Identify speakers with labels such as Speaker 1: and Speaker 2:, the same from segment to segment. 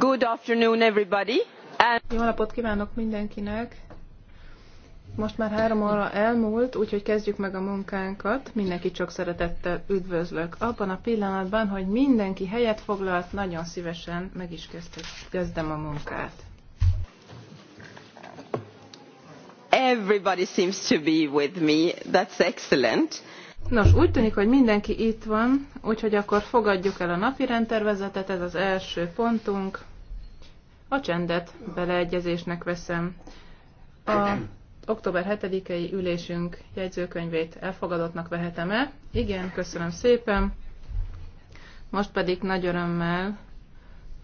Speaker 1: Good afternoon everybody. Jó napot kívánok mindenkinek! Most már három óra elmúlt, úgyhogy kezdjük meg a munkánkat. Mindenki csak szeretettel üdvözlök. Abban a pillanatban, hogy mindenki helyet foglalt, nagyon szívesen meg is kezdem a munkát. Everybody seems to be with me. That's excellent. Nos, úgy tűnik, hogy mindenki itt van, úgyhogy akkor fogadjuk el a napi rendtervezetet, ez az első pontunk. A csendet beleegyezésnek veszem. A október 7-i ülésünk jegyzőkönyvét elfogadottnak vehetem-e? Igen, köszönöm szépen. Most pedig nagy örömmel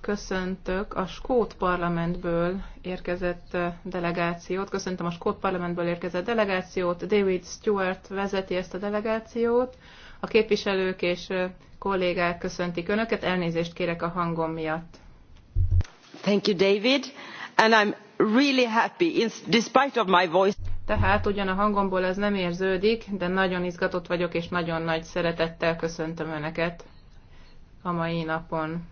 Speaker 1: köszöntök a Skót Parlamentből érkezett eh, delegációt. Köszöntöm a Skót Parlamentből érkezett delegációt. David Stewart vezeti ezt a delegációt. A képviselők és eh, kollégák köszöntik Önöket. Elnézést kérek a hangom miatt.
Speaker 2: Thank you, David. And I'm really happy, in despite of my voice.
Speaker 1: Tehát ugyan a hangomból ez nem érződik, de nagyon izgatott vagyok, és nagyon nagy szeretettel köszöntöm Önöket a mai napon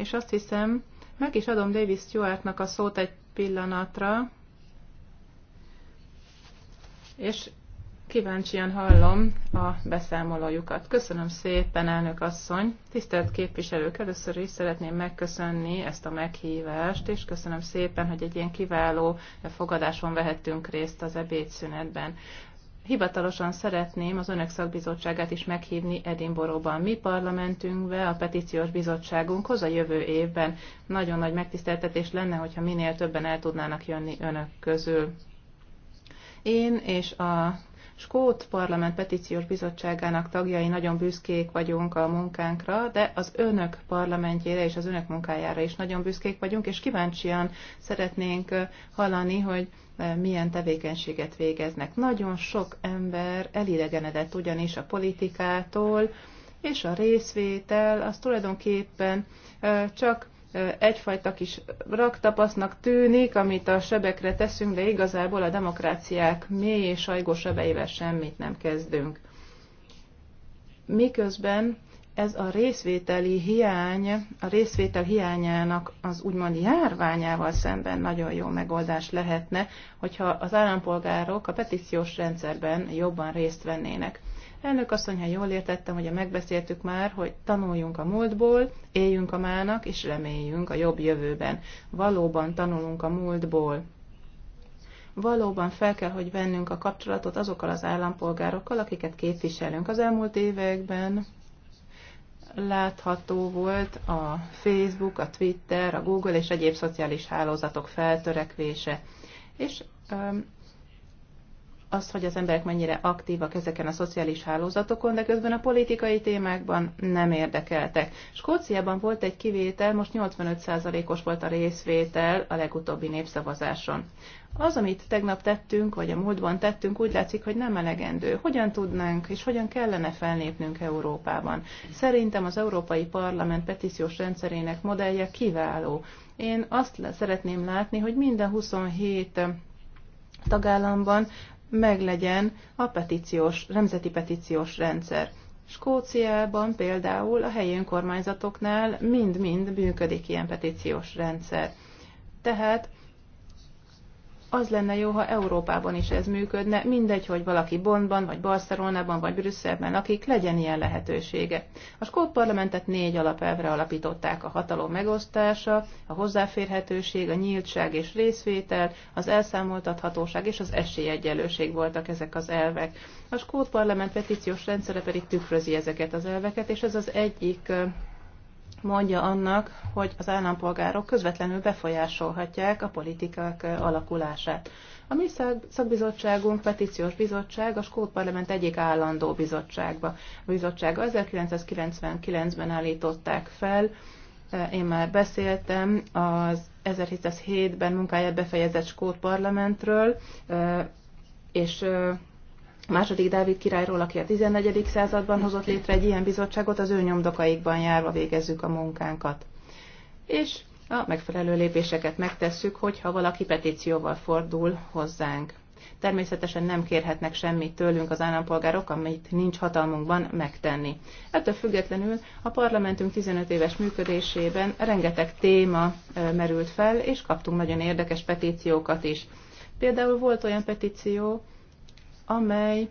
Speaker 1: és azt hiszem, meg is adom Davis Stewartnak a szót egy pillanatra, és kíváncsian hallom a beszámolójukat. Köszönöm szépen, elnök asszony! Tisztelt képviselők, először is szeretném megköszönni ezt a meghívást, és köszönöm szépen, hogy egy ilyen kiváló fogadáson vehettünk részt az ebédszünetben hivatalosan szeretném az Önök szakbizottságát is meghívni Edinboróban. Mi parlamentünkbe, a petíciós bizottságunkhoz a jövő évben nagyon nagy megtiszteltetés lenne, hogyha minél többen el tudnának jönni Önök közül. Én és a Skót Parlament Petíciós Bizottságának tagjai nagyon büszkék vagyunk a munkánkra, de az önök parlamentjére és az önök munkájára is nagyon büszkék vagyunk, és kíváncsian szeretnénk hallani, hogy milyen tevékenységet végeznek. Nagyon sok ember elidegenedett ugyanis a politikától, és a részvétel az tulajdonképpen csak egyfajta kis raktapasznak tűnik, amit a sebekre teszünk, de igazából a demokráciák mély és sajgó sebeivel semmit nem kezdünk. Miközben ez a részvételi hiány, a részvétel hiányának az úgymond járványával szemben nagyon jó megoldás lehetne, hogyha az állampolgárok a petíciós rendszerben jobban részt vennének. Elnök asszony, ha jól értettem, hogy megbeszéltük már, hogy tanuljunk a múltból, éljünk a mának, és reméljünk a jobb jövőben. Valóban tanulunk a múltból. Valóban fel kell, hogy vennünk a kapcsolatot azokkal az állampolgárokkal, akiket képviselünk az elmúlt években látható volt a Facebook, a Twitter, a Google és egyéb szociális hálózatok feltörekvése. És az, hogy az emberek mennyire aktívak ezeken a szociális hálózatokon, de közben a politikai témákban nem érdekeltek. Skóciában volt egy kivétel, most 85%-os volt a részvétel a legutóbbi népszavazáson. Az, amit tegnap tettünk, vagy a múltban tettünk, úgy látszik, hogy nem elegendő. Hogyan tudnánk és hogyan kellene felnépnünk Európában? Szerintem az Európai Parlament petíciós rendszerének modellje kiváló. Én azt szeretném látni, hogy minden 27 tagállamban meglegyen a petíciós, nemzeti petíciós rendszer. Skóciában például a helyi önkormányzatoknál mind-mind működik ilyen petíciós rendszer. Tehát az lenne jó, ha Európában is ez működne, mindegy, hogy valaki Bonnban, vagy Barcelonában, vagy Brüsszelben akik legyen ilyen lehetősége. A skót parlamentet négy alapelvre alapították, a hatalom megosztása, a hozzáférhetőség, a nyíltság és részvétel, az elszámoltathatóság és az esélyegyenlőség voltak ezek az elvek. A skót parlament petíciós rendszere pedig tükrözi ezeket az elveket, és ez az egyik mondja annak, hogy az állampolgárok közvetlenül befolyásolhatják a politikák eh, alakulását. A mi szakbizottságunk, petíciós bizottság, a Skót Parlament egyik állandó bizottságba. A bizottsága 1999-ben állították fel, eh, én már beszéltem az 1707-ben munkáját befejezett Skót Parlamentről, eh, és Második Dávid királyról, aki a 14. században hozott létre egy ilyen bizottságot, az ő nyomdokaikban járva végezzük a munkánkat. És a megfelelő lépéseket megtesszük, hogyha valaki petícióval fordul hozzánk. Természetesen nem kérhetnek semmit tőlünk az állampolgárok, amit nincs hatalmunkban megtenni. Ettől függetlenül a parlamentünk 15 éves működésében rengeteg téma merült fel, és kaptunk nagyon érdekes petíciókat is. Például volt olyan petíció, amely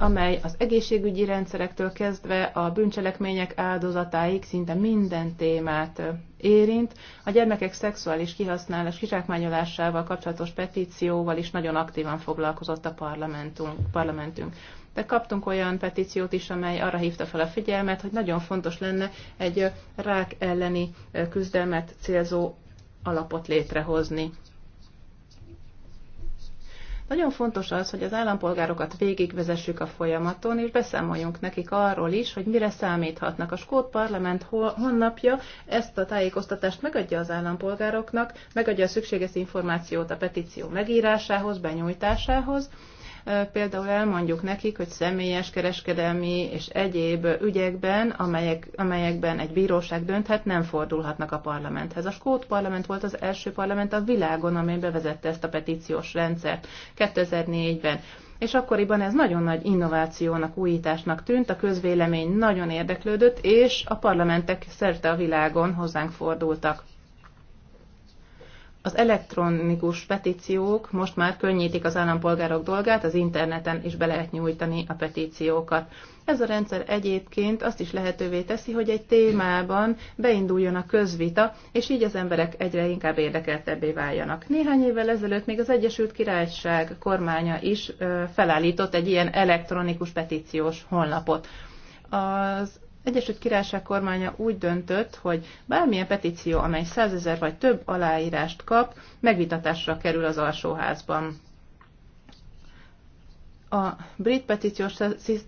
Speaker 1: amely az egészségügyi rendszerektől kezdve a bűncselekmények áldozatáig szinte minden témát érint. A gyermekek szexuális kihasználás kizsákmányolásával kapcsolatos petícióval is nagyon aktívan foglalkozott a parlamentünk. parlamentünk de kaptunk olyan petíciót is, amely arra hívta fel a figyelmet, hogy nagyon fontos lenne egy rák elleni küzdelmet célzó alapot létrehozni. Nagyon fontos az, hogy az állampolgárokat végigvezessük a folyamaton, és beszámoljunk nekik arról is, hogy mire számíthatnak. A Skót Parlament honnapja ezt a tájékoztatást megadja az állampolgároknak, megadja a szükséges információt a petíció megírásához, benyújtásához, például elmondjuk nekik, hogy személyes, kereskedelmi és egyéb ügyekben, amelyek, amelyekben egy bíróság dönthet, nem fordulhatnak a parlamenthez. A Skót parlament volt az első parlament a világon, amely bevezette ezt a petíciós rendszert 2004-ben és akkoriban ez nagyon nagy innovációnak, újításnak tűnt, a közvélemény nagyon érdeklődött, és a parlamentek szerte a világon hozzánk fordultak. Az elektronikus petíciók most már könnyítik az állampolgárok dolgát, az interneten is be lehet nyújtani a petíciókat. Ez a rendszer egyébként azt is lehetővé teszi, hogy egy témában beinduljon a közvita, és így az emberek egyre inkább érdekeltebbé váljanak. Néhány évvel ezelőtt még az Egyesült Királyság kormánya is felállított egy ilyen elektronikus petíciós honlapot. Az Egyesült Királyság kormánya úgy döntött, hogy bármilyen petíció, amely 100 ezer vagy több aláírást kap, megvitatásra kerül az alsóházban. A brit petíciós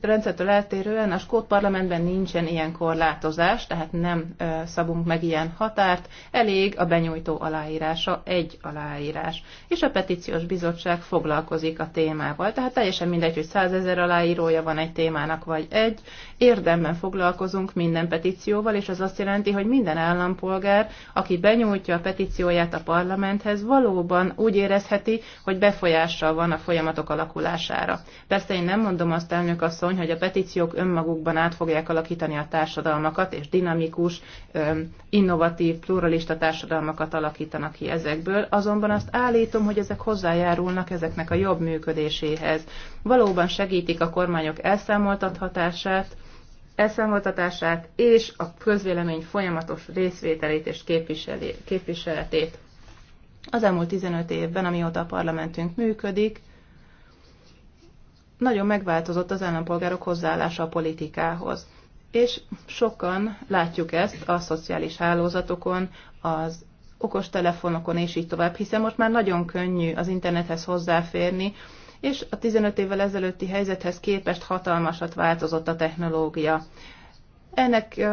Speaker 1: rendszertől eltérően a skót parlamentben nincsen ilyen korlátozás, tehát nem szabunk meg ilyen határt, elég a benyújtó aláírása egy aláírás. És a petíciós bizottság foglalkozik a témával, tehát teljesen mindegy, hogy százezer aláírója van egy témának vagy egy, érdemben foglalkozunk minden petícióval, és az azt jelenti, hogy minden állampolgár, aki benyújtja a petícióját a parlamenthez, valóban úgy érezheti, hogy befolyással van a folyamatok alakulására. Persze én nem mondom azt, elnök asszony, hogy a petíciók önmagukban át fogják alakítani a társadalmakat, és dinamikus, innovatív, pluralista társadalmakat alakítanak ki ezekből, azonban azt állítom, hogy ezek hozzájárulnak ezeknek a jobb működéséhez. Valóban segítik a kormányok elszámoltathatását, elszámoltatását és a közvélemény folyamatos részvételét és képviseletét. Az elmúlt 15 évben, amióta a parlamentünk működik, nagyon megváltozott az állampolgárok hozzáállása a politikához. És sokan látjuk ezt a szociális hálózatokon, az okostelefonokon és így tovább, hiszen most már nagyon könnyű az internethez hozzáférni, és a 15 évvel ezelőtti helyzethez képest hatalmasat változott a technológia. Ennek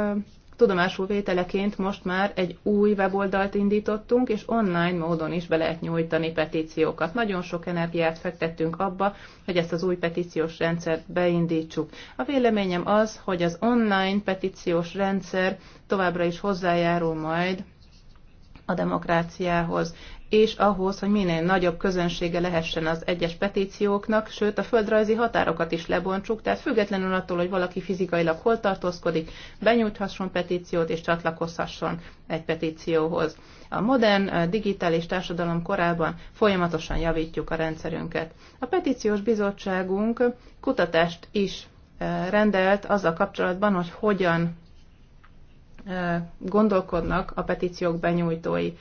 Speaker 1: tudomásul vételeként most már egy új weboldalt indítottunk, és online módon is be lehet nyújtani petíciókat. Nagyon sok energiát fektettünk abba, hogy ezt az új petíciós rendszert beindítsuk. A véleményem az, hogy az online petíciós rendszer továbbra is hozzájárul majd a demokráciához és ahhoz, hogy minél nagyobb közönsége lehessen az egyes petícióknak, sőt a földrajzi határokat is lebontsuk, tehát függetlenül attól, hogy valaki fizikailag hol tartózkodik, benyújthasson petíciót és csatlakozhasson egy petícióhoz. A modern digitális társadalom korában folyamatosan javítjuk a rendszerünket. A petíciós bizottságunk kutatást is rendelt azzal kapcsolatban, hogy hogyan gondolkodnak a petíciók benyújtói.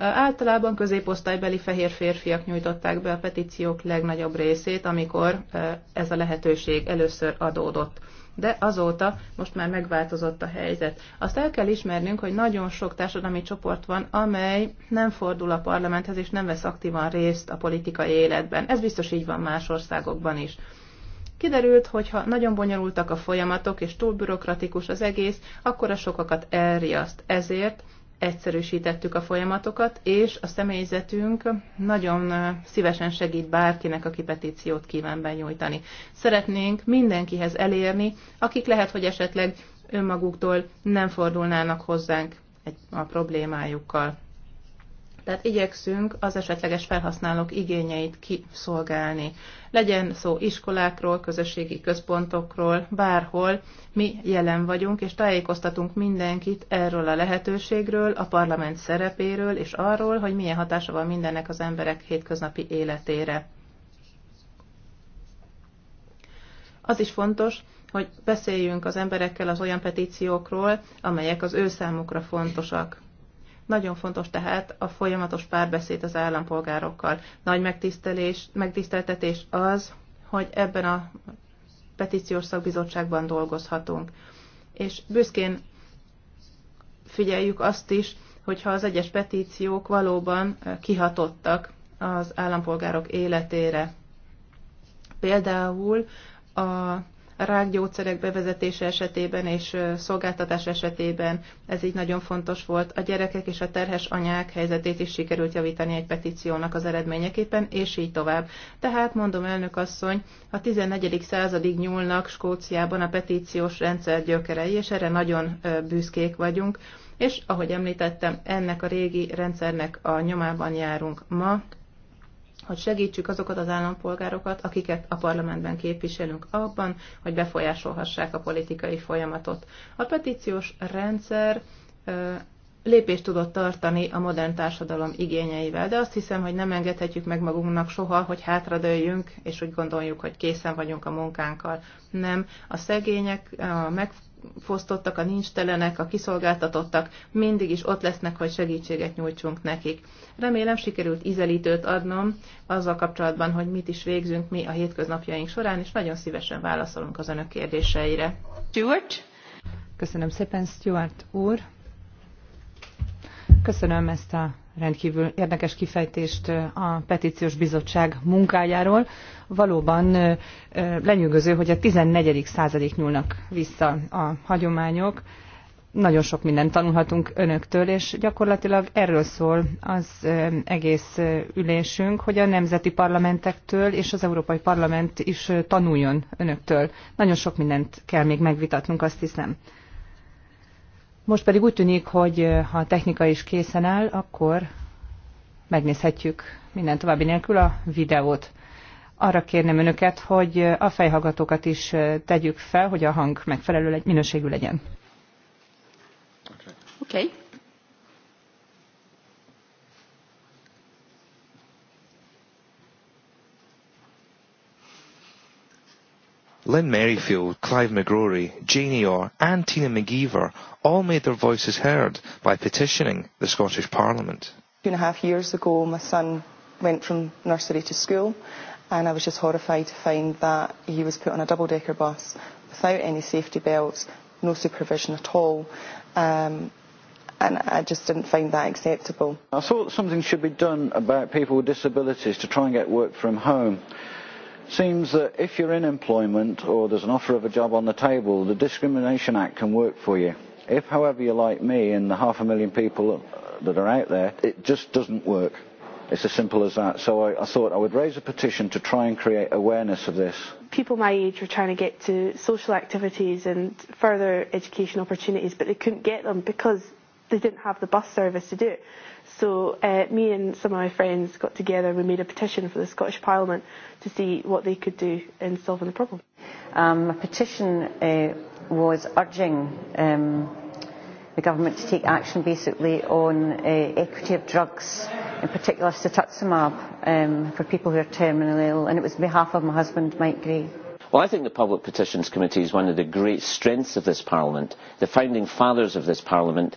Speaker 1: Általában középosztálybeli fehér férfiak nyújtották be a petíciók legnagyobb részét, amikor ez a lehetőség először adódott. De azóta most már megváltozott a helyzet. Azt el kell ismernünk, hogy nagyon sok társadalmi csoport van, amely nem fordul a parlamenthez és nem vesz aktívan részt a politikai életben. Ez biztos így van más országokban is. Kiderült, hogy ha nagyon bonyolultak a folyamatok és túl bürokratikus az egész, akkor a sokakat elriaszt. Ezért egyszerűsítettük a folyamatokat, és a személyzetünk nagyon szívesen segít bárkinek, aki petíciót kíván benyújtani. Szeretnénk mindenkihez elérni, akik lehet, hogy esetleg önmaguktól nem fordulnának hozzánk a problémájukkal. Tehát igyekszünk az esetleges felhasználók igényeit kiszolgálni. Legyen szó iskolákról, közösségi központokról, bárhol mi jelen vagyunk, és tájékoztatunk mindenkit erről a lehetőségről, a parlament szerepéről, és arról, hogy milyen hatása van mindennek az emberek hétköznapi életére. Az is fontos, hogy beszéljünk az emberekkel az olyan petíciókról, amelyek az ő számukra fontosak nagyon fontos tehát a folyamatos párbeszéd az állampolgárokkal. Nagy megtisztelés, megtiszteltetés az, hogy ebben a petíciós szakbizottságban dolgozhatunk. És büszkén figyeljük azt is, hogyha az egyes petíciók valóban kihatottak az állampolgárok életére. Például a rákgyógyszerek bevezetése esetében és szolgáltatás esetében ez így nagyon fontos volt. A gyerekek és a terhes anyák helyzetét is sikerült javítani egy petíciónak az eredményeképpen, és így tovább. Tehát mondom, elnök asszony, a 14. századig nyúlnak Skóciában a petíciós rendszer gyökerei, és erre nagyon büszkék vagyunk. És ahogy említettem, ennek a régi rendszernek a nyomában járunk ma, hogy segítsük azokat az állampolgárokat, akiket a parlamentben képviselünk abban, hogy befolyásolhassák a politikai folyamatot. A petíciós rendszer lépést tudott tartani a modern társadalom igényeivel, de azt hiszem, hogy nem engedhetjük meg magunknak soha, hogy hátradőljünk, és úgy gondoljuk, hogy készen vagyunk a munkánkkal. Nem, a szegények, a meg, fosztottak, a nincs telenek, a kiszolgáltatottak mindig is ott lesznek, hogy segítséget nyújtsunk nekik. Remélem sikerült ízelítőt adnom azzal kapcsolatban, hogy mit is végzünk mi a hétköznapjaink során, és nagyon szívesen válaszolunk az önök kérdéseire.
Speaker 3: Stuart? Köszönöm szépen, Stuart úr. Köszönöm ezt a rendkívül érdekes kifejtést a petíciós bizottság munkájáról. Valóban lenyűgöző, hogy a 14. századik nyúlnak vissza a hagyományok. Nagyon sok mindent tanulhatunk önöktől, és gyakorlatilag erről szól az egész ülésünk, hogy a nemzeti parlamentektől és az Európai Parlament is tanuljon önöktől. Nagyon sok mindent kell még megvitatnunk, azt hiszem. Most pedig úgy tűnik, hogy ha a technika is készen áll, akkor megnézhetjük minden további nélkül a videót. Arra kérném önöket, hogy a fejhallgatókat is tegyük fel, hogy a hang megfelelő minőségű legyen. Oké. okay.
Speaker 4: Lynn Merrifield, Clive McGrory, Janie Orr and Tina McGeever all made their voices heard by petitioning the Scottish
Speaker 5: Parliament.
Speaker 2: Two and a half years ago my son went from nursery to school and I was just horrified to find that he was put on a double-decker bus without any safety belts, no supervision at all. Um, and I just didn't find that acceptable.
Speaker 4: I thought something should be done about people with disabilities to try and get work from home seems that if you're in employment or there's an offer of a job on the table, the Discrimination Act can work for you. If, however, you're like me and the half a million people that are out there, it just doesn't work. It's as simple as that. So I, I thought I would raise a petition to try and create awareness of this.
Speaker 2: People my age were trying to get to social activities and further education opportunities, but they couldn't get them because they didn't have the bus service to do it. So uh, me and some of my friends got together and we made a petition for the Scottish Parliament to see what they could do in solving the problem. Um, a petition uh, was urging um, the government to take action basically on uh, equity of drugs, in particular cetuximab, um, for people who are terminally ill. And it was on behalf of my husband, Mike Gray.
Speaker 6: Well, I think the Public Petitions Committee is one of the great strengths of this Parliament. The founding fathers of this Parliament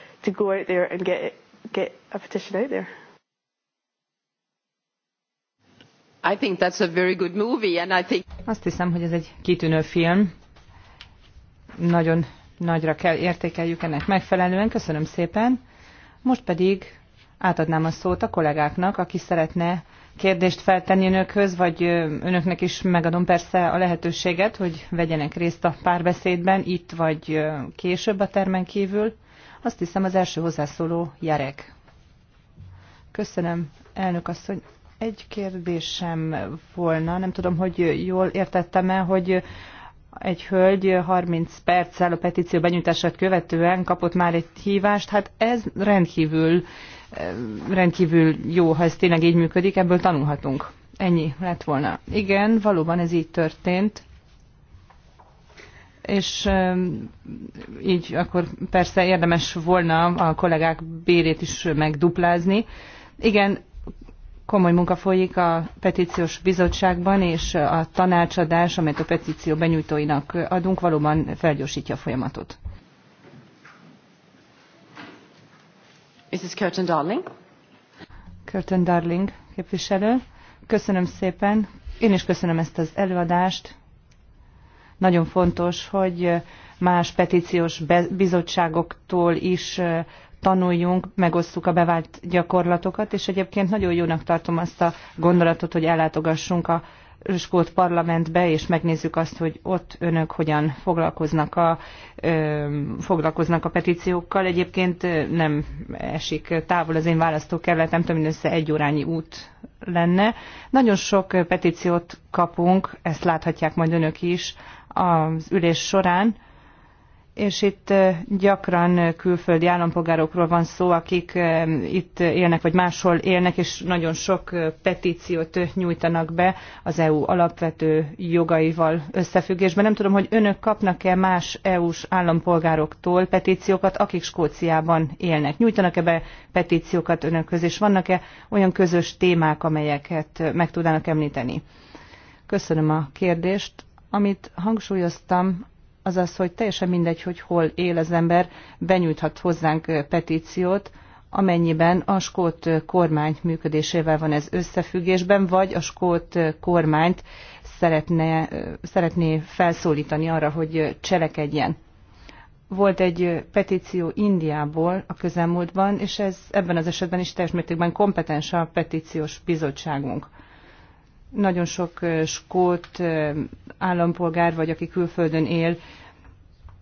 Speaker 2: to go out there and get it, get a petition out there.
Speaker 1: I think that's a very good movie, and I think... Azt
Speaker 3: hiszem, hogy ez egy kitűnő film. Nagyon nagyra kell értékeljük ennek megfelelően. Köszönöm szépen. Most pedig átadnám a szót a kollégáknak, aki szeretne kérdést feltenni önökhöz, vagy önöknek is megadom persze a lehetőséget, hogy vegyenek részt a párbeszédben, itt vagy később a termen kívül. Azt hiszem az első hozzászóló Jarek. Köszönöm, elnök asszony. Egy kérdésem volna, nem tudom, hogy jól értettem-e, hogy egy hölgy 30 perccel a petíció benyújtását követően kapott már egy hívást. Hát ez rendkívül, eh, rendkívül jó, ha ez tényleg így működik, ebből tanulhatunk. Ennyi lett volna. Igen, valóban ez így történt és így akkor persze érdemes volna a kollégák bérét is megduplázni. Igen, komoly munka folyik a petíciós bizottságban, és a tanácsadás, amelyet a petíció benyújtóinak adunk, valóban felgyorsítja a folyamatot. Mrs. Curtin Darling. Curtin Darling képviselő. Köszönöm szépen. Én is köszönöm ezt az előadást nagyon fontos, hogy más petíciós bizottságoktól is tanuljunk, megosztjuk a bevált gyakorlatokat, és egyébként nagyon jónak tartom azt a gondolatot, hogy ellátogassunk a Skót parlamentbe, és megnézzük azt, hogy ott önök hogyan foglalkoznak a, ö, foglalkoznak a petíciókkal. Egyébként nem esik távol az én választókerületem, több mindössze egy órányi út lenne. Nagyon sok petíciót kapunk, ezt láthatják majd önök is, az ülés során, és itt gyakran külföldi állampolgárokról van szó, akik itt élnek, vagy máshol élnek, és nagyon sok petíciót nyújtanak be az EU alapvető jogaival összefüggésben. Nem tudom, hogy önök kapnak-e más EU-s állampolgároktól petíciókat, akik Skóciában élnek. Nyújtanak-e be petíciókat önökhöz, és vannak-e olyan közös témák, amelyeket meg tudnának említeni? Köszönöm a kérdést amit hangsúlyoztam, az az, hogy teljesen mindegy, hogy hol él az ember, benyújthat hozzánk petíciót, amennyiben a skót kormány működésével van ez összefüggésben, vagy a skót kormányt szeretne, szeretné felszólítani arra, hogy cselekedjen. Volt egy petíció Indiából a közelmúltban, és ez ebben az esetben is teljes mértékben kompetens a petíciós bizottságunk. Nagyon sok skót állampolgár, vagy aki külföldön él,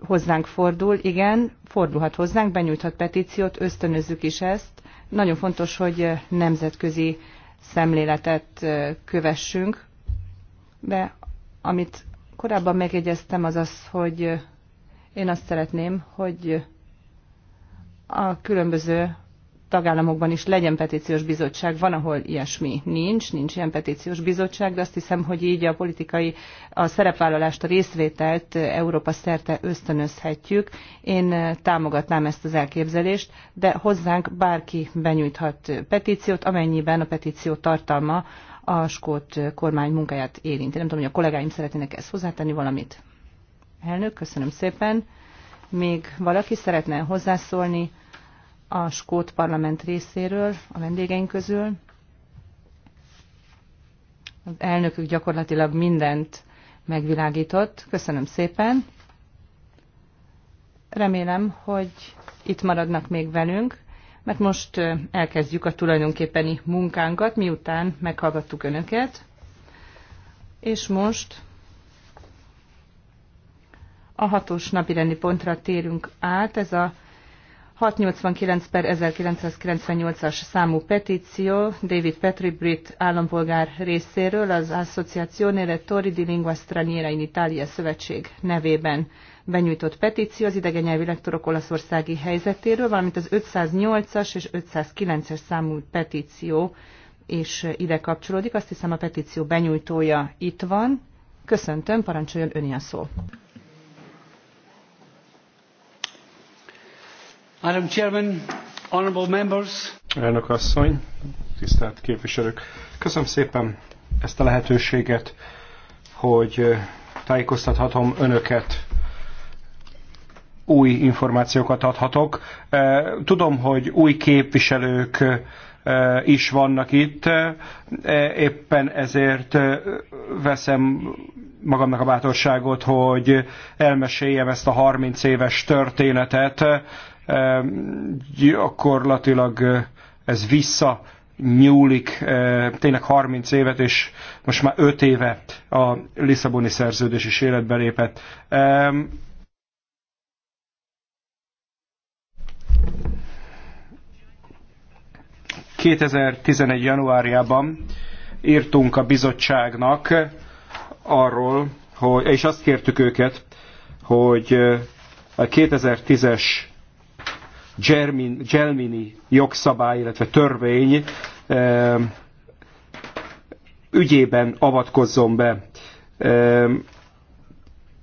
Speaker 3: hozzánk fordul, igen, fordulhat hozzánk, benyújthat petíciót, ösztönözzük is ezt. Nagyon fontos, hogy nemzetközi szemléletet kövessünk, de amit korábban megjegyeztem, az az, hogy én azt szeretném, hogy a különböző tagállamokban is legyen petíciós bizottság. Van, ahol ilyesmi nincs, nincs ilyen petíciós bizottság, de azt hiszem, hogy így a politikai a szerepvállalást, a részvételt Európa szerte ösztönözhetjük. Én eh, támogatnám ezt az elképzelést, de hozzánk bárki benyújthat petíciót, amennyiben a petíció tartalma a skót kormány munkáját érinti. Nem tudom, hogy a kollégáim szeretnének ezt hozzátenni valamit. Elnök, köszönöm szépen. Még valaki szeretne hozzászólni? a Skót Parlament részéről, a vendégeink közül. Az elnökük gyakorlatilag mindent megvilágított. Köszönöm szépen. Remélem, hogy itt maradnak még velünk, mert most elkezdjük a tulajdonképpeni munkánkat, miután meghallgattuk Önöket. És most a hatos napirendi pontra térünk át. Ez a 689 per 1998-as számú petíció David Petri brit állampolgár részéről az Associazione Lettori di Lingua Straniera in Italia szövetség nevében benyújtott petíció az nyelvi lektorok olaszországi helyzetéről, valamint az 508-as és 509-es számú petíció és ide kapcsolódik. Azt hiszem a petíció benyújtója itt van. Köszöntöm, parancsoljon ön a szó.
Speaker 4: Madam Chairman, honorable members.
Speaker 5: Elnök asszony, tisztelt képviselők. Köszönöm szépen ezt a lehetőséget, hogy tájékoztathatom önöket új információkat adhatok. Tudom, hogy új képviselők is vannak itt, éppen ezért veszem magamnak a bátorságot, hogy elmeséljem ezt a 30 éves történetet, gyakorlatilag ez vissza nyúlik tényleg 30 évet, és most már 5 éve a Lisszaboni szerződés is életbe lépett. ...2011. januárjában írtunk a bizottságnak arról, hogy, és azt kértük őket, hogy a 2010-es Gelmini jogszabály, illetve törvény ehm, ügyében avatkozzon be.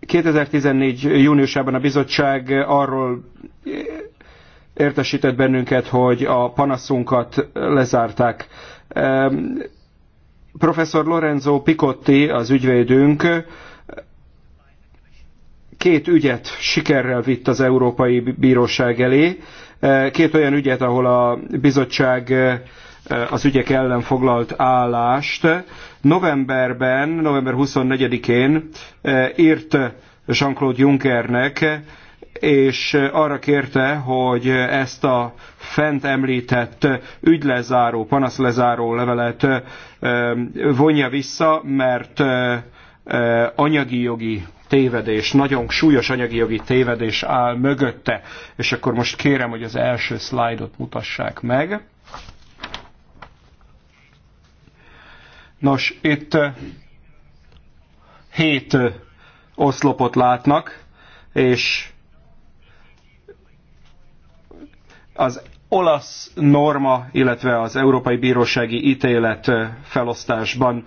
Speaker 5: 2014. Ehm, júniusában a bizottság arról értesített bennünket, hogy a panaszunkat lezárták. Ehm, professzor Lorenzo Picotti, az ügyvédünk, két ügyet sikerrel vitt az Európai Bíróság elé, Két olyan ügyet, ahol a bizottság az ügyek ellen foglalt állást. Novemberben, november 24-én írt Jean-Claude Junckernek, és arra kérte, hogy ezt a fent említett ügylezáró, panaszlezáró levelet vonja vissza, mert anyagi jogi tévedés, nagyon súlyos anyagi jogi tévedés áll mögötte. És akkor most kérem, hogy az első szlájdot mutassák meg. Nos, itt hét oszlopot látnak, és az olasz norma, illetve az Európai Bírósági ítélet felosztásban.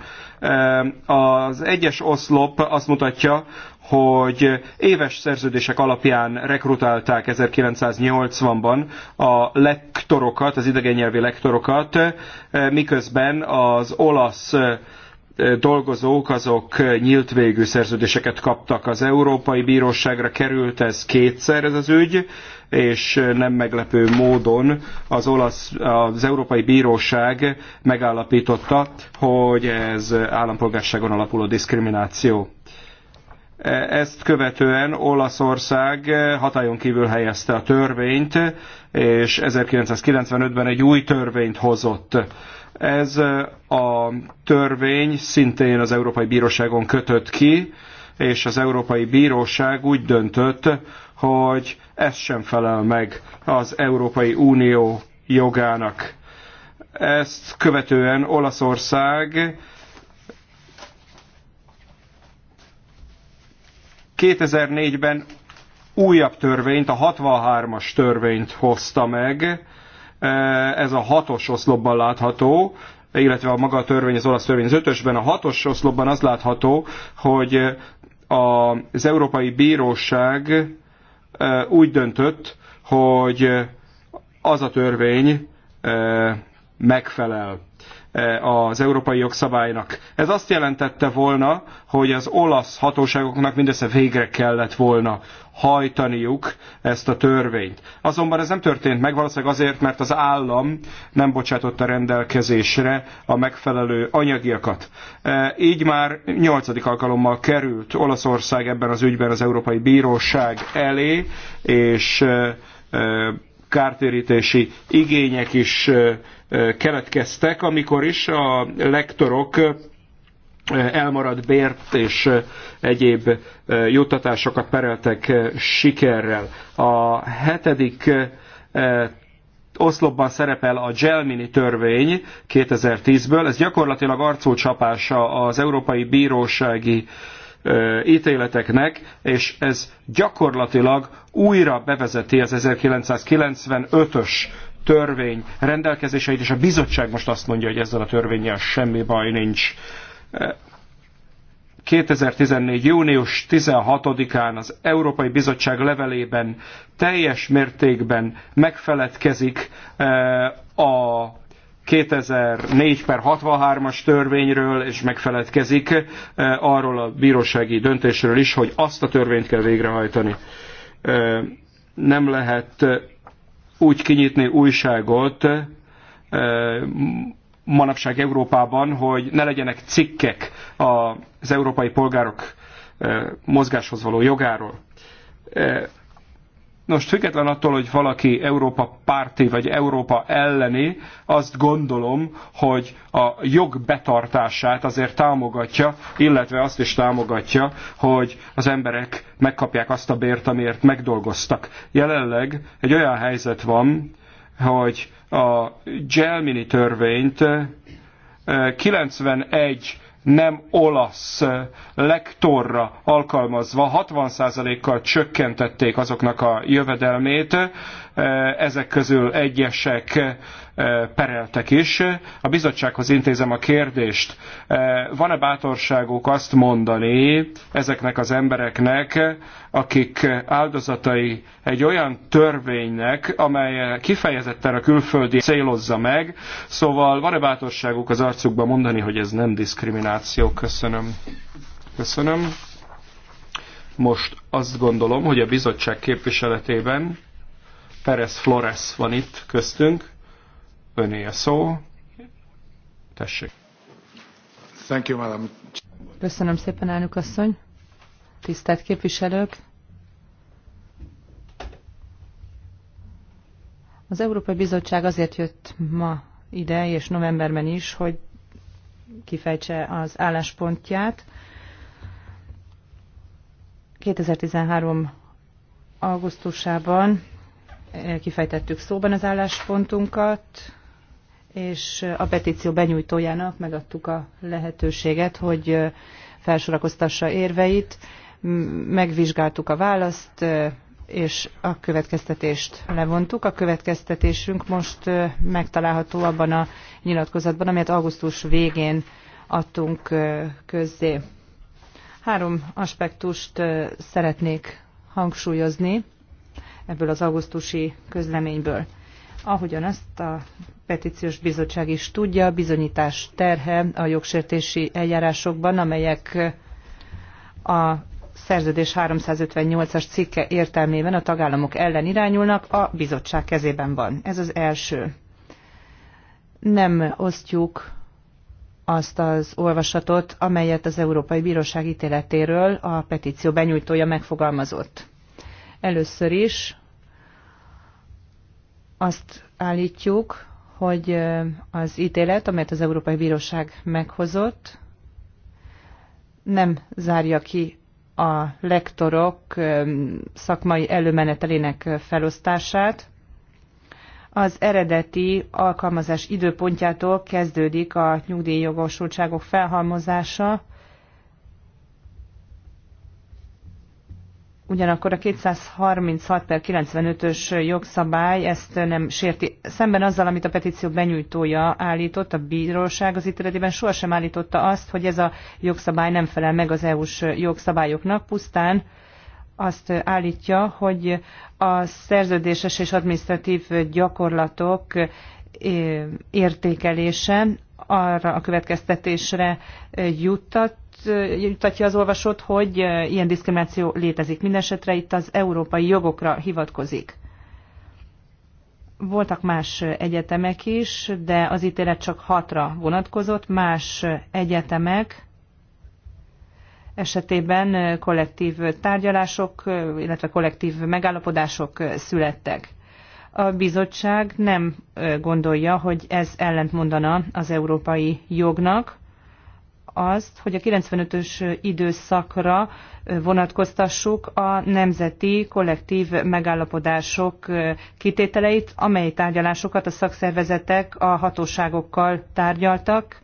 Speaker 5: Az egyes oszlop azt mutatja, hogy éves szerződések alapján rekrutálták 1980-ban a lektorokat, az idegennyelvi lektorokat, miközben az olasz dolgozók azok nyílt végű szerződéseket kaptak. Az Európai Bíróságra került ez kétszer ez az ügy, és nem meglepő módon az, olasz, az Európai Bíróság megállapította, hogy ez állampolgárságon alapuló diszkrimináció. Ezt követően Olaszország hatályon kívül helyezte a törvényt, és 1995-ben egy új törvényt hozott ez a törvény szintén az Európai Bíróságon kötött ki, és az Európai Bíróság úgy döntött, hogy ez sem felel meg az Európai Unió jogának. Ezt követően Olaszország 2004-ben újabb törvényt, a 63-as törvényt hozta meg, Eh, ez a hatos oszlopban látható, illetve a maga a törvény, az olasz törvény az ötösben, a hatos oszlopban az látható, hogy eh, az Európai Bíróság eh, úgy döntött, hogy az a törvény megfelel Eh, az európai jogszabálynak. Ez azt jelentette volna, hogy az olasz hatóságoknak mindössze végre kellett volna hajtaniuk ezt a törvényt. Azonban ez nem történt meg, valószínűleg azért, mert az állam nem bocsátotta rendelkezésre a megfelelő anyagiakat. Eh, így már nyolcadik alkalommal került Olaszország ebben az ügyben az Európai Bíróság elé, és eh, kártérítési igények is keletkeztek, amikor is a lektorok elmaradt bért és egyéb juttatásokat pereltek sikerrel. A hetedik oszlopban szerepel a Gelmini törvény 2010-ből. Ez gyakorlatilag csapása az Európai Bírósági ítéleteknek, és ez gyakorlatilag újra bevezeti az 1995-ös törvény rendelkezéseit, és a bizottság most azt mondja, hogy ezzel a törvényel semmi baj nincs. 2014. Eh, június 16-án az Európai Bizottság levelében teljes mértékben megfeledkezik eh, a 2004 per 63-as törvényről, és megfeledkezik eh, arról a bírósági döntésről is, hogy azt a törvényt kell végrehajtani. Nem lehet úgy kinyitni újságot eh, manapság Európában, hogy ne legyenek cikkek az európai polgárok eh, mozgáshoz való jogáról. Eh, Nos, független attól, hogy valaki Európa párti vagy Európa elleni, azt gondolom, hogy a jog betartását azért támogatja, illetve azt is támogatja, hogy az emberek megkapják azt a bért, amiért megdolgoztak. Jelenleg egy olyan helyzet van, hogy a Gelmini törvényt 91 eh, nem olasz lektorra alkalmazva 60%-kal csökkentették azoknak a jövedelmét, Eh, ezek közül egyesek eh, pereltek is. A bizottsághoz intézem a kérdést, eh, van-e bátorságuk azt mondani ezeknek az embereknek, akik áldozatai egy olyan törvénynek, amely kifejezetten a külföldi célozza meg, szóval van-e bátorságuk az arcukba mondani, hogy ez nem diszkrimináció? Köszönöm. Köszönöm. Most azt gondolom, hogy a bizottság képviseletében Perez Flores van itt köztünk. Öné a szó. Tessék. Thank you, madam.
Speaker 3: Köszönöm szépen, elnök asszony. Tisztelt képviselők, Az Európai Bizottság azért jött ma ide, és novemberben is, hogy kifejtse az álláspontját. 2013. augusztusában kifejtettük szóban az álláspontunkat, és a petíció benyújtójának megadtuk a lehetőséget, hogy felsorakoztassa érveit, megvizsgáltuk a választ, és a következtetést levontuk. A következtetésünk most megtalálható abban a nyilatkozatban, amelyet augusztus végén adtunk közzé. Három aspektust szeretnék hangsúlyozni ebből az augusztusi közleményből. Ahogyan azt a petíciós bizottság is tudja, bizonyítás terhe a jogsértési eljárásokban, amelyek a szerződés 358-as cikke értelmében a tagállamok ellen irányulnak, a bizottság kezében van. Ez az első. Nem osztjuk azt az olvasatot, amelyet az Európai Bíróság ítéletéről a petíció benyújtója megfogalmazott. Először is azt állítjuk, hogy az ítélet, amelyet az Európai Bíróság meghozott, nem zárja ki a lektorok szakmai előmenetelének felosztását. Az eredeti alkalmazás időpontjától kezdődik a nyugdíjjogosultságok felhalmozása, Ugyanakkor a 236 per 95-ös jogszabály ezt nem sérti. Szemben azzal, amit a petíció benyújtója állított, a bíróság az ítéletében sohasem állította azt, hogy ez a jogszabály nem felel meg az EU-s jogszabályoknak, pusztán azt állítja, hogy a szerződéses és administratív gyakorlatok értékelése arra a következtetésre juttat, jutatja az olvasót, hogy ilyen diszkrimináció létezik. Mindenesetre itt az európai jogokra hivatkozik. Voltak más egyetemek is, de az ítélet csak hatra vonatkozott. Más egyetemek esetében kollektív tárgyalások, illetve kollektív megállapodások születtek. A bizottság nem gondolja, hogy ez ellentmondana az európai jognak, azt, hogy a 95-ös időszakra vonatkoztassuk a nemzeti kollektív megállapodások kitételeit, amely tárgyalásokat a szakszervezetek a hatóságokkal tárgyaltak,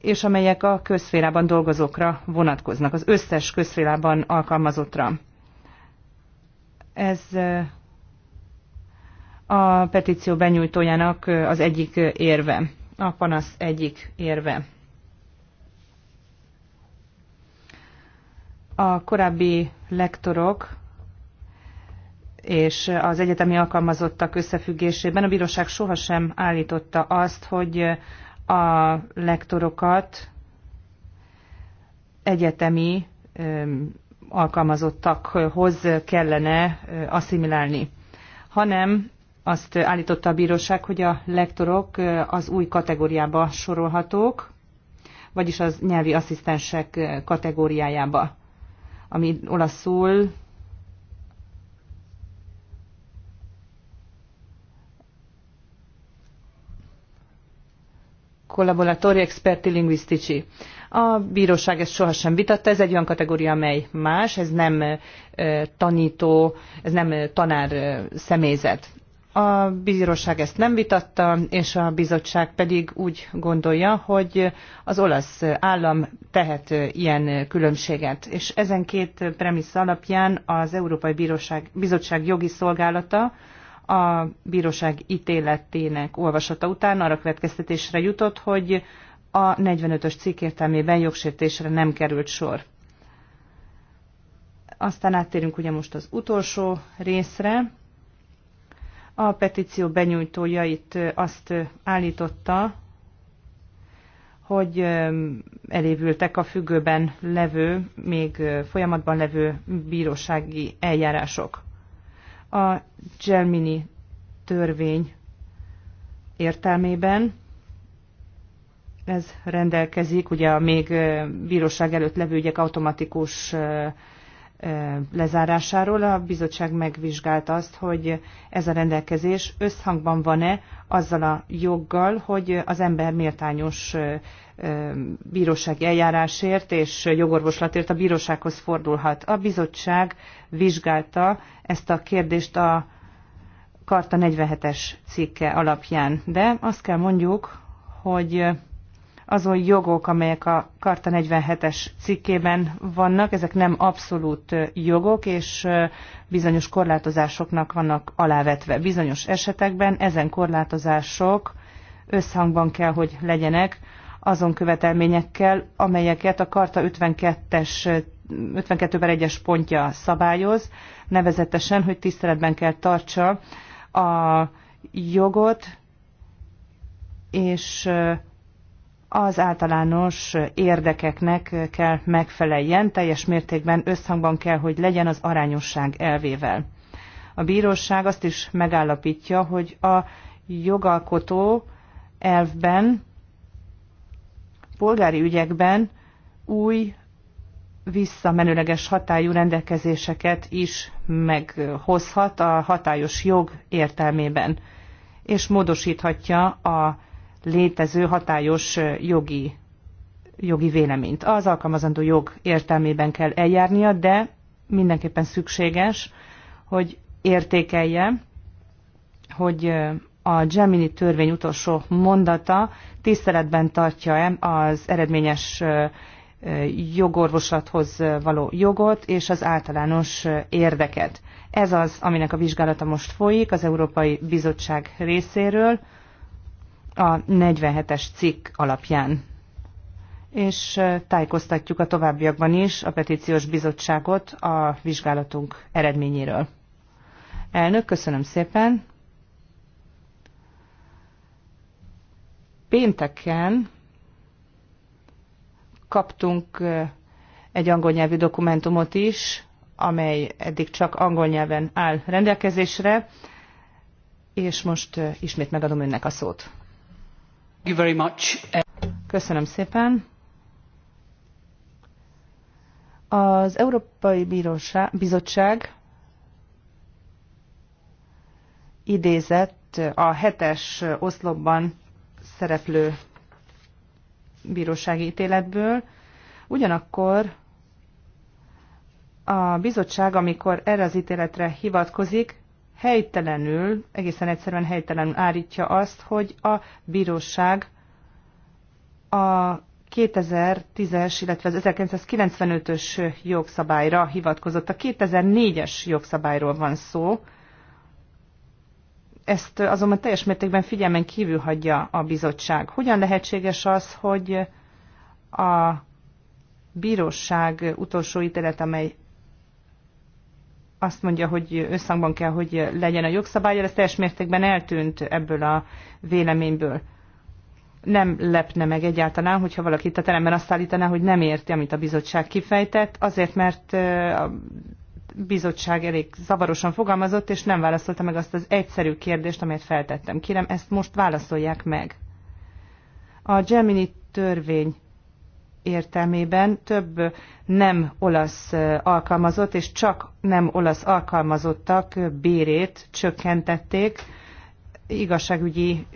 Speaker 3: és amelyek a közférában dolgozókra vonatkoznak, az összes közférában alkalmazottra. Ez a petíció benyújtójának az egyik érve, a panasz egyik érve. A korábbi lektorok és az egyetemi alkalmazottak összefüggésében a bíróság sohasem állította azt, hogy a lektorokat egyetemi alkalmazottakhoz kellene asszimilálni, hanem azt állította a bíróság, hogy a lektorok az új kategóriába sorolhatók, vagyis az nyelvi asszisztensek kategóriájába ami olaszul collaboratori experti linguistici. A bíróság ezt sohasem vitatta, ez egy olyan kategória, amely más, ez nem tanító, ez nem tanár személyzet. A bíróság ezt nem vitatta, és a bizottság pedig úgy gondolja, hogy az olasz állam tehet ilyen különbséget. És ezen két premissz alapján az Európai Bíróság, Bizottság jogi szolgálata a bíróság ítéletének olvasata után arra következtetésre jutott, hogy a 45-ös cikk értelmében jogsértésre nem került sor. Aztán áttérünk ugye most az utolsó részre, a petíció benyújtója itt azt állította, hogy elévültek a függőben levő, még folyamatban levő bírósági eljárások. A Germini törvény értelmében ez rendelkezik, ugye a még bíróság előtt levő ügyek automatikus lezárásáról. A bizottság megvizsgálta azt, hogy ez a rendelkezés összhangban van-e azzal a joggal, hogy az ember méltányos bíróság eljárásért és jogorvoslatért a bírósághoz fordulhat. A bizottság vizsgálta ezt a kérdést a Karta 47-es cikke alapján, de azt kell mondjuk, hogy azon jogok, amelyek a Karta 47-es cikkében vannak, ezek nem abszolút jogok, és bizonyos korlátozásoknak vannak alávetve. Bizonyos esetekben ezen korlátozások összhangban kell, hogy legyenek azon követelményekkel, amelyeket a Karta 52-es 52 per 1-es pontja szabályoz, nevezetesen, hogy tiszteletben kell tartsa a jogot és az általános érdekeknek kell megfeleljen, teljes mértékben összhangban kell, hogy legyen az arányosság elvével. A bíróság azt is megállapítja, hogy a jogalkotó elvben, polgári ügyekben új visszamenőleges hatályú rendelkezéseket is meghozhat a hatályos jog értelmében, és módosíthatja a létező hatályos jogi, jogi véleményt. Az alkalmazandó jog értelmében kell eljárnia, de mindenképpen szükséges, hogy értékelje, hogy a Gemini törvény utolsó mondata tiszteletben tartja-e az eredményes jogorvoslathoz való jogot és az általános érdeket. Ez az, aminek a vizsgálata most folyik az Európai Bizottság részéről a 47-es cikk alapján. És tájékoztatjuk a továbbiakban is a petíciós bizottságot a vizsgálatunk eredményéről. Elnök, köszönöm szépen. Pénteken kaptunk egy angol nyelvű dokumentumot is, amely eddig csak angol nyelven áll rendelkezésre, és most ismét megadom önnek a szót. Köszönöm szépen. Az Európai Bíróság, Bizottság idézett a hetes oszlopban szereplő bírósági ítéletből, ugyanakkor a bizottság, amikor erre az ítéletre hivatkozik, helytelenül, egészen egyszerűen helytelenül állítja azt, hogy a bíróság a 2010-es, illetve az 1995-ös jogszabályra hivatkozott. A 2004-es jogszabályról van szó. Ezt azonban teljes mértékben figyelmen kívül hagyja a bizottság. Hogyan lehetséges az, hogy a bíróság utolsó ítélet, amely azt mondja, hogy összhangban kell, hogy legyen a jogszabály, ez teljes mértékben eltűnt ebből a véleményből. Nem lepne meg egyáltalán, hogyha valaki itt a teremben azt állítaná, hogy nem érti, amit a bizottság kifejtett, azért, mert a bizottság elég zavarosan fogalmazott, és nem válaszolta meg azt az egyszerű kérdést, amelyet feltettem. Kérem, ezt most válaszolják meg. A Gemini törvény értelmében több nem olasz alkalmazott és csak nem olasz alkalmazottak bérét csökkentették igazságügyi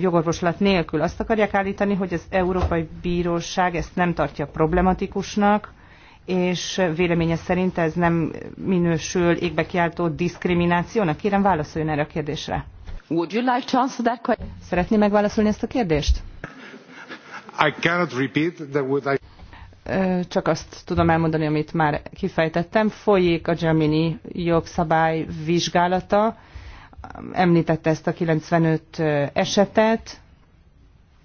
Speaker 3: jogorvoslat nélkül. Azt akarják állítani, hogy az Európai Bíróság ezt nem tartja problematikusnak, és véleménye szerint ez nem minősül égbe kiáltó diszkriminációnak. Kérem, válaszoljon erre a kérdésre. Would you like to answer that question? Szeretné megválaszolni ezt a kérdést? Csak azt tudom elmondani, amit már kifejtettem. Folyik a Germany jogszabály vizsgálata. Említette ezt a 95 esetet,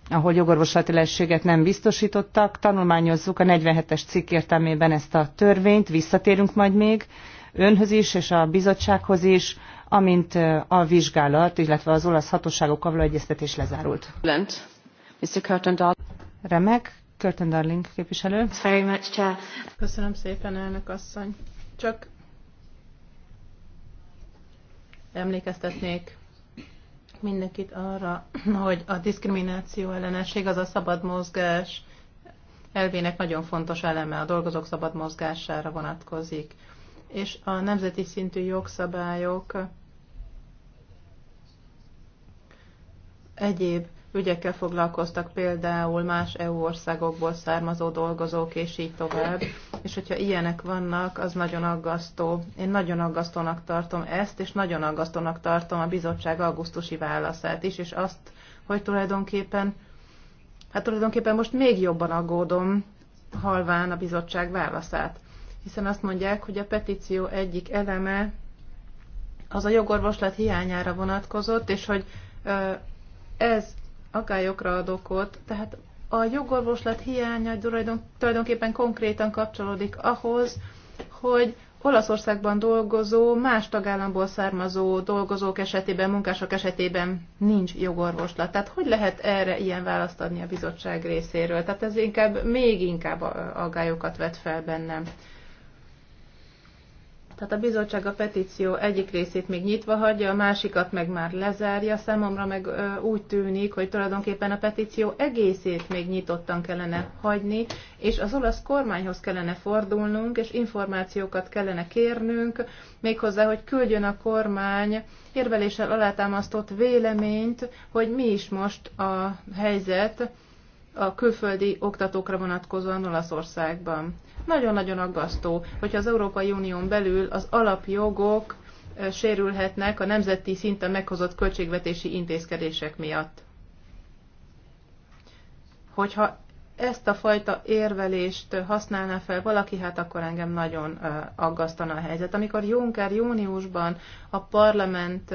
Speaker 3: ahol jogorvoslati lehetőséget nem biztosítottak. Tanulmányozzuk a 47-es cikk értelmében ezt a törvényt, visszatérünk majd még önhöz is és a bizottsághoz is, amint a vizsgálat, illetve az olasz hatóságokkal való egyeztetés lezárult. Lent. Mr. Curtin Remek, Curtin Darling képviselő. Very much, Chair.
Speaker 1: Köszönöm szépen, elnök asszony. Csak emlékeztetnék mindenkit arra, hogy a diszkrimináció ellenesség az a szabad mozgás elvének nagyon fontos eleme, a dolgozók szabad mozgására vonatkozik. És a nemzeti szintű jogszabályok egyéb ügyekkel foglalkoztak például más EU országokból származó dolgozók, és így tovább. És hogyha ilyenek vannak, az nagyon aggasztó. Én nagyon aggasztónak tartom ezt, és nagyon aggasztónak tartom a bizottság augusztusi válaszát is, és azt, hogy tulajdonképpen, hát tulajdonképpen most még jobban aggódom, halván a bizottság válaszát. Hiszen azt mondják, hogy a petíció egyik eleme az a jogorvoslat hiányára vonatkozott, és hogy ez agályokra ad okot, tehát a jogorvoslat hiánya tulajdonképpen konkrétan kapcsolódik ahhoz, hogy Olaszországban dolgozó, más tagállamból származó dolgozók esetében, munkások esetében nincs jogorvoslat. Tehát hogy lehet erre ilyen választ adni a bizottság részéről? Tehát ez inkább, még inkább aggályokat vet fel bennem. Tehát a bizottság a petíció egyik részét még nyitva hagyja, a másikat meg már lezárja. Számomra meg úgy tűnik, hogy tulajdonképpen a petíció egészét még nyitottan kellene hagyni, és az olasz kormányhoz kellene fordulnunk, és információkat kellene kérnünk, méghozzá, hogy küldjön a kormány érveléssel alátámasztott véleményt, hogy mi is most a helyzet, a külföldi oktatókra vonatkozóan Olaszországban. Nagyon-nagyon aggasztó, hogyha az Európai Unión belül az alapjogok sérülhetnek a nemzeti szinten meghozott költségvetési intézkedések miatt. Hogyha ezt a fajta érvelést használná fel valaki, hát akkor engem nagyon aggasztana a helyzet. Amikor Juncker júniusban a parlament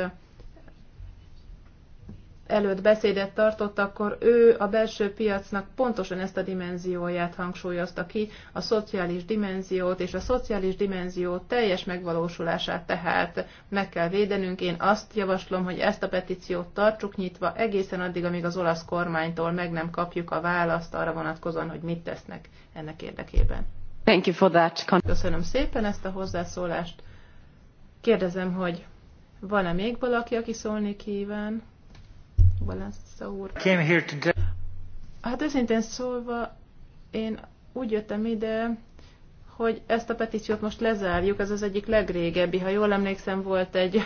Speaker 1: előtt beszédet tartott, akkor ő a belső piacnak pontosan ezt a dimenzióját hangsúlyozta ki, a szociális dimenziót, és a szociális dimenzió teljes megvalósulását tehát meg kell védenünk. Én azt javaslom, hogy ezt a petíciót tartsuk nyitva egészen addig, amíg az olasz kormánytól meg nem kapjuk a választ arra vonatkozóan, hogy mit tesznek ennek érdekében.
Speaker 2: Thank you for that.
Speaker 1: Köszönöm szépen ezt a hozzászólást. Kérdezem, hogy van-e még valaki, aki szólni kíván? úr. Came here today. Hát őszintén szólva, én úgy jöttem ide, hogy ezt a petíciót most lezárjuk, ez az egyik legrégebbi, ha jól emlékszem, volt egy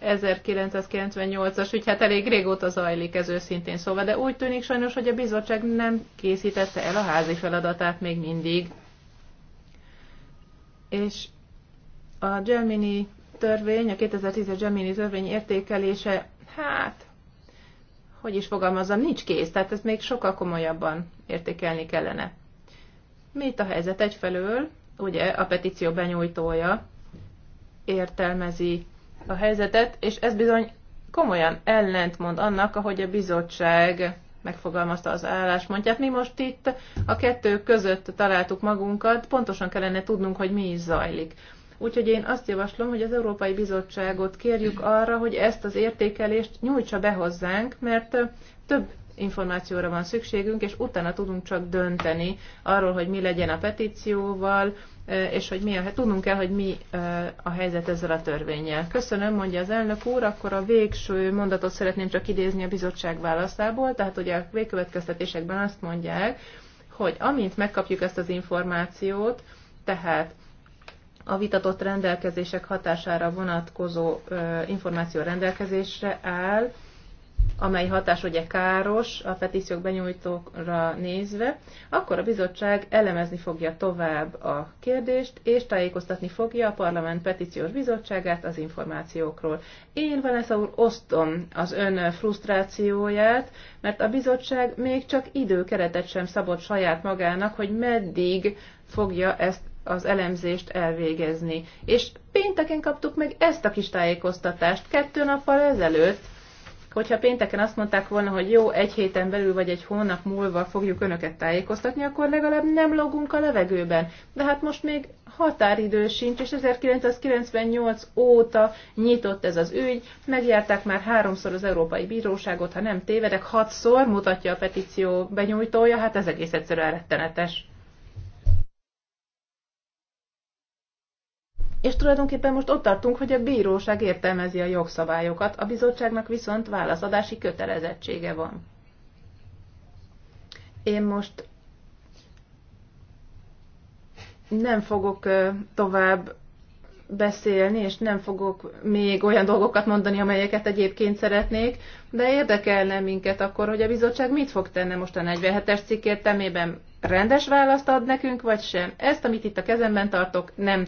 Speaker 1: 1998-as úgyhogy hát elég régóta zajlik ez őszintén szóval, de úgy tűnik sajnos, hogy a bizottság nem készítette el a házi feladatát még mindig. És a Gemini törvény, a 2010-es Gemini törvény értékelése, hát hogy is fogalmazzam, nincs kész, tehát ezt még sokkal komolyabban értékelni kellene. Mi itt a helyzet? Egyfelől, ugye a petíció benyújtója értelmezi a helyzetet, és ez bizony komolyan ellentmond annak, ahogy a bizottság megfogalmazta az álláspontját. Mi most itt a kettő között találtuk magunkat, pontosan kellene tudnunk, hogy mi is zajlik. Úgyhogy én azt javaslom, hogy az Európai Bizottságot kérjük arra, hogy ezt az értékelést nyújtsa be hozzánk, mert több információra van szükségünk, és utána tudunk csak dönteni arról, hogy mi legyen a petícióval, és hogy mi a, hát tudnunk el, hogy mi a helyzet ezzel a törvényel. Köszönöm, mondja az elnök úr, akkor a végső mondatot szeretném csak idézni a bizottság válaszából, tehát ugye a végkövetkeztetésekben azt mondják, hogy amint megkapjuk ezt az információt, tehát a vitatott rendelkezések hatására vonatkozó információ rendelkezésre áll, amely hatás ugye káros a petíciók benyújtókra nézve, akkor a bizottság elemezni fogja tovább a kérdést, és tájékoztatni fogja a Parlament Petíciós Bizottságát az információkról. Én, Vanessa úr, osztom az ön frusztrációját, mert a bizottság még csak időkeretet sem szabott saját magának, hogy meddig fogja ezt az elemzést elvégezni. És pénteken kaptuk meg ezt a kis tájékoztatást, kettő nappal ezelőtt, hogyha pénteken azt mondták volna, hogy jó, egy héten belül vagy egy hónap múlva fogjuk önöket tájékoztatni, akkor legalább nem logunk a levegőben. De hát most még határidő sincs, és 1998 óta nyitott ez az ügy, megjárták már háromszor az Európai Bíróságot, ha nem tévedek, hatszor mutatja a petíció benyújtója, hát ez egész egyszerűen rettenetes. És tulajdonképpen most ott tartunk, hogy a bíróság értelmezi a jogszabályokat, a bizottságnak viszont válaszadási kötelezettsége van. Én most nem fogok tovább beszélni, és nem fogok még olyan dolgokat mondani, amelyeket egyébként szeretnék, de érdekelne minket akkor, hogy a bizottság mit fog tenni most a 47-es cikkért temében, Rendes választ ad nekünk, vagy sem? Ezt, amit itt a kezemben tartok, nem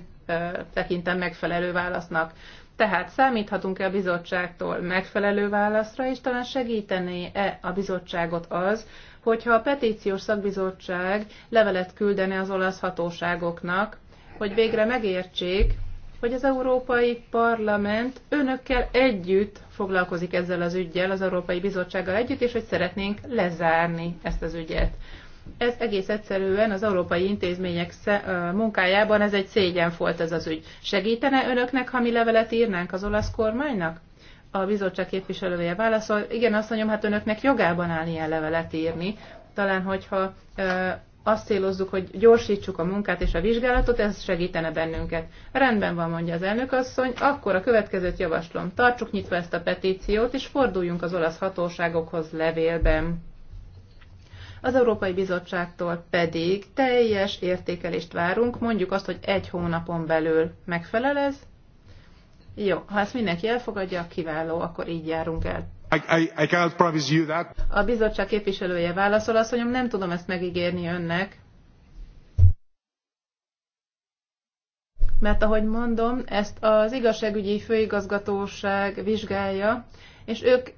Speaker 1: tekintem megfelelő válasznak. Tehát számíthatunk-e a bizottságtól megfelelő válaszra, és talán segítené-e a bizottságot az, hogyha a petíciós szakbizottság levelet küldene az olasz hatóságoknak, hogy végre megértsék, hogy az Európai Parlament önökkel együtt foglalkozik ezzel az ügyjel, az Európai Bizottsággal együtt, és hogy szeretnénk lezárni ezt az ügyet. Ez egész egyszerűen az európai intézmények munkájában ez egy szégyen volt ez az ügy. Segítene önöknek, ha mi levelet írnánk az olasz kormánynak? A bizottság képviselője válaszol, igen, azt mondjam, hát önöknek jogában áll ilyen levelet írni. Talán, hogyha azt célozzuk, hogy gyorsítsuk a munkát és a vizsgálatot, ez segítene bennünket. Rendben van, mondja az elnök asszony, akkor a következőt javaslom. Tartsuk nyitva ezt a petíciót, és forduljunk az olasz hatóságokhoz levélben. Az Európai Bizottságtól pedig teljes értékelést várunk, mondjuk azt, hogy egy hónapon belül megfelel ez. Jó, ha ezt mindenki elfogadja, kiváló, akkor így járunk el.
Speaker 5: I, I, I you that.
Speaker 1: A bizottság képviselője válaszol, azt mondjam, nem tudom ezt megígérni önnek. Mert ahogy mondom, ezt az igazságügyi főigazgatóság vizsgálja, és ők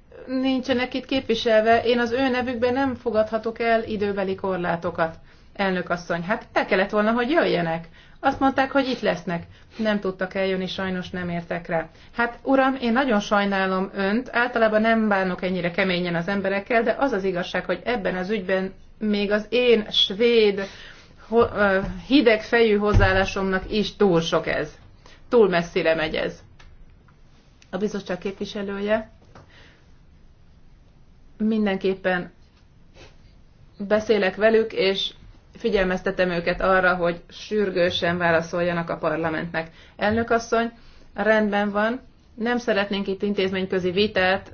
Speaker 1: nincsenek itt képviselve. Én az ő nevükben nem fogadhatok el időbeli korlátokat. Elnök asszony, hát el kellett volna, hogy jöjjenek. Azt mondták, hogy itt lesznek. Nem tudtak eljönni, sajnos nem értek rá. Hát, uram, én nagyon sajnálom önt, általában nem bánok ennyire keményen az emberekkel, de az az igazság, hogy ebben az ügyben még az én svéd hideg fejű hozzáállásomnak is túl sok ez. Túl messzire megy ez. A bizottság képviselője mindenképpen beszélek velük, és figyelmeztetem őket arra, hogy sürgősen válaszoljanak a parlamentnek. Elnök asszony, rendben van, nem szeretnénk itt intézményközi vitát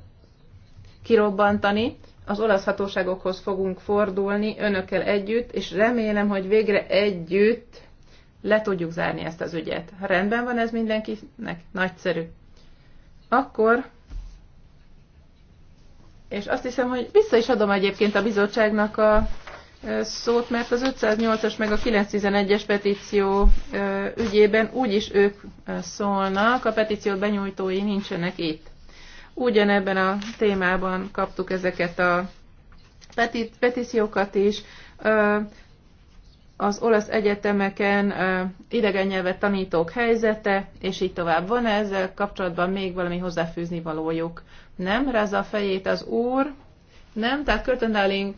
Speaker 1: kirobbantani, az olasz hatóságokhoz fogunk fordulni önökkel együtt, és remélem, hogy végre együtt le tudjuk zárni ezt az ügyet. Ha rendben van ez mindenkinek, nagyszerű. Akkor és azt hiszem, hogy vissza is adom egyébként a bizottságnak a szót, mert az 508-as meg a 911-es petíció ügyében úgyis ők szólnak, a petíció benyújtói nincsenek itt. Ugyanebben a témában kaptuk ezeket a peti- petíciókat is. Az olasz egyetemeken idegen nyelvet tanítók helyzete, és így tovább. Van -e ezzel kapcsolatban még valami hozzáfűzni valójuk nem, rázza a fejét az úr. Nem, tehát Körtendáling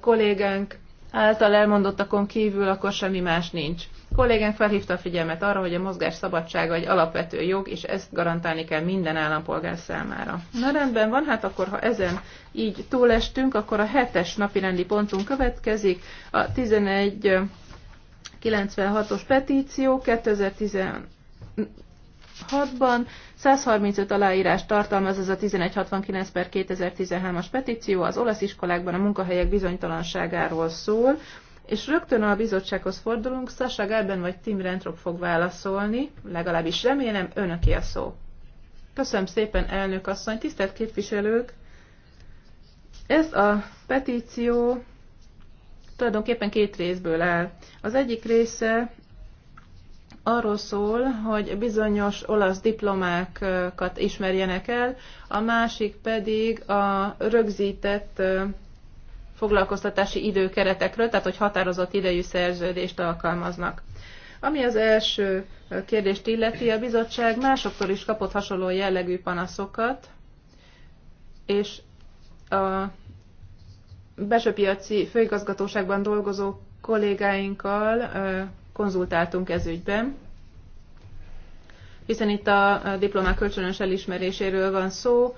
Speaker 1: kollégánk által elmondottakon kívül akkor semmi más nincs. A kollégánk felhívta a figyelmet arra, hogy a mozgás szabadsága egy alapvető jog, és ezt garantálni kell minden állampolgár számára. Na rendben van, hát akkor ha ezen így túlestünk, akkor a hetes napirendi pontunk következik, a 11 96-os petíció 2016-ban 135 aláírás tartalmaz ez a 1169 per 2013-as petíció, az olasz iskolákban a munkahelyek bizonytalanságáról szól, és rögtön a bizottsághoz fordulunk, Sasha Gerben vagy Tim Rentrop fog válaszolni, legalábbis remélem, önöki a szó. Köszönöm szépen, elnök asszony, tisztelt képviselők! Ez a petíció tulajdonképpen két részből áll. Az egyik része arról szól, hogy bizonyos olasz diplomákat ismerjenek el, a másik pedig a rögzített foglalkoztatási időkeretekről, tehát hogy határozott idejű szerződést alkalmaznak. Ami az első kérdést illeti, a bizottság másoktól is kapott hasonló jellegű panaszokat, és a belsőpiaci főigazgatóságban dolgozó kollégáinkkal konzultáltunk ez ügyben, hiszen itt a diplomák kölcsönös elismeréséről van szó,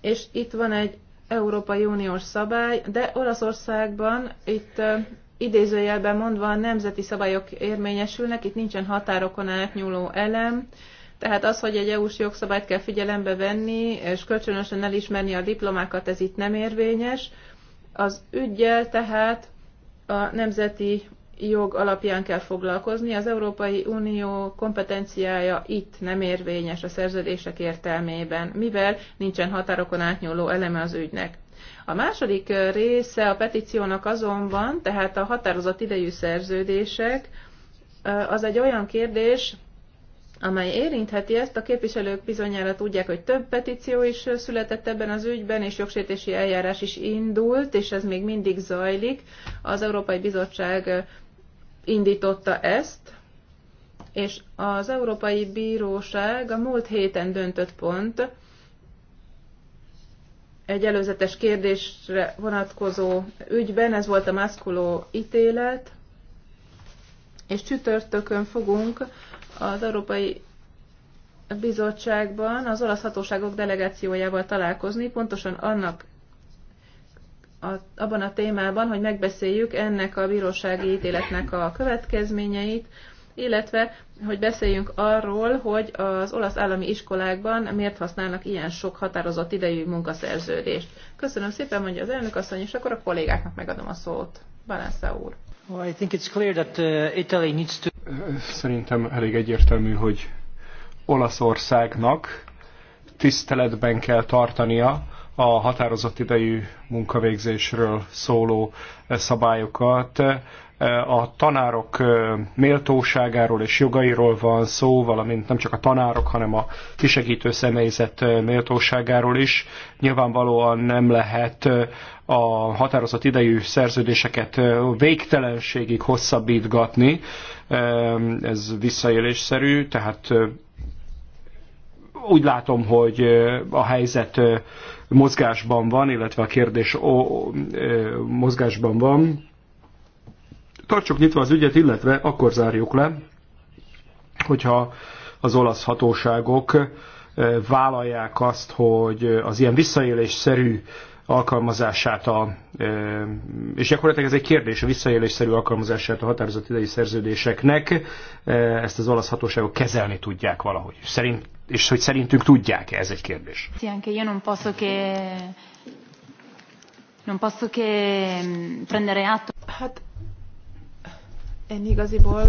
Speaker 1: és itt van egy Európai Uniós szabály, de Olaszországban itt idézőjelben mondva a nemzeti szabályok érvényesülnek, itt nincsen határokon átnyúló elem, tehát az, hogy egy EU-s jogszabályt kell figyelembe venni, és kölcsönösen elismerni a diplomákat, ez itt nem érvényes. Az ügyjel tehát a nemzeti jog alapján kell foglalkozni. Az Európai Unió kompetenciája itt nem érvényes a szerződések értelmében, mivel nincsen határokon átnyúló eleme az ügynek. A második része a petíciónak azonban, tehát a határozott idejű szerződések, az egy olyan kérdés, amely érintheti ezt, a képviselők bizonyára tudják, hogy több petíció is született ebben az ügyben, és jogsértési eljárás is indult, és ez még mindig zajlik. Az Európai Bizottság indította ezt, és az Európai Bíróság a múlt héten döntött pont egy előzetes kérdésre vonatkozó ügyben, ez volt a maszkuló ítélet, és csütörtökön fogunk az Európai Bizottságban az olasz hatóságok delegációjával találkozni, pontosan annak a, abban a témában, hogy megbeszéljük ennek a bírósági ítéletnek a következményeit, illetve hogy beszéljünk arról, hogy az olasz állami iskolákban miért használnak ilyen sok határozott idejű munkaszerződést. Köszönöm szépen, mondja az elnök asszony, és akkor a kollégáknak megadom a szót. Balensza úr.
Speaker 5: Well, I think it's clear that, uh, Italy needs to... Szerintem elég egyértelmű, hogy Olaszországnak tiszteletben kell tartania a határozott idejű munkavégzésről szóló szabályokat. A tanárok méltóságáról és jogairól van szó, valamint nem csak a tanárok, hanem a kisegítő személyzet méltóságáról is. Nyilvánvalóan nem lehet a határozott idejű szerződéseket végtelenségig hosszabbítgatni. Ez visszaélésszerű, tehát úgy látom, hogy a helyzet mozgásban van, illetve a kérdés ó, ö, mozgásban van. Tartsuk nyitva az ügyet, illetve akkor zárjuk le, hogyha az olasz hatóságok vállalják azt, hogy az ilyen visszaélésszerű alkalmazását, a, és gyakorlatilag ez egy kérdés, a visszaélésszerű alkalmazását a határozott idei szerződéseknek, ezt az olasz hatóságok kezelni tudják valahogy. Szerint, és hogy szerintünk tudják-e, ez egy kérdés.
Speaker 1: Hát én igaziból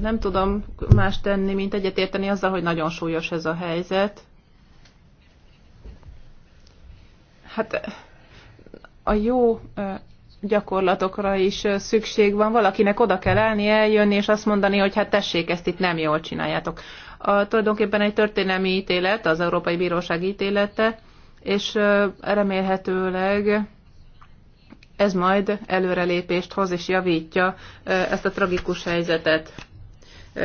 Speaker 1: nem tudom más tenni, mint egyetérteni azzal, hogy nagyon súlyos ez a helyzet hát a jó gyakorlatokra is szükség van. Valakinek oda kell állni, eljönni, és azt mondani, hogy hát tessék, ezt itt nem jól csináljátok. A, tulajdonképpen egy történelmi ítélet, az Európai Bíróság ítélete, és remélhetőleg ez majd előrelépést hoz és javítja ezt a tragikus helyzetet.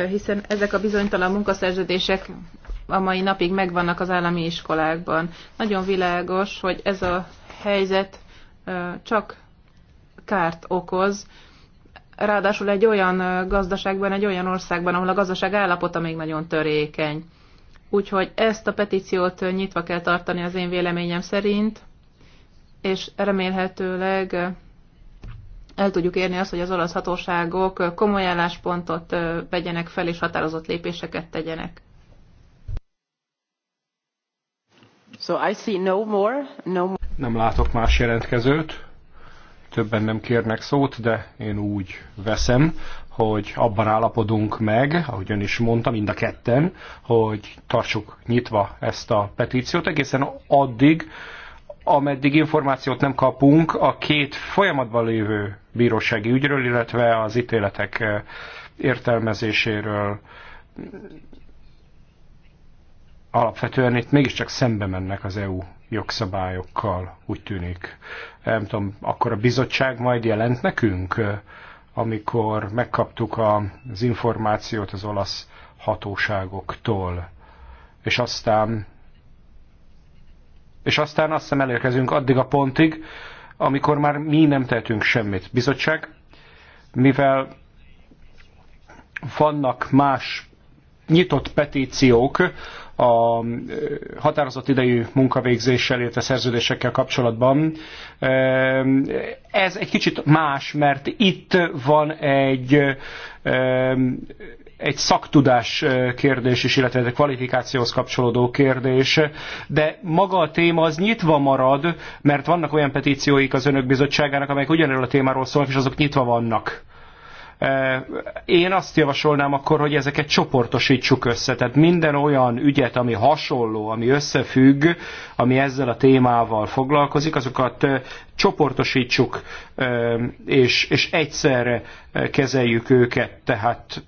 Speaker 1: Hiszen ezek a bizonytalan munkaszerződések a mai napig megvannak az állami iskolákban. Nagyon világos, hogy ez a helyzet csak kárt okoz, ráadásul egy olyan gazdaságban, egy olyan országban, ahol a gazdaság állapota még nagyon törékeny. Úgyhogy ezt a petíciót nyitva kell tartani az én véleményem szerint, és remélhetőleg el tudjuk érni azt, hogy az olasz hatóságok komoly álláspontot vegyenek fel, és határozott lépéseket tegyenek.
Speaker 5: Nem látok más jelentkezőt. Többen nem kérnek szót, de én úgy veszem, hogy abban állapodunk meg, ahogy ön is mondta, mind a ketten, hogy tartsuk nyitva ezt a petíciót egészen addig, ameddig információt nem kapunk a két folyamatban lévő bírósági ügyről, illetve az ítéletek eh, értelmezéséről alapvetően itt mégiscsak szembe mennek az EU jogszabályokkal, úgy tűnik. Nem tudom, akkor a bizottság majd jelent nekünk, amikor megkaptuk az információt az olasz hatóságoktól, és aztán és aztán azt hiszem elérkezünk addig a pontig, amikor már mi nem tehetünk semmit. Bizottság, mivel vannak más nyitott petíciók, a határozott idejű munkavégzéssel, illetve szerződésekkel kapcsolatban. Ez egy kicsit más, mert itt van egy egy szaktudás kérdés is, illetve egy kvalifikációhoz kapcsolódó kérdés, de maga a téma az nyitva marad, mert vannak olyan petícióik az önök bizottságának, amelyek ugyanerről a témáról szólnak, és azok nyitva vannak. Eh, én azt javasolnám akkor, hogy ezeket csoportosítsuk össze. Tehát minden olyan ügyet, ami hasonló, ami összefügg, ami ezzel a témával foglalkozik, azokat eh, csoportosítsuk, eh, és, és egyszerre kezeljük őket. Tehát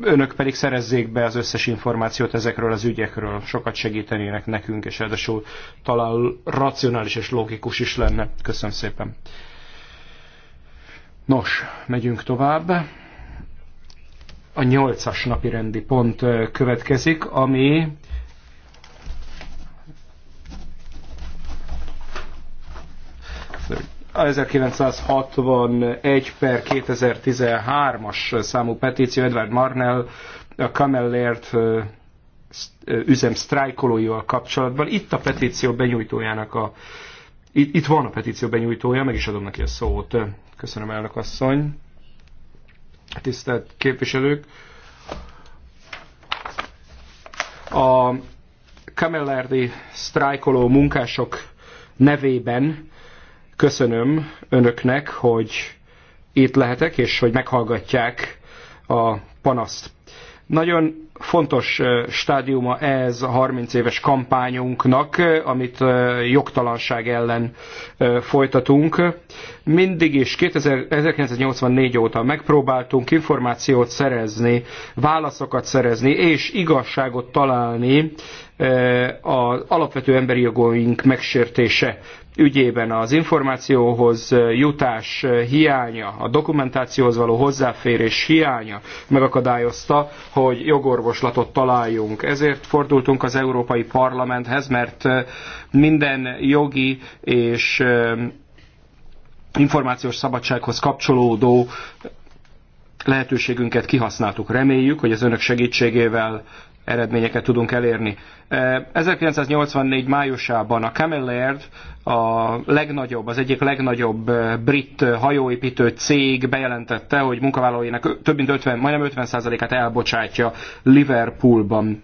Speaker 5: önök pedig szerezzék be az összes információt ezekről az ügyekről. Sokat segítenének nekünk, és ráadásul talán racionális és logikus is lenne. Köszönöm szépen. Nos, megyünk tovább. A nyolcas napi rendi pont következik, ami a 1961 per 2013-as számú petíció Edward Marnell a Kamellért üzem sztrájkolóival kapcsolatban. Itt a petíció benyújtójának a itt, itt van a petíció benyújtója, meg is adom neki a szót. Köszönöm, elnök asszony. Tisztelt képviselők! A kamellárdi sztrájkoló munkások nevében köszönöm önöknek, hogy itt lehetek, és hogy meghallgatják a panaszt. Nagyon fontos stádiuma ez a 30 éves kampányunknak, amit jogtalanság ellen folytatunk. Mindig is 1984 óta megpróbáltunk információt szerezni, válaszokat szerezni és igazságot találni az alapvető emberi jogoink megsértése ügyében az információhoz jutás hiánya, a dokumentációhoz való hozzáférés hiánya megakadályozta, hogy jogorvoslatot találjunk. Ezért fordultunk az Európai Parlamenthez, mert minden jogi és eh, információs szabadsághoz kapcsolódó lehetőségünket kihasználtuk. Reméljük, hogy az önök segítségével eredményeket tudunk elérni. 1984 májusában a Camelard, a legnagyobb, az egyik legnagyobb brit hajóépítő cég bejelentette, hogy munkavállalóinak több mint 50, majdnem 50%-át elbocsátja Liverpoolban.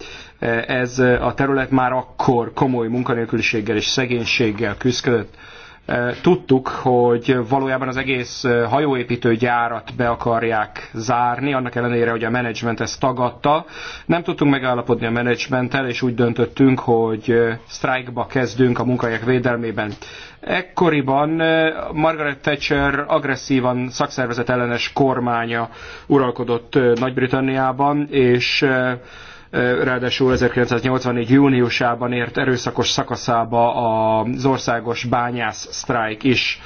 Speaker 5: Ez a terület már akkor komoly munkanélküliséggel és szegénységgel küzdött tudtuk, hogy valójában az egész hajóépítő gyárat be akarják zárni, annak ellenére, hogy a menedzsment ezt tagadta. Nem tudtunk megállapodni a menedzsmenttel, és úgy döntöttünk, hogy sztrájkba kezdünk a munkahelyek védelmében. Ekkoriban Margaret Thatcher agresszívan szakszervezet ellenes kormánya uralkodott Nagy-Britanniában, és ráadásul 1984. júniusában ért erőszakos szakaszába az országos bányász sztrájk is.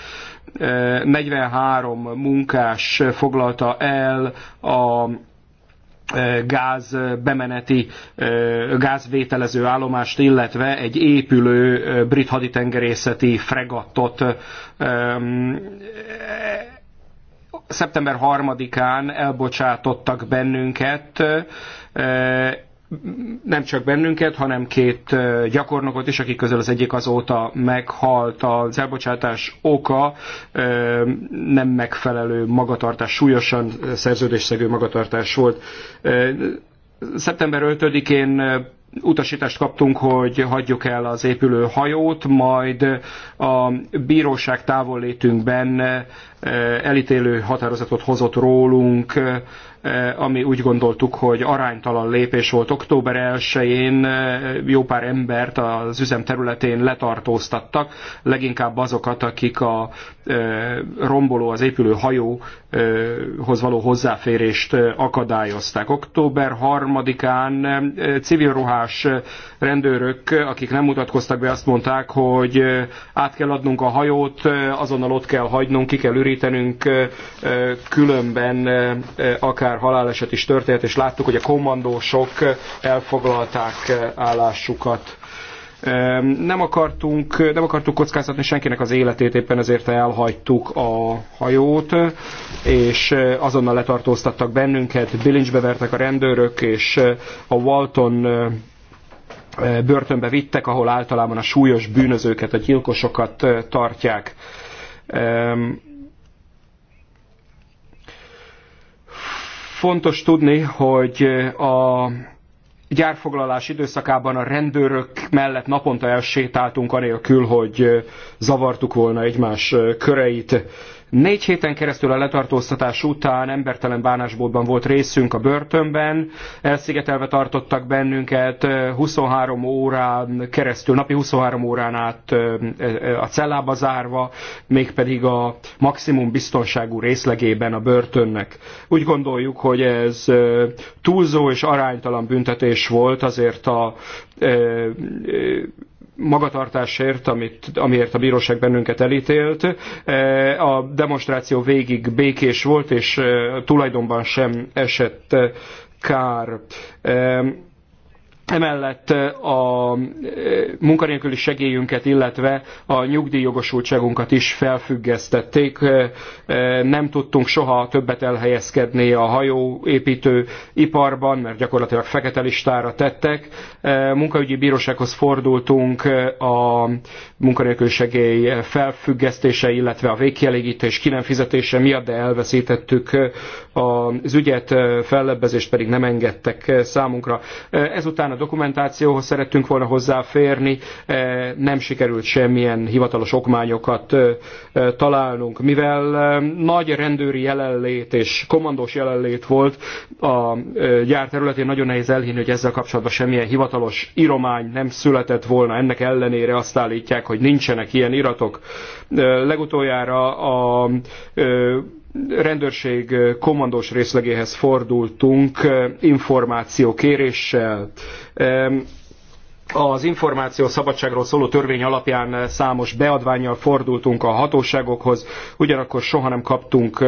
Speaker 5: 43 munkás foglalta el a gáz bemeneti gázvételező állomást, illetve egy épülő brit haditengerészeti fregattot szeptember 3-án elbocsátottak bennünket, nem csak bennünket, hanem két gyakornokot is, akik közül az egyik azóta meghalt. Az elbocsátás oka nem megfelelő magatartás, súlyosan szerződésszegő magatartás volt. Szeptember 5-én utasítást kaptunk, hogy hagyjuk el az épülő hajót, majd a bíróság távollétünkben Eh, elítélő határozatot hozott rólunk, eh, ami úgy gondoltuk, hogy aránytalan lépés volt. Október 1-én eh, jó pár embert az üzem területén letartóztattak, leginkább azokat, akik a romboló, az épülő hajóhoz való hozzáférést akadályozták. Október 3-án civil ruhás rendőrök, akik nem mutatkoztak be, azt mondták, hogy át kell adnunk a hajót, azonnal ott kell hagynunk, ki kell sűrítenünk különben akár haláleset is történt és láttuk, hogy a kommandósok elfoglalták állásukat. Nem akartunk, nem akartuk kockáztatni senkinek az életét, éppen ezért elhagytuk a hajót, és azonnal letartóztattak bennünket, bilincsbe vertek a rendőrök, és a Walton börtönbe vittek, ahol általában a súlyos bűnözőket, a gyilkosokat tartják. Fontos tudni, hogy eh, a gyárfoglalás időszakában a rendőrök mellett naponta elsétáltunk, anélkül, hogy eh, zavartuk volna egymás eh, köreit. Négy héten keresztül a letartóztatás után embertelen bánásbódban volt részünk a börtönben, elszigetelve tartottak bennünket 23 órán keresztül, napi 23 órán át a cellába zárva, mégpedig a maximum biztonságú részlegében a börtönnek. Úgy gondoljuk, hogy ez túlzó és aránytalan büntetés volt azért a magatartásért, amit, amiért a bíróság bennünket elítélt. E, a demonstráció végig békés volt, és e, tulajdonban sem esett e, kár. Emellett eh, a eh, munkanélküli segélyünket, illetve a nyugdíjjogosultságunkat is felfüggesztették. Eh, nem tudtunk soha többet elhelyezkedni a hajóépítő iparban, mert gyakorlatilag fekete listára tettek. Munkaügyi bírósághoz fordultunk a munkanélküli segély felfüggesztése, illetve a végkielégítés ki nem fizetése miatt, de elveszítettük az ügyet, fellebbezést pedig nem engedtek számunkra. Ezután a dokumentációhoz szerettünk volna hozzáférni, eh, nem sikerült semmilyen hivatalos okmányokat eh, eh, találnunk. Mivel nagy rendőri jelenlét és kommandós jelenlét volt a gyár területén, nagyon nehéz elhinni, hogy ezzel kapcsolatban semmilyen hivatalos iromány nem született volna. Ennek ellenére azt állítják, hogy nincsenek ilyen iratok. Legutoljára a rendőrség eh, kommandós részlegéhez fordultunk eh, információkéréssel az információ szabadságról szóló törvény alapján számos beadványjal fordultunk a hatóságokhoz, ugyanakkor soha nem kaptunk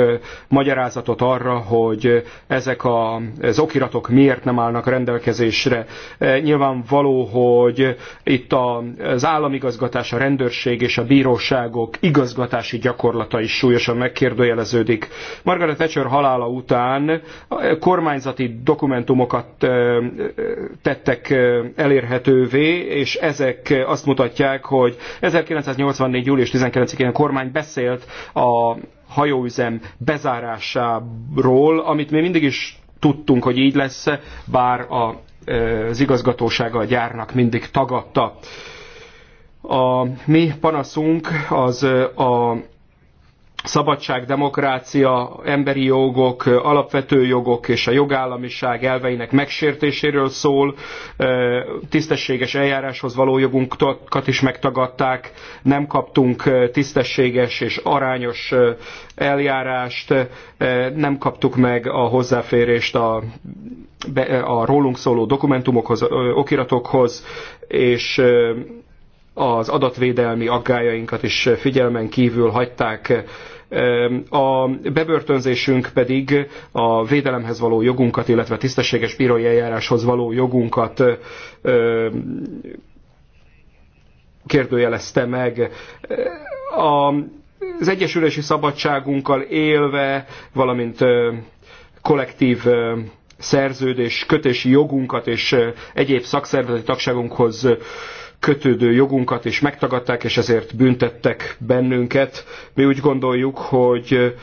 Speaker 5: magyarázatot arra, hogy ezek az okiratok miért nem állnak rendelkezésre. Nyilvánvaló, hogy itt az államigazgatás, a rendőrség és a bíróságok igazgatási gyakorlata is súlyosan megkérdőjeleződik. Margaret Thatcher halála után kormányzati dokumentumokat tettek elérhető lehetővé, és ezek azt mutatják, hogy 1984. július 19-én a kormány beszélt a hajóüzem bezárásáról, amit mi mindig is tudtunk, hogy így lesz, bár a, az igazgatósága a gyárnak mindig tagadta. A mi panaszunk az a szabadság, demokrácia, emberi jogok, alapvető jogok és a jogállamiság elveinek megsértéséről szól, tisztességes eljáráshoz való jogunkat is megtagadták, nem kaptunk tisztességes és arányos eljárást, nem kaptuk meg a hozzáférést a, a rólunk szóló dokumentumokhoz, okiratokhoz, és az adatvédelmi aggájainkat is figyelmen kívül hagyták. Ehm, a bebörtönzésünk pedig a védelemhez való jogunkat, illetve tisztességes bírói eljáráshoz való jogunkat ehm, kérdőjelezte meg. A, az egyesülési szabadságunkkal élve, valamint ehm, kollektív szerződés, kötési jogunkat és egyéb szakszervezeti tagságunkhoz kötődő jogunkat és megtagadták, és ezért büntettek bennünket. Mi úgy gondoljuk, hogy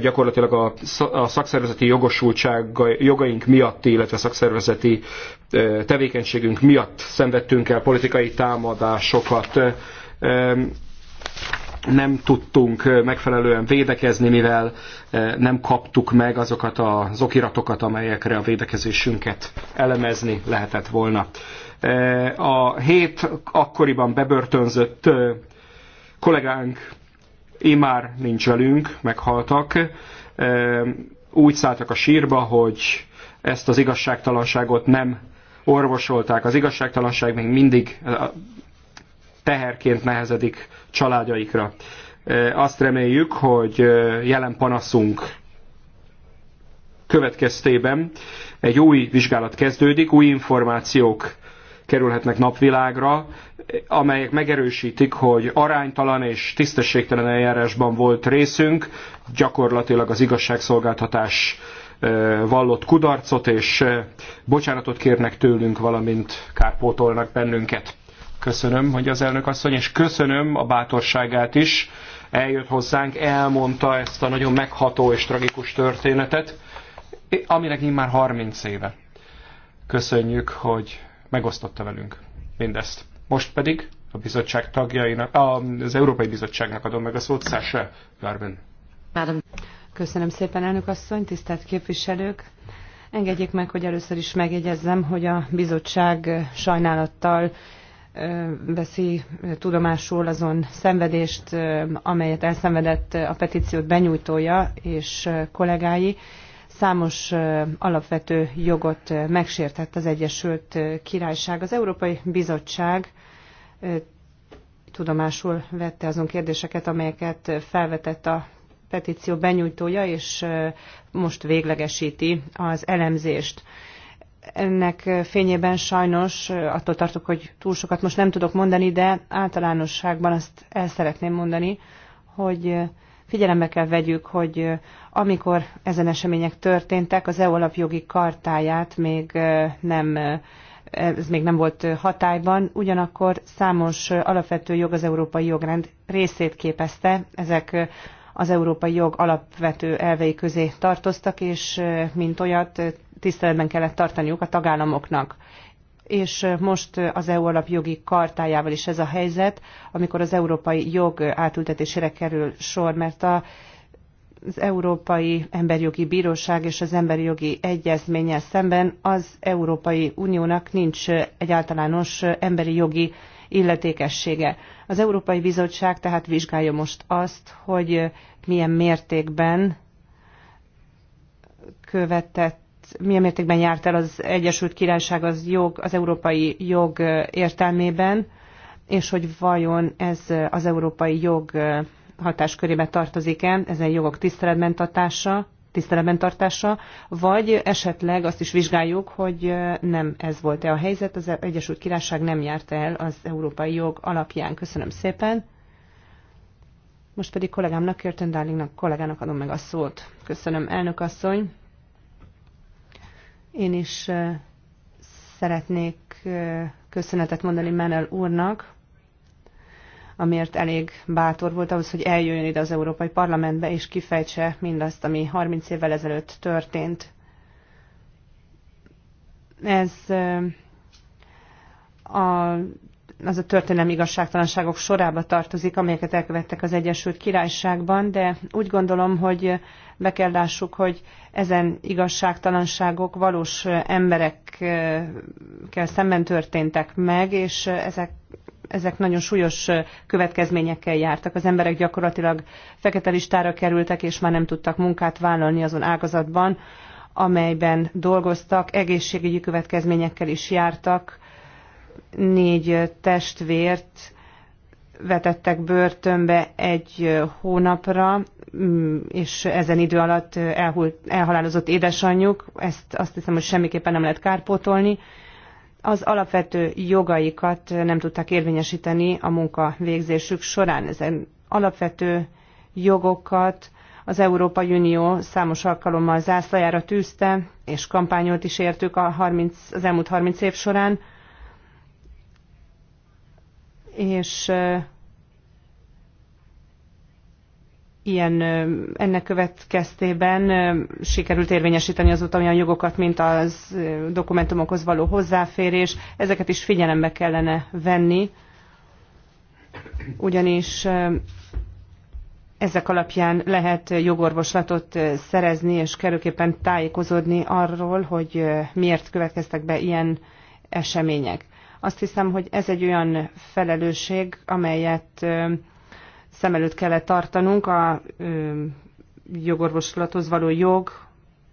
Speaker 5: gyakorlatilag a, a szakszervezeti jogosultság jogaink miatt, illetve szakszervezeti tevékenységünk miatt szenvedtünk el politikai támadásokat nem tudtunk megfelelően védekezni, mivel nem kaptuk meg azokat az okiratokat, amelyekre a védekezésünket elemezni lehetett volna. A hét akkoriban bebörtönzött kollégánk immár nincs velünk, meghaltak. Úgy szálltak a sírba, hogy ezt az igazságtalanságot nem orvosolták. Az igazságtalanság még mindig teherként nehezedik családjaikra. Azt reméljük, hogy jelen panaszunk következtében egy új vizsgálat kezdődik, új információk kerülhetnek napvilágra, amelyek megerősítik, hogy aránytalan és tisztességtelen eljárásban volt részünk, gyakorlatilag az igazságszolgáltatás vallott kudarcot, és bocsánatot kérnek tőlünk, valamint kárpótolnak bennünket. Köszönöm, hogy az elnök asszony, és köszönöm a bátorságát is. Eljött hozzánk, elmondta ezt a nagyon megható és tragikus történetet, aminek immár 30 éve. Köszönjük, hogy megosztotta velünk mindezt. Most pedig a bizottság tagjainak, az Európai Bizottságnak adom meg a szót, Sasha Garben.
Speaker 3: Köszönöm szépen, elnök asszony, tisztelt képviselők! Engedjék meg, hogy először is megjegyezzem, hogy a bizottság sajnálattal veszi tudomásul azon szenvedést, amelyet elszenvedett a petíciót benyújtója és kollégái, számos alapvető jogot megsértett az Egyesült Királyság. Az Európai Bizottság tudomásul vette azon kérdéseket, amelyeket felvetett a petíció benyújtója, és most véglegesíti az elemzést. Ennek fényében sajnos attól tartok, hogy túl sokat most nem tudok mondani, de általánosságban azt el szeretném mondani, hogy Figyelembe kell vegyük, hogy amikor ezen események történtek, az EU alapjogi kartáját még nem ez még nem volt hatályban, ugyanakkor számos alapvető jog az európai jogrend részét képezte, ezek az európai jog alapvető elvei közé tartoztak, és mint olyat tiszteletben kellett tartaniuk a tagállamoknak és most az EU alapjogi kartájával is ez a helyzet, amikor az európai jog átültetésére kerül sor, mert a az Európai Emberjogi Bíróság és az Emberi Jogi Egyezménnyel szemben az Európai Uniónak nincs egyáltalános emberi jogi illetékessége. Az Európai Bizottság tehát vizsgálja most azt, hogy milyen mértékben követett milyen mértékben járt el az Egyesült Királyság az jog, az európai jog értelmében, és hogy vajon ez az európai jog hatáskörébe tartozik-e, ezen jogok tiszteletben tartása, tiszteletben tartása, vagy esetleg azt is vizsgáljuk, hogy nem ez volt-e a helyzet, az Egyesült Királyság nem járt el az európai jog alapján. Köszönöm szépen. Most pedig kollégámnak, Kirsten Darlingnak, kollégának adom meg a szót. Köszönöm, elnök asszony. Én is szeretnék köszönetet mondani Menel úrnak, amiért elég bátor volt ahhoz, hogy eljöjjön ide az Európai Parlamentbe, és kifejtse mindazt, ami 30 évvel ezelőtt történt. Ez a az a történelmi igazságtalanságok sorába tartozik, amelyeket elkövettek az Egyesült Királyságban, de úgy gondolom, hogy be kell lássuk, hogy ezen igazságtalanságok valós emberekkel szemben történtek meg, és ezek ezek nagyon súlyos következményekkel jártak. Az emberek gyakorlatilag fekete listára kerültek, és már nem tudtak munkát vállalni azon ágazatban, amelyben dolgoztak, egészségügyi következményekkel is jártak, négy testvért vetettek börtönbe egy hónapra, mm, és ezen idő alatt elhult, elhalálozott édesanyjuk, ezt azt hiszem, hogy semmiképpen nem lehet kárpótolni, az alapvető jogaikat nem tudták érvényesíteni a munka végzésük során. Ezen alapvető jogokat az Európai Unió számos alkalommal zászlajára tűzte, és kampányolt is értük a 30, az elmúlt 30 év során, és ilyen ennek következtében sikerült érvényesíteni az olyan jogokat, mint az dokumentumokhoz való hozzáférés. Ezeket is figyelembe kellene venni, ugyanis ezek alapján lehet jogorvoslatot szerezni, és kerülképpen tájékozódni arról, hogy miért következtek be ilyen események. Azt hiszem, hogy ez egy olyan felelősség, amelyet szem előtt kellett tartanunk a jogorvoslathoz való jog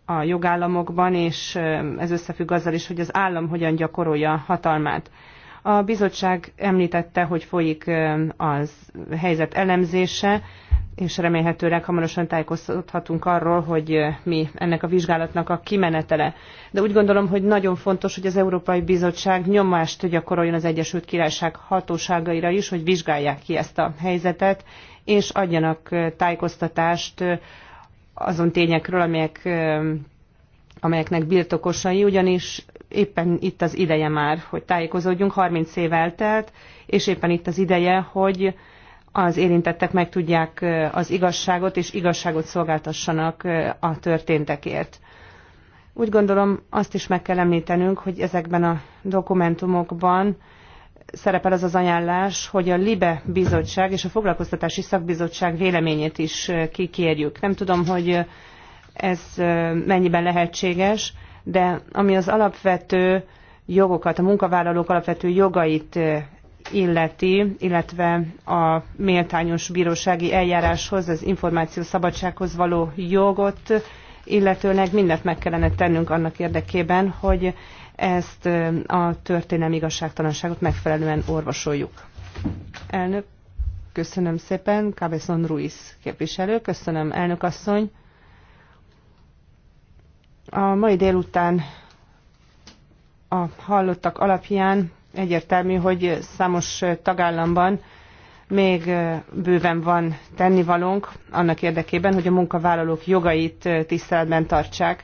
Speaker 3: a jogállamokban, és ez összefügg azzal is, hogy az állam hogyan gyakorolja hatalmát. A bizottság említette, hogy folyik az helyzet elemzése, és remélhetőleg hamarosan tájékozódhatunk arról, hogy mi ennek a vizsgálatnak a kimenetele. De úgy gondolom, hogy nagyon fontos, hogy az Európai Bizottság nyomást gyakoroljon az Egyesült Királyság hatóságaira is, hogy vizsgálják ki ezt a helyzetet, és adjanak tájékoztatást azon tényekről, amelyek, amelyeknek birtokosai, ugyanis éppen itt az ideje már, hogy tájékozódjunk, 30 év eltelt, és éppen itt az ideje, hogy az érintettek meg tudják az igazságot, és igazságot szolgáltassanak a történtekért. Úgy gondolom, azt is meg kell említenünk, hogy ezekben a dokumentumokban szerepel az az ajánlás, hogy a LIBE bizottság és a foglalkoztatási szakbizottság véleményét is kikérjük. Nem tudom, hogy ez mennyiben lehetséges, de ami az alapvető jogokat, a munkavállalók alapvető jogait illeti, illetve a méltányos bírósági eljáráshoz, az információ szabadsághoz való jogot, illetőleg mindent meg kellene tennünk annak érdekében, hogy ezt a történelmi igazságtalanságot megfelelően orvosoljuk. Elnök, köszönöm szépen. Cabezon Ruiz képviselő, köszönöm elnök asszony. A mai délután a hallottak alapján egyértelmű, hogy számos tagállamban még bőven van tennivalónk annak érdekében, hogy a munkavállalók jogait tiszteletben tartsák,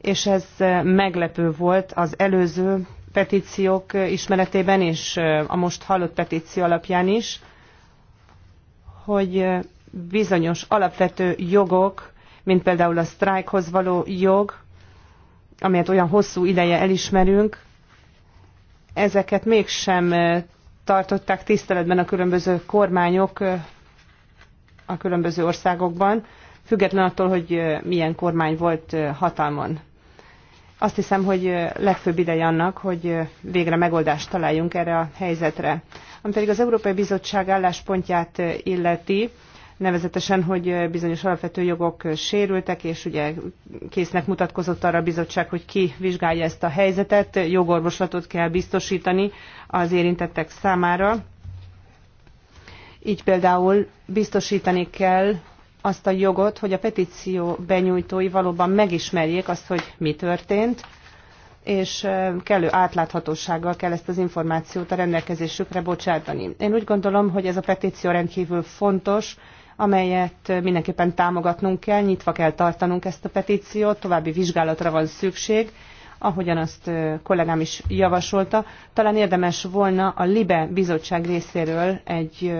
Speaker 3: és ez meglepő volt az előző petíciók ismeretében és a most hallott petíció alapján is, hogy bizonyos alapvető jogok, mint például a sztrájkhoz való jog, amelyet olyan hosszú ideje elismerünk, ezeket mégsem tartották tiszteletben a különböző kormányok a különböző országokban, független attól, hogy milyen kormány volt hatalmon. Azt hiszem, hogy legfőbb ideje annak, hogy végre megoldást találjunk erre a helyzetre. Ami pedig az Európai Bizottság álláspontját illeti, nevezetesen, hogy bizonyos alapvető jogok sérültek, és ugye késznek mutatkozott arra a bizottság, hogy ki vizsgálja ezt a helyzetet, jogorvoslatot kell biztosítani az érintettek számára. Így például biztosítani kell azt a jogot, hogy a petíció benyújtói valóban megismerjék azt, hogy mi történt, és kellő átláthatósággal kell ezt az információt a rendelkezésükre bocsátani. Én úgy gondolom, hogy ez a petíció rendkívül fontos, amelyet mindenképpen támogatnunk kell, nyitva kell tartanunk ezt a petíciót, további vizsgálatra van szükség, ahogyan azt kollégám is javasolta. Talán érdemes volna a LIBE bizottság részéről egy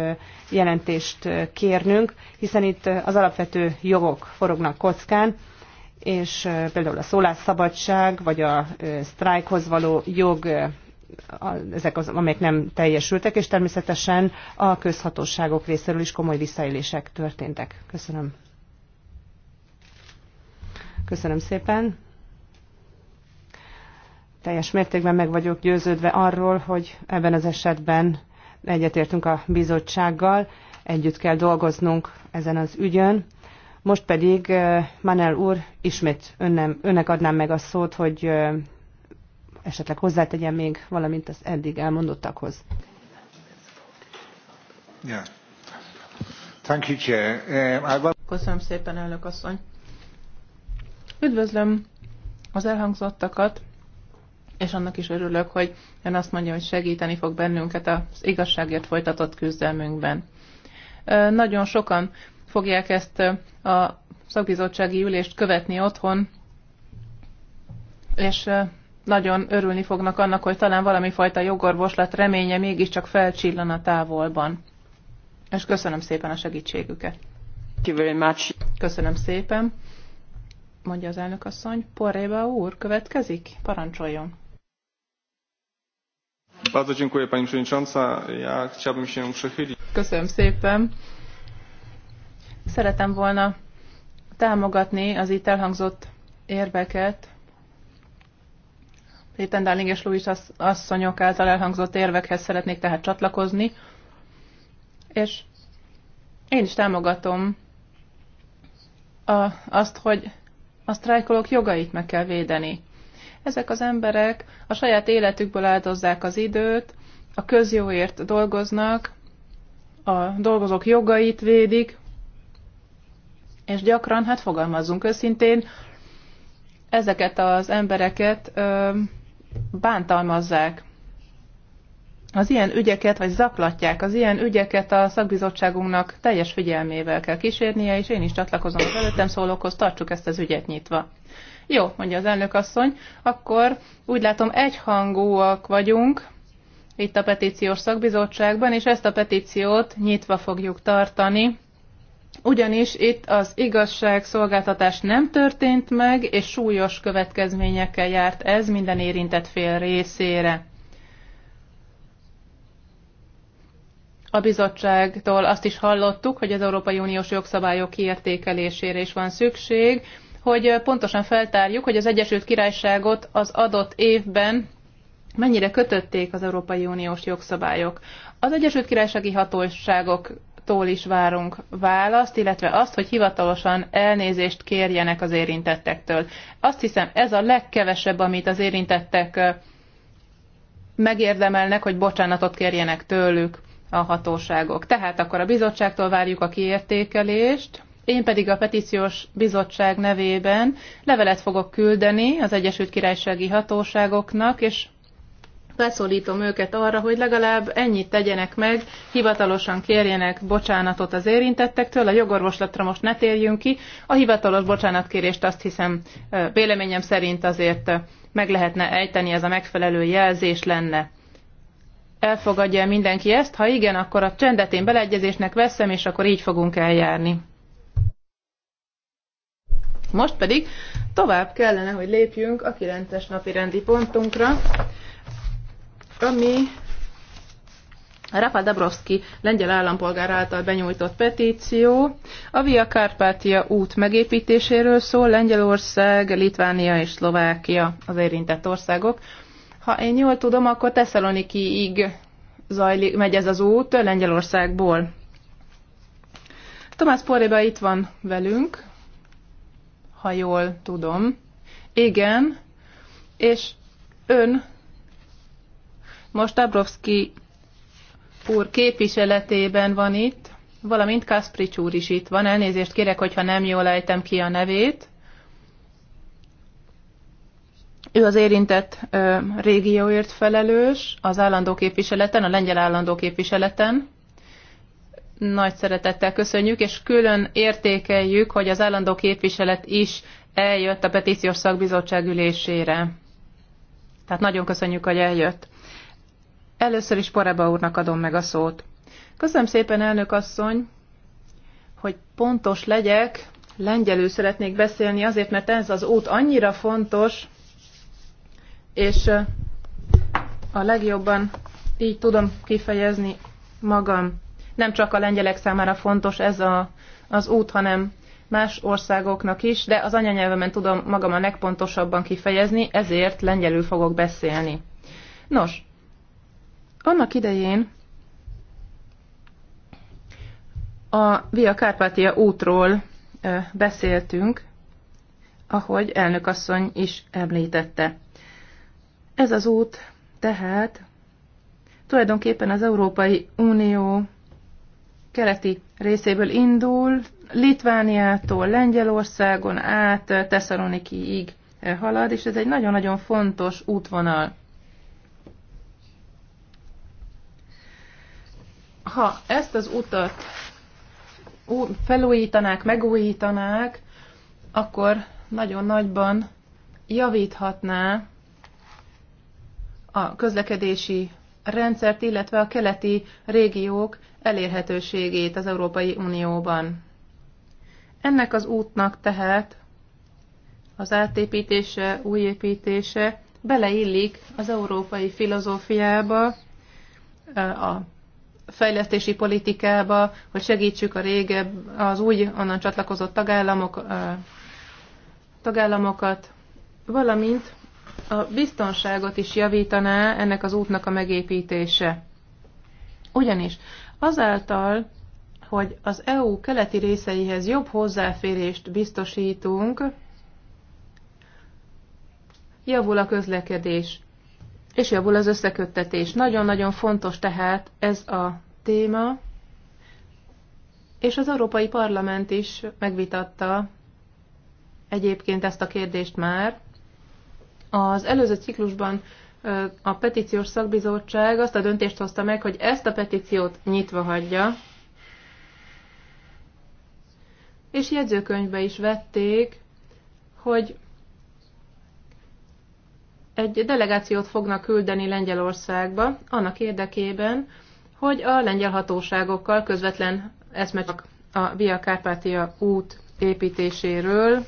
Speaker 3: jelentést kérnünk, hiszen itt az alapvető jogok forognak kockán, és például a szólásszabadság vagy a sztrájkhoz való jog a, ezek az, amelyek nem teljesültek, és természetesen a közhatóságok részéről is komoly visszaélések történtek. Köszönöm. Köszönöm szépen. Teljes mértékben meg vagyok győződve arról, hogy ebben az esetben egyetértünk a bizottsággal, együtt kell dolgoznunk ezen az ügyön. Most pedig eh, Manel úr, ismét önnem, önnek adnám meg a szót, hogy eh, esetleg hozzátegyen még valamint az eddig elmondottakhoz.
Speaker 4: Yeah. Thank you, Chair. Um, Köszönöm szépen,
Speaker 1: elnök asszony. Üdvözlöm az elhangzottakat, és annak is örülök, hogy ön azt mondja, hogy segíteni fog bennünket az igazságért folytatott küzdelmünkben. Nagyon sokan fogják ezt a szakbizottsági ülést követni otthon, és nagyon örülni fognak annak, hogy talán valami fajta jogorvoslat reménye mégiscsak felcsillan a távolban. És köszönöm szépen a segítségüket. Köszönöm szépen, mondja az elnök asszony. Porréba úr, következik? Parancsoljon.
Speaker 5: Bardzo dziękuję pani przewodnicząca. Ja chciałbym się przychylić.
Speaker 1: Köszönöm szépen. Szeretem volna támogatni az itt elhangzott érveket, Éppen Dáling és Louis asszonyok által elhangzott érvekhez szeretnék tehát csatlakozni, és én is támogatom a, azt, hogy a sztrájkolók jogait meg kell védeni. Ezek az emberek a saját életükből áldozzák az időt, a közjóért dolgoznak, a dolgozók jogait védik, és gyakran, hát fogalmazzunk őszintén, ezeket az embereket ö, bántalmazzák az ilyen ügyeket, vagy zaklatják, az ilyen ügyeket a szakbizottságunknak teljes figyelmével kell kísérnie, és én is csatlakozom az előttem szólókhoz, tartsuk ezt az ügyet nyitva. Jó, mondja az elnök asszony, akkor úgy látom egyhangúak vagyunk itt a petíciós szakbizottságban, és ezt a petíciót nyitva fogjuk tartani ugyanis itt az igazságszolgáltatás nem történt meg, és súlyos következményekkel járt ez minden érintett fél részére. A bizottságtól azt is hallottuk, hogy az Európai Uniós jogszabályok kiértékelésére is van szükség, hogy pontosan feltárjuk, hogy az Egyesült Királyságot az adott évben mennyire kötötték az Európai Uniós jogszabályok. Az Egyesült Királysági Hatóságok tól is várunk választ, illetve azt, hogy hivatalosan elnézést kérjenek az érintettektől. Azt hiszem, ez a legkevesebb, amit az érintettek megérdemelnek, hogy bocsánatot kérjenek tőlük a hatóságok. Tehát akkor a bizottságtól várjuk a kiértékelést, én pedig a petíciós bizottság nevében levelet fogok küldeni az Egyesült Királysági Hatóságoknak, és Beszólítom őket arra, hogy legalább ennyit tegyenek meg, hivatalosan kérjenek bocsánatot az érintettektől, a jogorvoslatra most ne térjünk ki. A hivatalos bocsánatkérést azt hiszem véleményem szerint azért meg lehetne ejteni, ez a megfelelő jelzés lenne. Elfogadja mindenki ezt? Ha igen, akkor a csendet én beleegyezésnek veszem, és akkor így fogunk eljárni. Most pedig tovább kellene, hogy lépjünk a 9-es napi rendi pontunkra, ami Rafa Dabrowski lengyel állampolgár által benyújtott petíció a Via Carpatia út megépítéséről szól, Lengyelország, Litvánia és Szlovákia az érintett országok. Ha én jól tudom, akkor Tesszalonikiig zajlik, megy ez az út Lengyelországból. Tomás Poréba itt van velünk, ha jól tudom. Igen, és ön most Dabrowski úr képviseletében van itt, valamint Kasprics úr is itt van. Elnézést kérek, hogyha nem jól ejtem ki a nevét. Ő az érintett ö, régióért felelős az állandó képviseleten, a lengyel állandó képviseleten. Nagy szeretettel köszönjük, és külön értékeljük, hogy az állandó képviselet is eljött a petíciós szakbizottság ülésére. Tehát nagyon köszönjük, hogy eljött. Először is Poreba úrnak adom meg a szót. Köszönöm szépen, elnök asszony, hogy pontos legyek, lengyelül szeretnék beszélni, azért, mert ez az út annyira fontos, és a legjobban így tudom kifejezni magam. Nem csak a lengyelek számára fontos ez a, az út, hanem más országoknak is, de az anyanyelvemen tudom magam a legpontosabban kifejezni, ezért lengyelül fogok beszélni. Nos, annak idején a Via Kárpátia útról beszéltünk, ahogy elnökasszony is említette. Ez az út tehát tulajdonképpen az Európai Unió keleti részéből indul, Litvániától Lengyelországon át Tesszalonikiig halad, és ez egy nagyon-nagyon fontos útvonal. ha ezt az utat felújítanák, megújítanák, akkor nagyon nagyban javíthatná a közlekedési rendszert, illetve a keleti régiók elérhetőségét az Európai Unióban. Ennek az útnak tehát az átépítése, újépítése beleillik az európai filozófiába, a fejlesztési politikába, hogy segítsük a régebb, az új onnan csatlakozott tagállamok, tagállamokat, valamint a biztonságot is javítaná ennek az útnak a megépítése. Ugyanis azáltal, hogy az EU keleti részeihez jobb hozzáférést biztosítunk, javul a közlekedés és javul az összeköttetés. Nagyon-nagyon fontos tehát ez a téma, és az Európai Parlament is megvitatta egyébként ezt a kérdést már. Az előző ciklusban a petíciós szakbizottság azt a döntést hozta meg, hogy ezt a petíciót nyitva hagyja, és jegyzőkönyvbe is vették, hogy egy delegációt fognak küldeni Lengyelországba annak érdekében, hogy a lengyel hatóságokkal közvetlen eszmecsak a Via Carpatia út építéséről,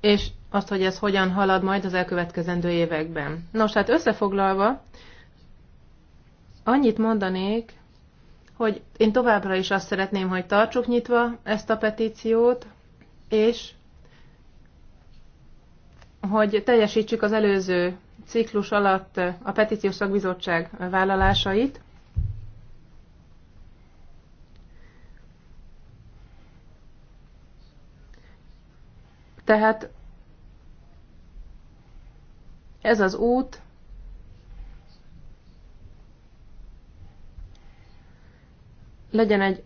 Speaker 1: és azt, hogy ez hogyan halad majd az elkövetkezendő években. Nos, hát összefoglalva, annyit mondanék, hogy én továbbra is azt szeretném, hogy tartsuk nyitva ezt a petíciót, és hogy teljesítsük az előző ciklus alatt a petíciós szakbizottság vállalásait. Tehát ez az út legyen egy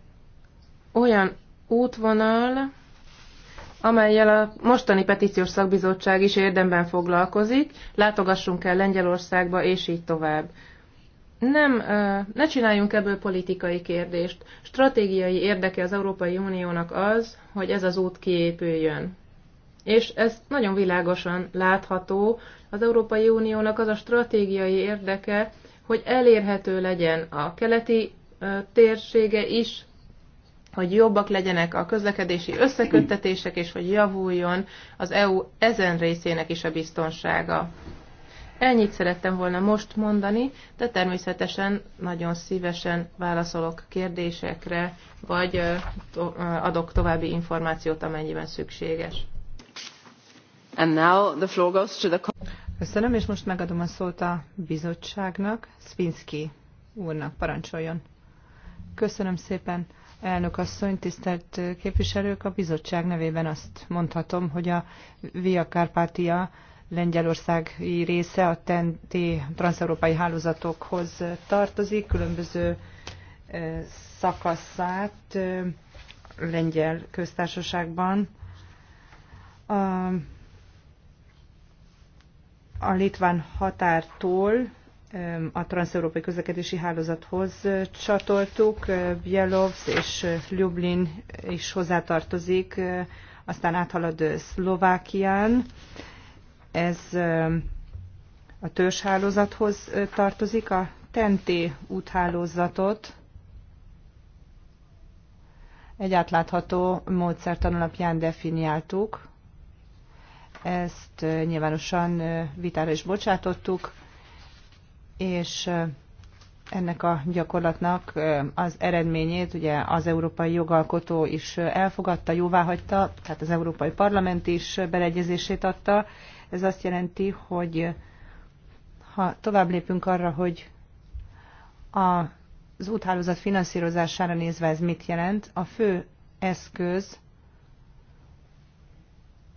Speaker 1: olyan útvonal, amelyel a mostani petíciós szakbizottság is érdemben foglalkozik, látogassunk el Lengyelországba, és így tovább. Nem, ne csináljunk ebből politikai kérdést. Stratégiai érdeke az Európai Uniónak az, hogy ez az út kiépüljön. És ez nagyon világosan látható. Az Európai Uniónak az a stratégiai érdeke, hogy elérhető legyen a keleti térsége is hogy jobbak legyenek a közlekedési összeköttetések, és hogy javuljon az EU ezen részének is a biztonsága. Ennyit szerettem volna most mondani, de természetesen nagyon szívesen válaszolok kérdésekre, vagy adok további információt, amennyiben szükséges. And now the floor goes to the...
Speaker 3: Köszönöm, és most megadom a szót a bizottságnak. Svinsky úrnak parancsoljon. Köszönöm szépen. Elnök asszony, tisztelt képviselők, a bizottság nevében azt mondhatom, hogy a Via Carpatia lengyelországi része a TNT transeurópai hálózatokhoz tartozik, különböző eh, szakaszát eh, lengyel köztársaságban. A, a litván határtól a transzeurópai közlekedési hálózathoz csatoltuk. Bielovsz és Lublin is hozzátartozik, aztán áthalad Szlovákián. Ez a törzshálózathoz tartozik, a Tenté úthálózatot egy átlátható módszertan alapján definiáltuk. Ezt nyilvánosan vitára is bocsátottuk és ennek a gyakorlatnak az eredményét ugye az európai jogalkotó is elfogadta, jóváhagyta, tehát az Európai Parlament is beleegyezését adta. Ez azt jelenti, hogy ha tovább lépünk arra, hogy az úthálózat finanszírozására nézve ez mit jelent, a fő eszköz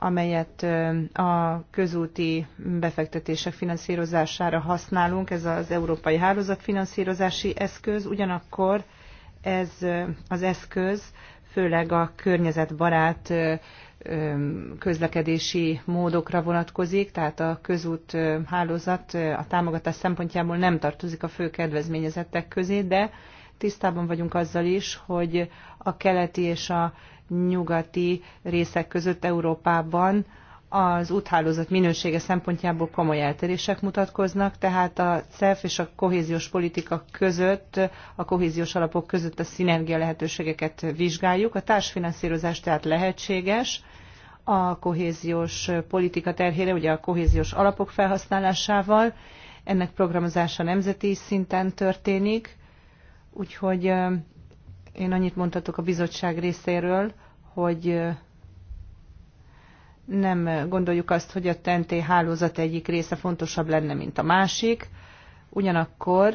Speaker 3: amelyet a közúti befektetések finanszírozására használunk, ez az Európai hálózat finanszírozási Eszköz, ugyanakkor ez az eszköz főleg a környezetbarát közlekedési módokra vonatkozik, tehát a közút hálózat a támogatás szempontjából nem tartozik a fő kedvezményezettek közé, de tisztában vagyunk azzal is, hogy a keleti és a nyugati részek között Európában az úthálózat minősége szempontjából komoly eltérések mutatkoznak, tehát a CEF és a kohéziós politika között, a kohéziós alapok között a szinergia lehetőségeket vizsgáljuk. A társfinanszírozás tehát lehetséges a kohéziós politika terhére, ugye a kohéziós alapok felhasználásával. Ennek programozása nemzeti szinten történik, Úgyhogy én annyit mondhatok a bizottság részéről, hogy nem gondoljuk azt, hogy a TNT hálózat egyik része fontosabb lenne, mint a másik. Ugyanakkor,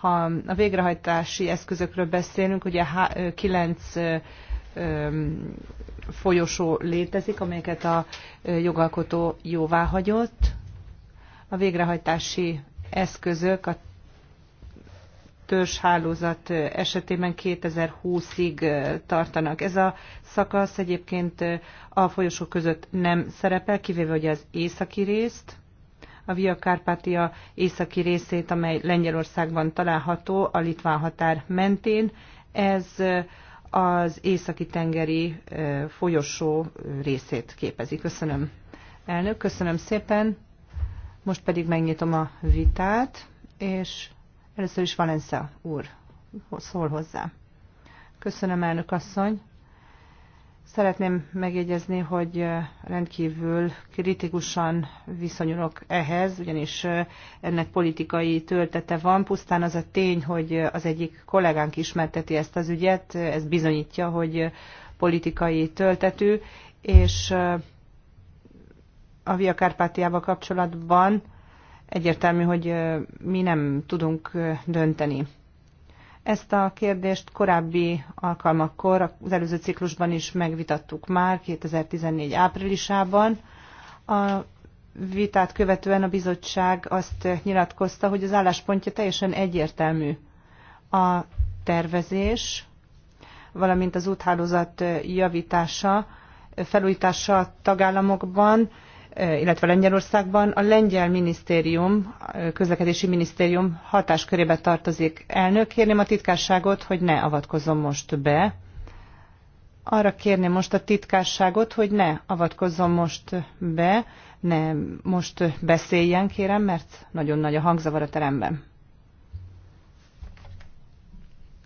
Speaker 3: ha a végrehajtási eszközökről beszélünk, ugye kilenc folyosó létezik, amelyeket a jogalkotó jóvá hagyott. A végrehajtási eszközök a törzshálózat esetében 2020-ig tartanak. Ez a szakasz egyébként a folyosók között nem szerepel, kivéve hogy az északi részt, a Via Carpatia északi részét, amely Lengyelországban található, a litván határ mentén. Ez az északi tengeri folyosó részét képezi. Köszönöm, elnök, köszönöm szépen. Most pedig megnyitom a vitát, és először is Valencia úr szól hozzá. Köszönöm, elnök asszony. Szeretném megjegyezni, hogy rendkívül kritikusan viszonyulok ehhez, ugyanis ennek politikai töltete van. Pusztán az a tény, hogy az egyik kollégánk ismerteti ezt az ügyet, ez bizonyítja, hogy politikai töltetű, és a Via Kárpátiával kapcsolatban egyértelmű, hogy mi nem tudunk dönteni. Ezt a kérdést korábbi alkalmakkor, az előző ciklusban is megvitattuk már, 2014 áprilisában. A vitát követően a bizottság azt nyilatkozta, hogy az álláspontja teljesen egyértelmű. A tervezés, valamint az úthálózat javítása, felújítása a tagállamokban illetve Lengyelországban a lengyel minisztérium, közlekedési minisztérium hatáskörébe tartozik. Elnök, kérném a titkárságot, hogy ne avatkozom most be. Arra kérném most a titkárságot, hogy ne avatkozzon most be, ne most beszéljen, kérem, mert nagyon nagy a hangzavar a teremben.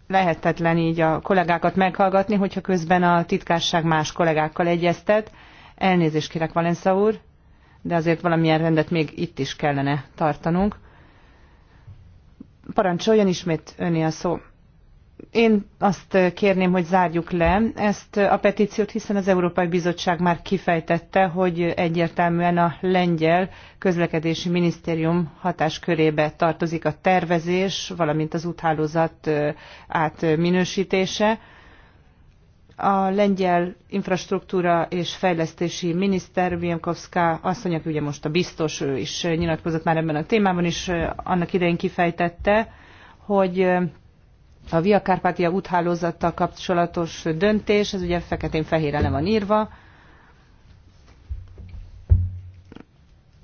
Speaker 3: Lehetetlen így a kollégákat meghallgatni, hogyha közben a titkárság más kollégákkal egyeztet. Elnézést kérek, Valensza úr de azért valamilyen rendet még itt is kellene tartanunk. Parancsoljon ismét öné a szó. Én azt kérném, hogy zárjuk le ezt a petíciót, hiszen az Európai Bizottság már kifejtette, hogy egyértelműen a lengyel közlekedési minisztérium hatáskörébe tartozik a tervezés, valamint az úthálózat átminősítése a lengyel infrastruktúra és fejlesztési miniszter, Biemkowska asszony, aki ugye most a biztos, ő is nyilatkozott már ebben a témában, és annak idején kifejtette, hogy a Via Carpatia úthálózattal kapcsolatos döntés, ez ugye feketén-fehére le van írva.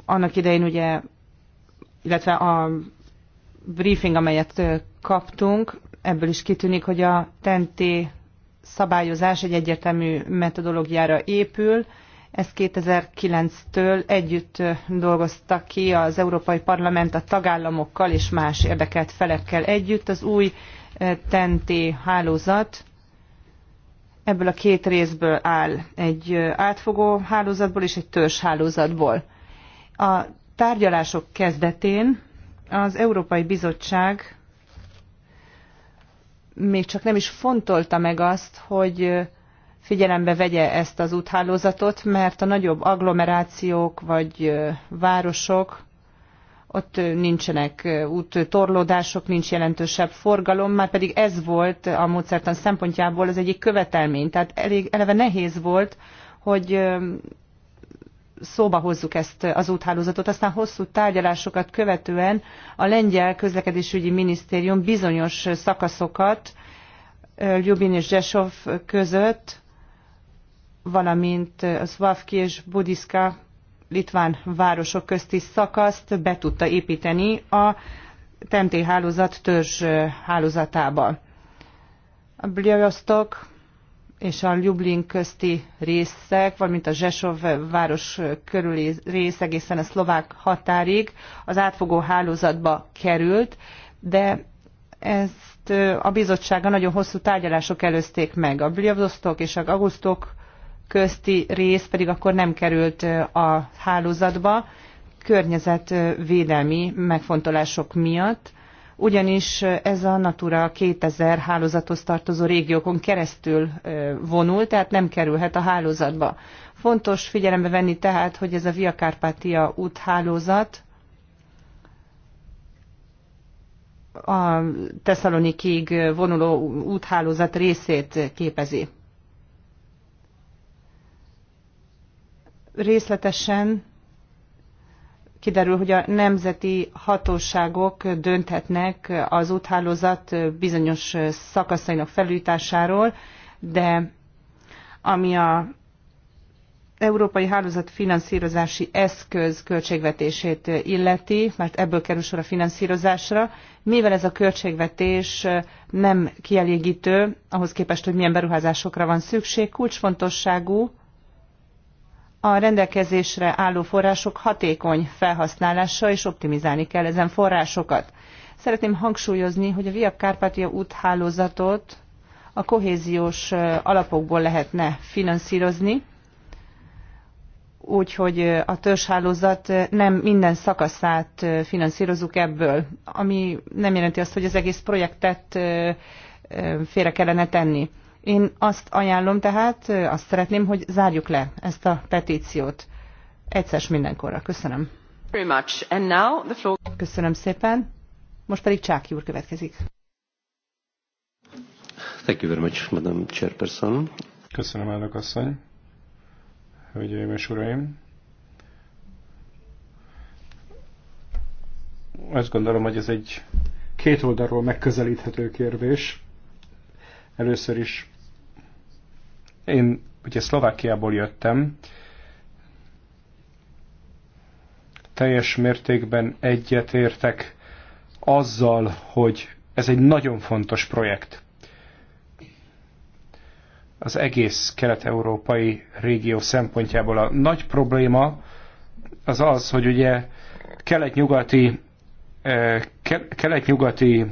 Speaker 3: Annak idején ugye, illetve a briefing, amelyet kaptunk, ebből is kitűnik, hogy a tenti szabályozás egy egyértelmű metodológiára épül. Ezt 2009-től együtt dolgoztak ki az Európai Parlament a tagállamokkal és más érdekelt felekkel együtt. Az új TNT hálózat ebből a két részből áll, egy átfogó hálózatból és egy törzs hálózatból. A tárgyalások kezdetén az Európai Bizottság még csak nem is fontolta meg azt, hogy figyelembe vegye ezt az úthálózatot, mert a nagyobb agglomerációk vagy városok, ott nincsenek út torlódások nincs jelentősebb forgalom, már pedig ez volt a módszertan szempontjából az egyik követelmény. Tehát elég eleve nehéz volt, hogy szóba hozzuk ezt az úthálózatot. Aztán hosszú tárgyalásokat követően a lengyel közlekedésügyi minisztérium bizonyos szakaszokat Ljubin és Zsesov között, valamint Szvavki és budiska litván városok közti szakaszt be tudta építeni a TNT hálózat törzs hálózatába. A Bljavostok és a Lublin közti részek, valamint a Zsesov város körüli rész egészen a szlovák határig az átfogó hálózatba került, de ezt a bizottsága nagyon hosszú tárgyalások előzték meg. A Bliavdosztok és a Augustok közti rész pedig akkor nem került a hálózatba, környezetvédelmi megfontolások miatt, ugyanis ez a Natura 2000 hálózathoz tartozó régiókon keresztül vonul, tehát nem kerülhet a hálózatba. Fontos figyelembe venni tehát, hogy ez a Via Carpatia úthálózat a Tesszalonikig vonuló úthálózat részét képezi. Részletesen kiderül, hogy a nemzeti hatóságok dönthetnek az úthálózat bizonyos szakaszainak felújításáról, de ami a Európai Hálózat finanszírozási eszköz költségvetését illeti, mert ebből kerül sor a finanszírozásra, mivel ez a költségvetés nem kielégítő ahhoz képest, hogy milyen beruházásokra van szükség, kulcsfontosságú, a rendelkezésre álló források hatékony felhasználása, és optimizálni kell ezen forrásokat. Szeretném hangsúlyozni, hogy a Via Kárpátia úthálózatot a kohéziós alapokból lehetne finanszírozni, úgyhogy a törzshálózat nem minden szakaszát finanszírozunk ebből, ami nem jelenti azt, hogy az egész projektet félre kellene tenni. Én azt ajánlom tehát, azt szeretném, hogy zárjuk le ezt a petíciót. Egyszer mindenkorra. Köszönöm. Köszönöm szépen. Most pedig Csáki úr következik.
Speaker 5: Thank you very much, Madam Chairperson. Köszönöm, elnök asszony. Hölgyeim és uraim. Azt gondolom, hogy ez egy két oldalról megközelíthető kérdés. Először is én ugye Szlovákiából jöttem, teljes mértékben egyetértek azzal, hogy ez egy nagyon fontos projekt. Az egész kelet-európai régió szempontjából a nagy probléma az az, hogy ugye kelet-nyugati eh, kelet-nyugati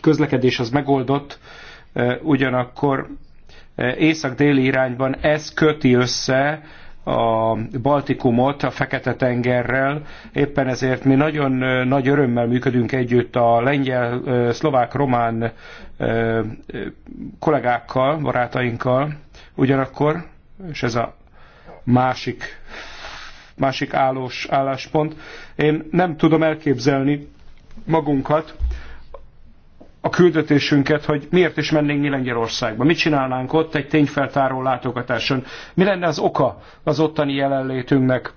Speaker 5: közlekedés az megoldott, eh, ugyanakkor észak-déli irányban ez köti össze a Baltikumot a Fekete-tengerrel. Éppen ezért mi nagyon nagy örömmel működünk együtt a lengyel, szlovák, román kollégákkal, barátainkkal. Ugyanakkor, és ez a másik, másik állós álláspont, én nem tudom elképzelni magunkat a küldetésünket, hogy miért is mennénk mi Lengyelországba. Mit csinálnánk ott egy tényfeltáró látogatáson? Mi lenne az oka az ottani jelenlétünknek?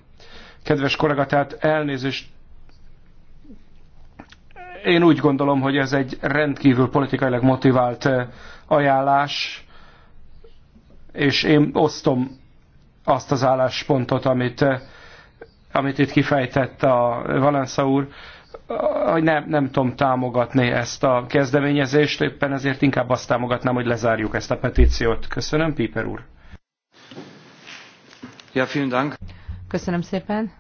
Speaker 5: Kedves kollega, tehát elnézést én úgy gondolom, hogy ez egy rendkívül politikailag motivált eh, ajánlás, és én osztom azt az álláspontot, amit, eh, amit itt kifejtett a Valensza úr hogy nem, nem tudom támogatni ezt a kezdeményezést, éppen ezért inkább azt támogatnám, hogy lezárjuk ezt a petíciót. Köszönöm, Piper úr. Ja, vielen Dank.
Speaker 3: Köszönöm szépen.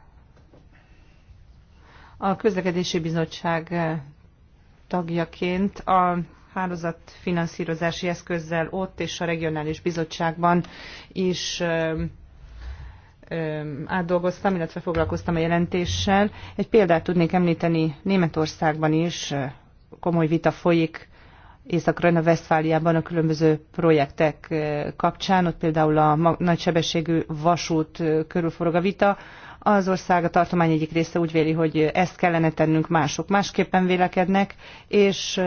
Speaker 3: A közlekedési bizottság eh, tagjaként a finanszírozási eszközzel ott és a regionális bizottságban is eh, átdolgoztam, illetve foglalkoztam a jelentéssel. Egy példát tudnék említeni Németországban is, komoly vita folyik észak Vesztfáliában a különböző projektek kapcsán, ott például a nagysebességű vasút körülforog a vita. Az ország, a tartomány egyik része úgy véli, hogy ezt kellene tennünk, mások másképpen vélekednek, és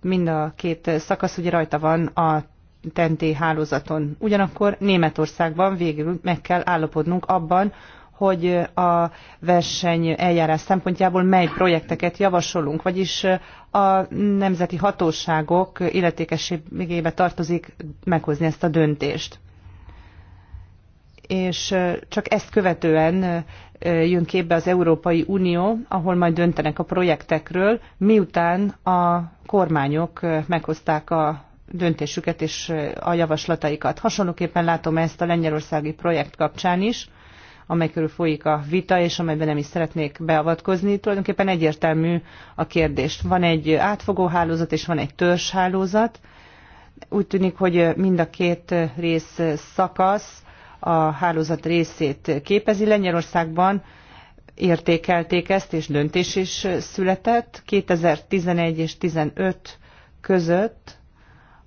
Speaker 3: mind a két szakasz ugye rajta van a TNT hálózaton. Ugyanakkor Németországban végül meg kell állapodnunk abban, hogy a verseny eljárás szempontjából mely projekteket javasolunk, vagyis a nemzeti hatóságok illetékességébe tartozik meghozni ezt a döntést. És csak ezt követően jön képbe az Európai Unió, ahol majd döntenek a projektekről, miután a kormányok meghozták a döntésüket és a javaslataikat. Hasonlóképpen látom ezt a lengyelországi projekt kapcsán is, amely körül folyik a vita, és amelyben nem is szeretnék beavatkozni. Tulajdonképpen egyértelmű a kérdés. Van egy átfogó hálózat, és van egy hálózat. Úgy tűnik, hogy mind a két rész szakasz a hálózat részét képezi. Lengyelországban értékelték ezt, és döntés is született. 2011 és 15 között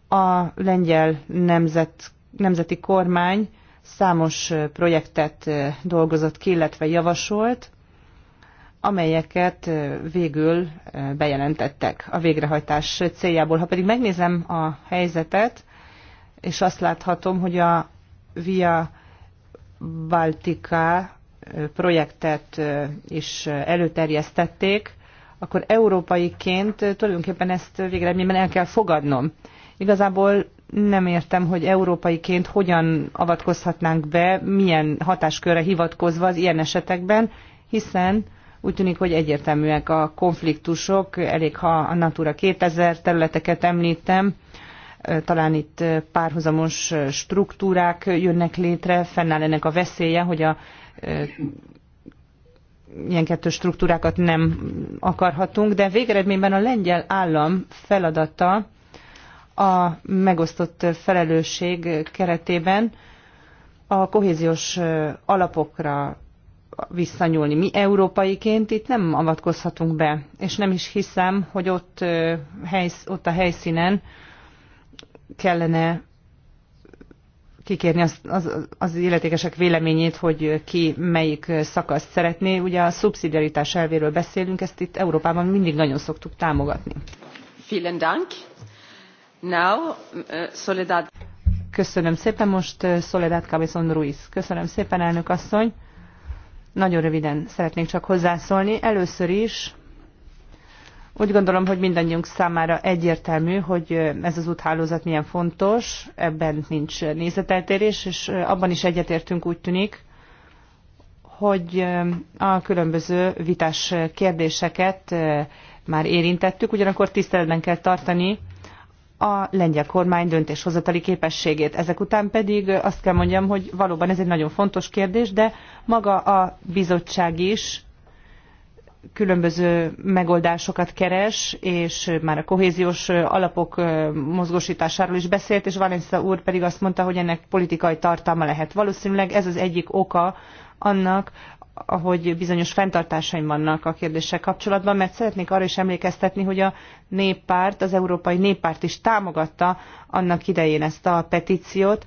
Speaker 3: a lengyel nemzet, nemzeti kormány számos projektet dolgozott ki, illetve javasolt, amelyeket végül bejelentettek a végrehajtás céljából. Ha pedig megnézem a helyzetet, és azt láthatom, hogy a Via Baltica projektet is előterjesztették, akkor európaiként tulajdonképpen ezt végre el kell fogadnom. Igazából nem értem, hogy európaiként hogyan avatkozhatnánk be, milyen hatáskörre hivatkozva az ilyen esetekben, hiszen úgy tűnik, hogy egyértelműek a konfliktusok, elég ha a Natura 2000 területeket említem, talán itt párhuzamos struktúrák jönnek létre, fennáll ennek a veszélye, hogy a ilyen kettős struktúrákat nem akarhatunk, de végeredményben a lengyel állam feladata a megosztott felelősség keretében a kohéziós alapokra visszanyúlni. Mi európaiként itt nem avatkozhatunk be, és nem is hiszem, hogy ott, helysz, ott a helyszínen kellene kikérni az, az, az illetékesek véleményét, hogy ki melyik szakaszt szeretné. Ugye a szubszidiaritás elvéről beszélünk, ezt itt Európában mindig nagyon szoktuk támogatni.
Speaker 1: Vielen Dank. Uh,
Speaker 3: Köszönöm szépen, most uh, Soledad Cabezon Ruiz. Köszönöm szépen, elnök asszony. Nagyon röviden szeretnék csak hozzászólni. Először is úgy gondolom, hogy mindannyiunk számára egyértelmű, hogy uh, ez az úthálózat milyen fontos, ebben nincs nézeteltérés, és abban is egyetértünk úgy tűnik, hogy a különböző vitás kérdéseket már érintettük, ugyanakkor tiszteletben kell tartani a lengyel kormány döntéshozatali képességét. Ezek után pedig azt kell mondjam, hogy valóban ez egy nagyon fontos kérdés, de maga a bizottság is különböző megoldásokat keres, és már a kohéziós alapok mozgósításáról is beszélt, és valencia úr pedig azt mondta, hogy ennek politikai tartalma lehet. Valószínűleg ez az egyik oka annak, ahogy bizonyos fenntartásaim vannak a kérdéssel kapcsolatban, mert szeretnék arra is emlékeztetni, hogy a néppárt, az Európai Néppárt is támogatta annak idején ezt a petíciót,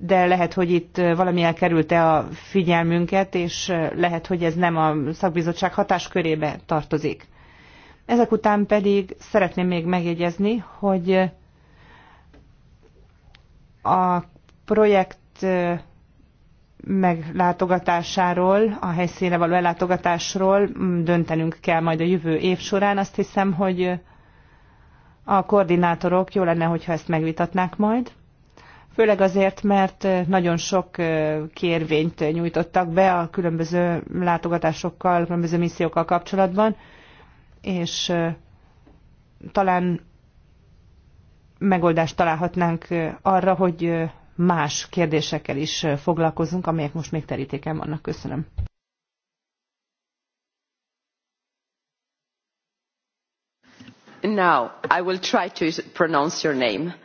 Speaker 3: de lehet, hogy itt valami elkerülte a figyelmünket, és lehet, hogy ez nem a szakbizottság hatáskörébe tartozik. Ezek után pedig szeretném még megjegyezni, hogy a projekt meglátogatásáról, a helyszínre való ellátogatásról mm, döntenünk kell majd a jövő év során. Azt hiszem, hogy a koordinátorok jó lenne, hogyha ezt megvitatnák majd. Főleg azért, mert nagyon sok kérvényt nyújtottak be a különböző látogatásokkal, különböző missziókkal kapcsolatban, és talán megoldást találhatnánk arra, hogy más kérdésekkel is foglalkozunk, amelyek most még terítéken vannak. Köszönöm.
Speaker 2: Now, I will try to
Speaker 1: pronounce your name,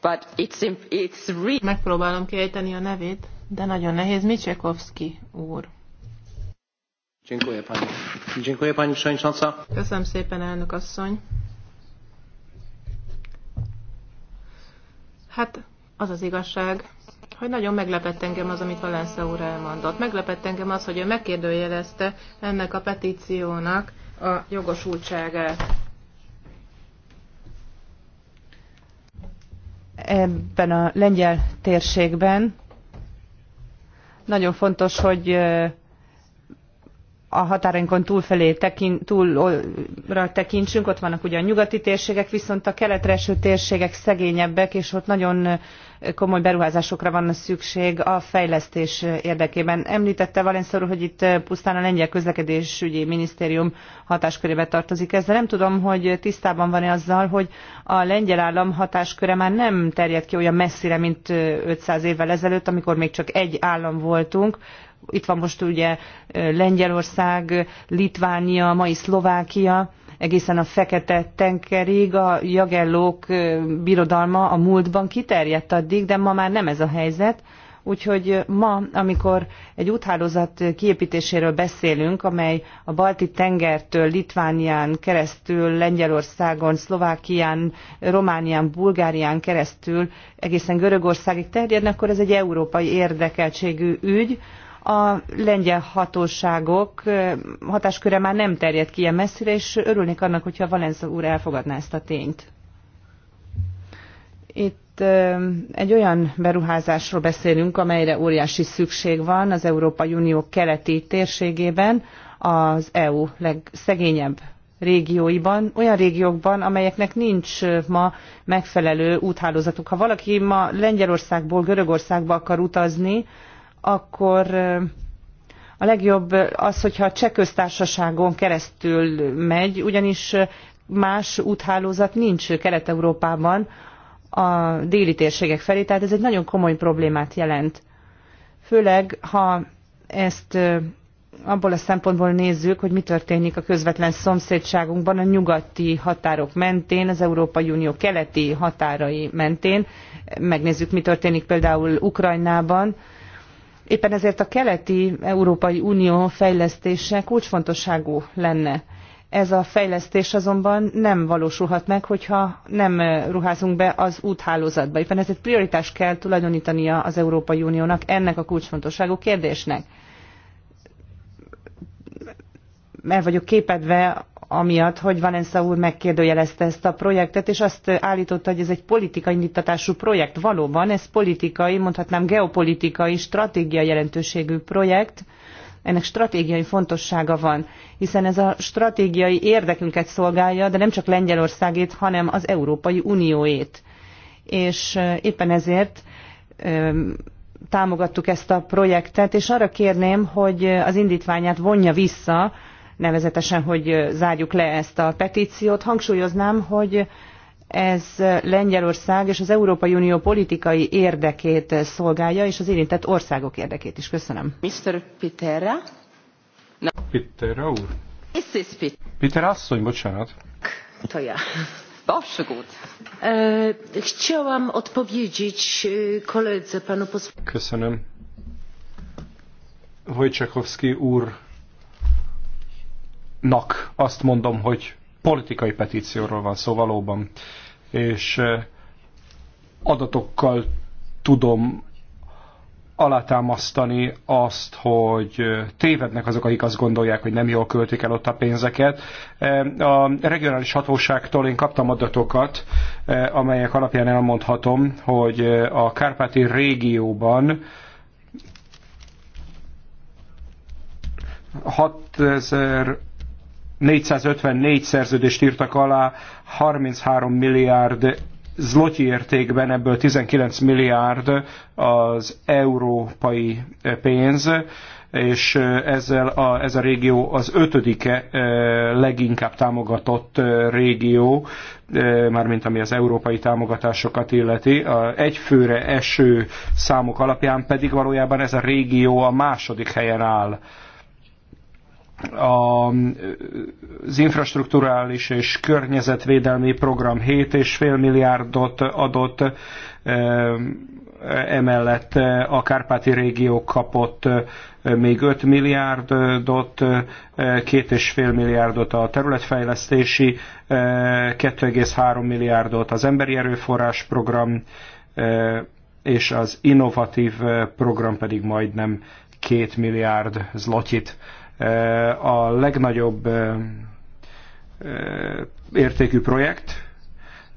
Speaker 1: but it's, it's really... Megpróbálom kiejteni a nevét, de nagyon nehéz. Micsekovszki úr.
Speaker 6: Dziękuję pani.
Speaker 1: Dziękuję pani przewodnicząca. Köszönöm szépen, elnök asszony. Hát az az igazság, hogy nagyon meglepett engem az, amit Valensza úr elmondott. Meglepett engem az, hogy ő megkérdőjelezte ennek a petíciónak a jogosultságát.
Speaker 3: Ebben a lengyel térségben nagyon fontos, hogy a határainkon túlfelé tekint, túlra tekintsünk, ott vannak ugye a nyugati térségek, viszont a keletre eső térségek szegényebbek, és ott nagyon komoly beruházásokra van szükség a fejlesztés érdekében. Említette Valenszor, hogy itt pusztán a lengyel közlekedésügyi minisztérium hatáskörébe tartozik ezzel. Nem tudom, hogy tisztában van-e azzal, hogy a lengyel állam hatásköre már nem terjed ki olyan messzire, mint 500 évvel ezelőtt, amikor még csak egy állam voltunk, itt van most ugye Lengyelország, Litvánia, mai Szlovákia, egészen a fekete tengerig a jagellók birodalma a múltban kiterjedt addig, de ma már nem ez a helyzet. Úgyhogy ma, amikor egy úthálózat kiépítéséről beszélünk, amely a Balti tengertől, Litvánián keresztül, Lengyelországon, Szlovákián, Románián, Bulgárián keresztül egészen Görögországig terjedne, akkor ez egy európai érdekeltségű ügy, a lengyel hatóságok hatásköre már nem terjed ki ilyen messzire, és örülnék annak, hogyha Valenza úr elfogadná ezt a tényt. Itt egy olyan beruházásról beszélünk, amelyre óriási szükség van az Európai Unió keleti térségében, az EU legszegényebb régióiban, olyan régiókban, amelyeknek nincs ma megfelelő úthálózatuk. Ha valaki ma Lengyelországból Görögországba akar utazni, akkor a legjobb az, hogyha a cseh köztársaságon keresztül megy, ugyanis más úthálózat nincs Kelet-Európában a déli térségek felé, tehát ez egy nagyon komoly problémát jelent. Főleg, ha ezt abból a szempontból nézzük, hogy mi történik a közvetlen szomszédságunkban, a nyugati határok mentén, az Európai Unió keleti határai mentén. Megnézzük, mi történik például Ukrajnában, Éppen ezért a keleti Európai Unió fejlesztése kulcsfontosságú lenne. Ez a fejlesztés azonban nem valósulhat meg, hogyha nem ruházunk be az úthálózatba. Éppen ezért prioritást kell tulajdonítania az Európai Uniónak ennek a kulcsfontosságú kérdésnek. El vagyok képedve amiatt, hogy Valensza úr megkérdőjelezte ezt a projektet, és azt állította, hogy ez egy politikai indítatású projekt. Valóban ez politikai, mondhatnám geopolitikai, stratégiai jelentőségű projekt, ennek stratégiai fontossága van, hiszen ez a stratégiai érdekünket szolgálja, de nem csak Lengyelországét, hanem az Európai Unióét. És éppen ezért támogattuk ezt a projektet, és arra kérném, hogy az indítványát vonja vissza, nevezetesen, hogy zárjuk le ezt a petíciót. Hangsúlyoznám, hogy ez Lengyelország és az Európai Unió politikai érdekét szolgálja, és az érintett országok
Speaker 1: érdekét is. Köszönöm. Mr. Pitera?
Speaker 5: No. Pitera úr? Mrs. Pit- Pitera asszony, bocsánat.
Speaker 1: Toja. Vasugód. Chciałam odpowiedzieć koledze, panu posłowi.
Speaker 5: Köszönöm. Wojciechowski úr nak azt mondom, hogy politikai petícióról van szó valóban, és adatokkal tudom alátámasztani azt, hogy tévednek azok, akik azt gondolják, hogy nem jól költik el ott a pénzeket. A regionális hatóságtól én kaptam adatokat, amelyek alapján elmondhatom, hogy a Kárpáti régióban 6000 454 szerződést írtak alá, 33 milliárd zloty értékben, ebből 19 milliárd az európai pénz, és ezzel a, ez a régió az ötödike eh, leginkább támogatott eh, régió, eh, mármint ami az európai támogatásokat illeti. A egyfőre eső számok alapján pedig valójában ez a régió a második helyen áll a, az infrastruktúrális és környezetvédelmi program 7,5 milliárdot adott, e, emellett a kárpáti régió kapott e, még 5 milliárdot, 2,5 e, milliárdot a területfejlesztési, 2,3 milliárdot az emberi erőforrás program, és az innovatív program pedig majdnem 2 milliárd zlotyit Eh, a legnagyobb eh, eh, értékű projekt,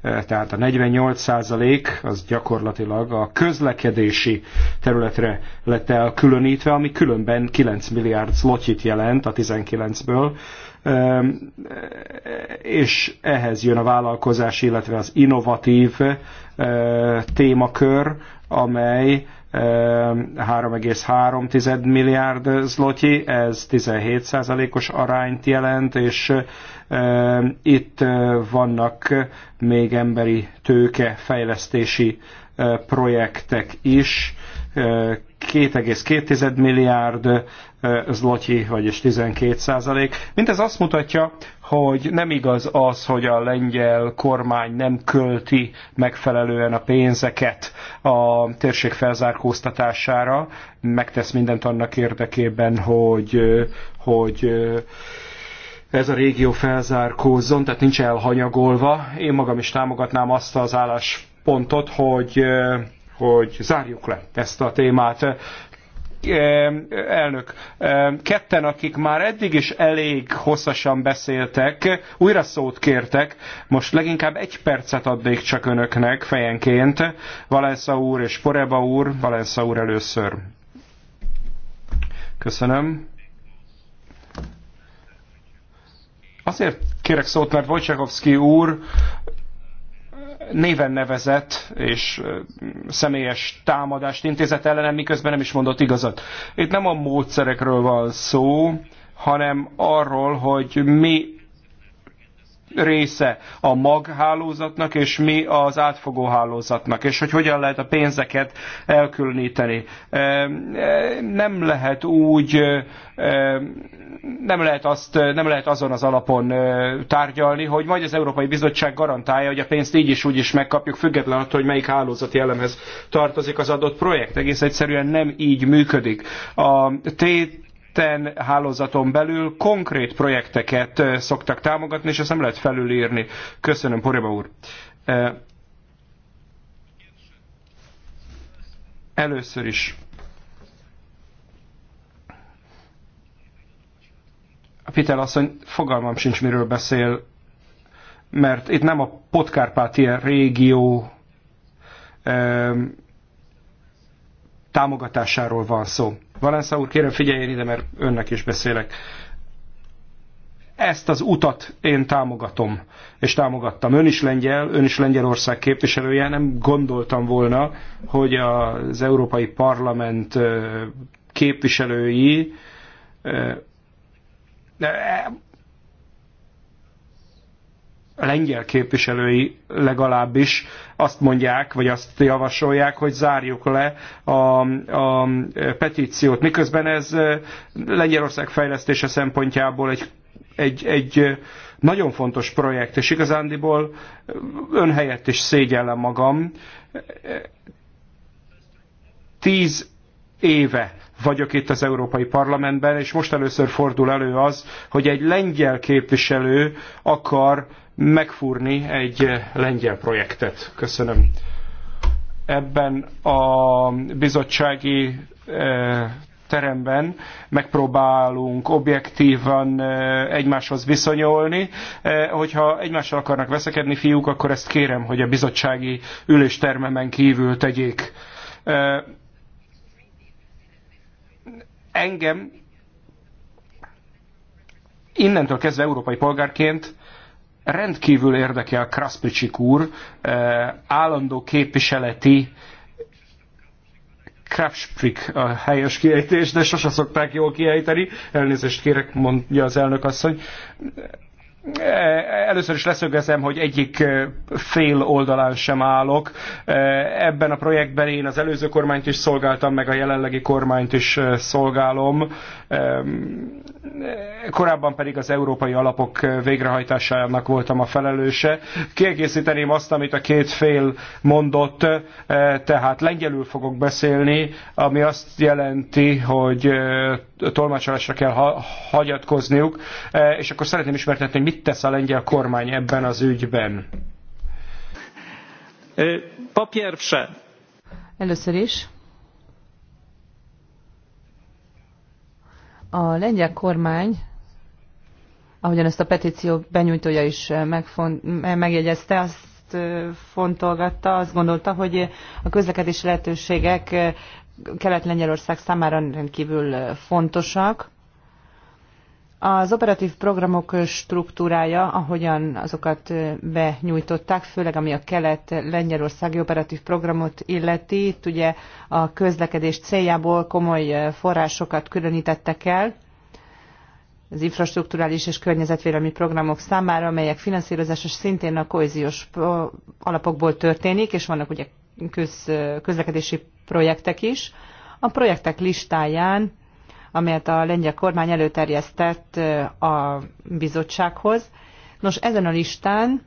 Speaker 5: tehát a 48% az gyakorlatilag a közlekedési területre lett elkülönítve, ami különben 9 milliárd zlotyit jelent a 19-ből, ehm, és ehhez jön a vállalkozás, illetve az innovatív témakör, amely 3,3 milliárd zlotyi, ez 17%-os arányt jelent, és itt vannak még emberi tőke fejlesztési projektek is, 2,2 milliárd zloty, vagyis 12 százalék. Mindez azt mutatja, hogy nem igaz az, hogy a lengyel kormány nem költi megfelelően a pénzeket a térség felzárkóztatására, megtesz mindent annak érdekében, hogy, hogy ez a régió felzárkózzon, tehát nincs elhanyagolva. Én magam is támogatnám azt az álláspontot, hogy hogy zárjuk le ezt a témát elnök, ketten, akik már eddig is elég hosszasan beszéltek, újra szót kértek, most leginkább egy percet adnék csak önöknek fejenként, Valensza úr és Poreba úr, Valensza úr először. Köszönöm. Azért kérek szót, mert Wojciechowski úr néven nevezett és személyes támadást intézett ellenem, miközben nem is mondott igazat. Itt nem a módszerekről van szó, hanem arról, hogy mi része a maghálózatnak, és mi az átfogó hálózatnak, és hogy hogyan lehet a pénzeket elkülöníteni. Nem lehet úgy, nem lehet, azt, nem lehet azon az alapon tárgyalni, hogy majd az Európai Bizottság garantálja, hogy a pénzt így is úgy is megkapjuk, független attól, hogy melyik hálózati elemhez tartozik az adott projekt. Egész egyszerűen nem így működik. A tét ten hálózaton belül konkrét projekteket szoktak támogatni, és ezt nem lehet felülírni. Köszönöm, Poréba úr. Először is a Pitel asszony fogalmam sincs, miről beszél, mert itt nem a Podkárpátia régió támogatásáról van szó Valensza úr, kérem figyeljen ide, mert önnek is beszélek. Ezt az utat én támogatom, és támogattam. Ön is lengyel, ön is Lengyelország képviselője. Nem gondoltam volna, hogy az Európai Parlament képviselői lengyel képviselői legalábbis azt mondják, vagy azt javasolják, hogy zárjuk le a, a petíciót. Miközben ez Lengyelország fejlesztése szempontjából egy, egy, egy nagyon fontos projekt, és igazándiból ön helyett is szégyellem magam. Tíz éve vagyok itt az Európai Parlamentben, és most először fordul elő az, hogy egy lengyel képviselő akar megfúrni egy lengyel projektet. Köszönöm. Ebben a bizottsági e, teremben megpróbálunk objektívan e, egymáshoz viszonyolni. E, hogyha egymással akarnak veszekedni fiúk, akkor ezt kérem, hogy a bizottsági üléstermemen kívül tegyék. Engem innentől kezdve európai polgárként rendkívül érdekel Kraspicsik úr eh, állandó képviseleti Krapsprik a helyes kiejtés, de sose szokták jól kiejteni. Elnézést kérek, mondja az elnök asszony. Eh, először is leszögezem, hogy egyik eh, fél oldalán sem állok. Ebben a projektben én az előző kormányt is szolgáltam, meg a jelenlegi kormányt is szolgálom korábban pedig az európai alapok végrehajtásának voltam a felelőse. Kiegészíteném azt, amit a két fél mondott, eh, tehát lengyelül fogok beszélni, ami azt jelenti, hogy eh, tolmácsolásra kell hagyatkozniuk, eh, és akkor szeretném ismertetni, hogy mit tesz a lengyel kormány ebben az ügyben. Po Először is
Speaker 3: A lengyel kormány, ahogyan ezt a petíció benyújtója is megfon, megjegyezte, azt fontolgatta, azt gondolta, hogy a közlekedési lehetőségek Kelet-Lengyelország számára rendkívül fontosak, az operatív programok struktúrája, ahogyan azokat benyújtották, főleg ami a kelet-lengyelországi operatív programot illeti, itt ugye a közlekedés céljából komoly forrásokat különítettek el az infrastruktúrális és környezetvédelmi programok számára, amelyek finanszírozása szintén a kohéziós alapokból történik, és vannak ugye köz, közlekedési projektek is. A projektek listáján amelyet a lengyel kormány előterjesztett a bizottsághoz. Nos, ezen a listán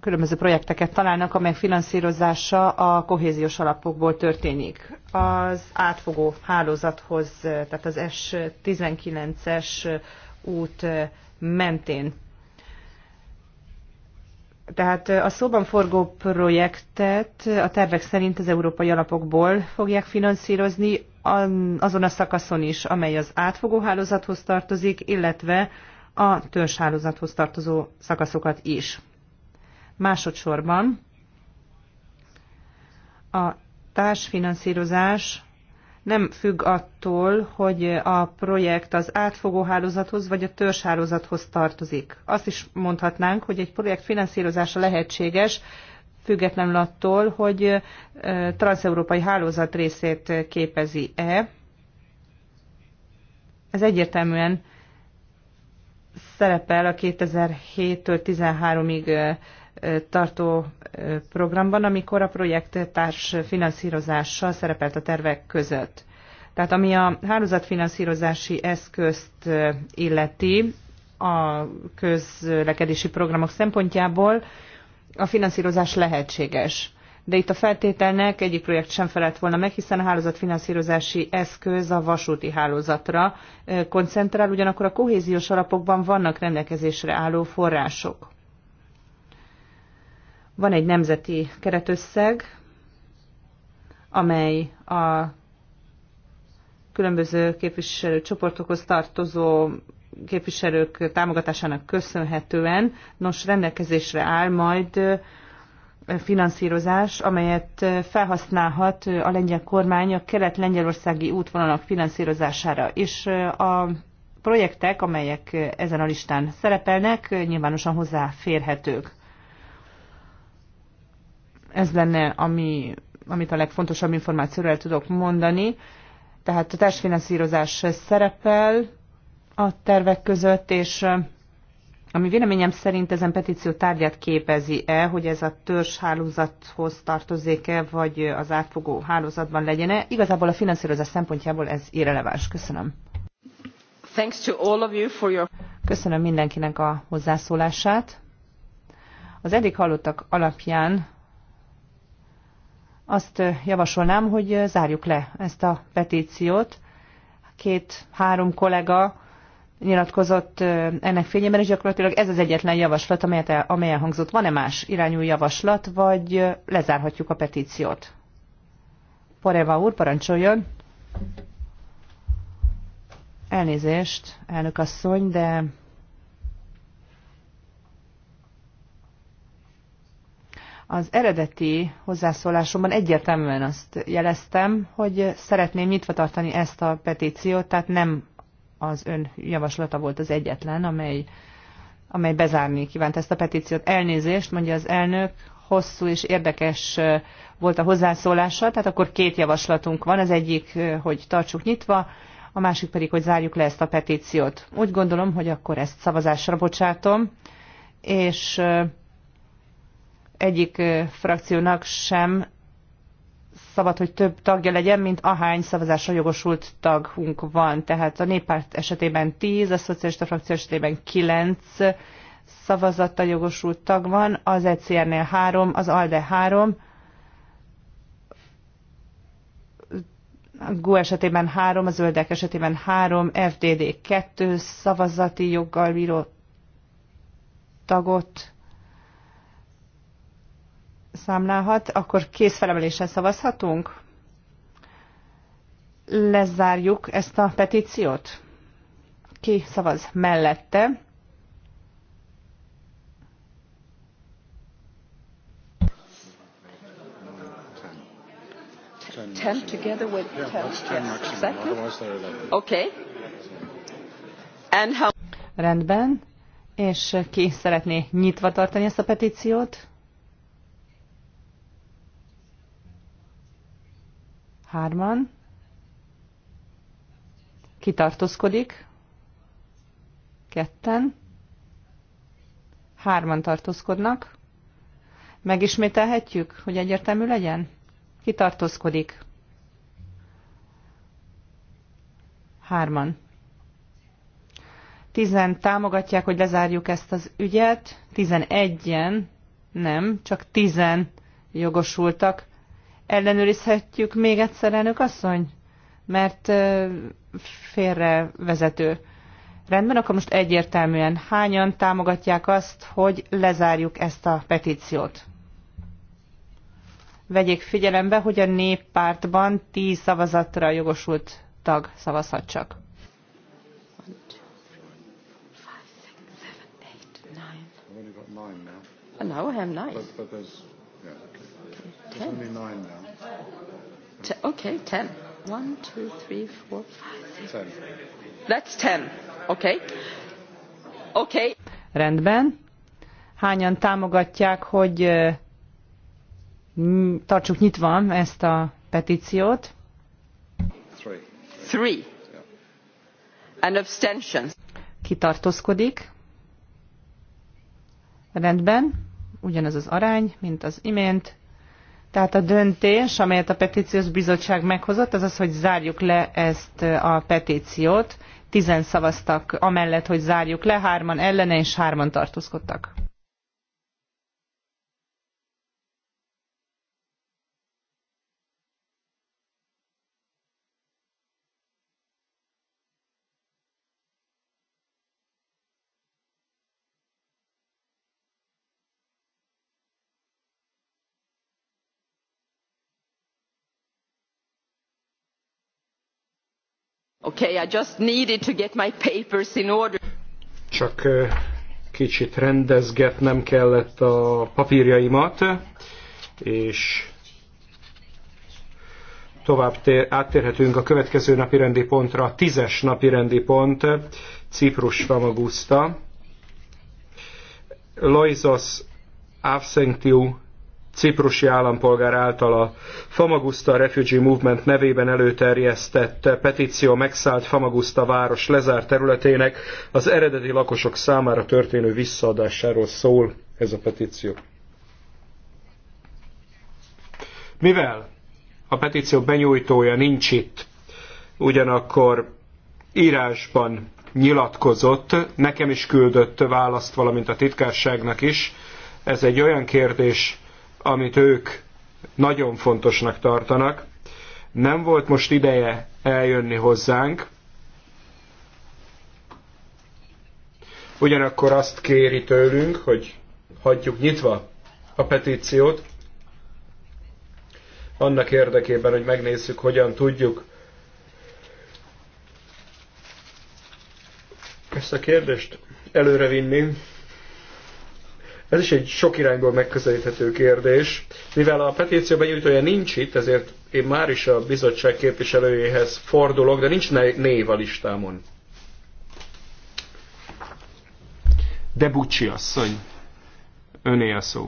Speaker 3: különböző projekteket találnak, amelyek finanszírozása a kohéziós alapokból történik. Az átfogó hálózathoz, tehát az S19-es út mentén tehát a szóban forgó projektet a tervek szerint az európai alapokból fogják finanszírozni azon a szakaszon is, amely az átfogó hálózathoz tartozik, illetve a törzshálózathoz tartozó szakaszokat is. Másodszorban a társfinanszírozás nem függ attól, hogy a projekt az átfogó hálózathoz vagy a törzshálózathoz tartozik. Azt is mondhatnánk, hogy egy projekt finanszírozása lehetséges, függetlenül attól, hogy transeurópai hálózat részét képezi-e. Ez egyértelműen szerepel a 2007-től 13-ig tartó programban, amikor a projekt társ finanszírozással szerepelt a tervek között. Tehát ami a hálózatfinanszírozási eszközt illeti a közlekedési programok szempontjából, a finanszírozás lehetséges. De itt a feltételnek egyik projekt sem felelt volna meg, hiszen a hálózatfinanszírozási eszköz a vasúti hálózatra koncentrál, ugyanakkor a kohéziós alapokban vannak rendelkezésre álló források. Van egy nemzeti keretösszeg, amely a különböző képviselőcsoportokhoz tartozó képviselők támogatásának köszönhetően nos rendelkezésre áll majd finanszírozás, amelyet felhasználhat a lengyel kormány a kelet-lengyelországi útvonalak finanszírozására, és a projektek, amelyek ezen a listán szerepelnek, nyilvánosan hozzáférhetők. Ez lenne, ami, amit a legfontosabb információról tudok mondani. Tehát a társfinanszírozás szerepel a tervek között, és ami véleményem szerint ezen petíció tárgyát képezi-e, hogy ez a hálózathoz tartozik-e, vagy az átfogó hálózatban legyen-e. Igazából a finanszírozás szempontjából ez irreleváns. Köszönöm. Thanks to all of you for your... Köszönöm mindenkinek a hozzászólását. Az eddig hallottak alapján azt javasolnám, hogy zárjuk le ezt a petíciót. Két-három kollega nyilatkozott ennek fényében, és gyakorlatilag ez az egyetlen javaslat, amelyet el, amely elhangzott. Van-e más irányú javaslat, vagy lezárhatjuk a petíciót? Poreva úr, parancsoljon! Elnézést, elnök asszony, de Az eredeti hozzászólásomban egyértelműen azt jeleztem, hogy szeretném nyitva tartani ezt a petíciót, tehát nem az ön javaslata volt az egyetlen, amely, amely bezárni kívánt ezt a petíciót. Elnézést, mondja az elnök, hosszú és érdekes volt a hozzászólása, tehát akkor két javaslatunk van, az egyik, hogy tartsuk nyitva, a másik pedig, hogy zárjuk le ezt a petíciót. Úgy gondolom, hogy akkor ezt szavazásra bocsátom, és egyik frakciónak sem szabad, hogy több tagja legyen, mint ahány szavazásra jogosult tagunk van. Tehát a néppárt esetében 10, a szocialista frakció esetében 9 szavazatta jogosult tag van, az ECR-nél 3, az ALDE 3, a e GU e esetében 3, a zöldek esetében 3, FDD 2 szavazati joggal bíró tagot számlálhat, akkor készfelemeléssel szavazhatunk? Lezárjuk ezt a petíciót? Ki szavaz mellette?
Speaker 6: Ten together with ten. yes, exactly. Okay.
Speaker 3: And how... Rendben. És ki szeretné nyitva tartani ezt a petíciót? Hárman. Kitartózkodik. Ketten. Hárman tartózkodnak. Megismételhetjük, hogy egyértelmű legyen? Kitartózkodik. Hárman. Tizen támogatják, hogy lezárjuk ezt az ügyet. Tizenegyen, nem, csak tizen jogosultak ellenőrizhetjük még egyszer, elnök asszony? Mert félre vezető. Rendben, akkor most egyértelműen hányan támogatják azt, hogy lezárjuk ezt a petíciót? Vegyék figyelembe, hogy a néppártban 10 szavazatra jogosult tag szavazhat csak.
Speaker 4: Now oh, I have nine.
Speaker 2: But, but there's Okay. Only nine
Speaker 1: now. okay, ten. One, two, three, four,
Speaker 6: five. Ten.
Speaker 2: That's ten.
Speaker 3: Okay. Okay. Rendben. Hányan támogatják, hogy tartsuk nyitva ezt a petíciót?
Speaker 4: Three.
Speaker 2: Three. And
Speaker 3: abstentions. Kitartózkodik. Rendben ugyanaz az arány, mint az imént. Tehát a döntés, amelyet a petíciós bizottság meghozott, az az, hogy zárjuk le ezt eh, a petíciót. Tizen szavaztak amellett, hogy zárjuk le, hárman ellene és hárman tartózkodtak.
Speaker 1: okay, I just needed to get my papers in order.
Speaker 5: Csak eh, kicsit rendezgetnem kellett a papírjaimat, és tovább tér, áttérhetünk a következő napi rendi pontra, a tízes napi rendi pont, Ciprus Famagusta. Loizos, Avsentiu ciprusi állampolgár által a Famagusta Refugee Movement nevében előterjesztett petíció megszállt Famagusta város lezárt területének az eredeti lakosok számára történő visszaadásáról szól ez a petíció. Mivel a petíció benyújtója nincs itt, ugyanakkor írásban nyilatkozott, nekem is küldött választ, valamint a titkárságnak is. Ez egy olyan kérdés, amit ők nagyon fontosnak tartanak. Nem volt most ideje eljönni hozzánk, ugyanakkor azt kéri tőlünk, hogy hagyjuk nyitva a petíciót, annak érdekében, hogy megnézzük, hogyan tudjuk ezt a kérdést előrevinni, ez is egy sok irányból megközelíthető kérdés. Mivel a petíció benyújtója nincs itt, ezért én már is a bizottság képviselőjéhez fordulok, de nincs név a listámon. De Bucsi asszony, öné a szó.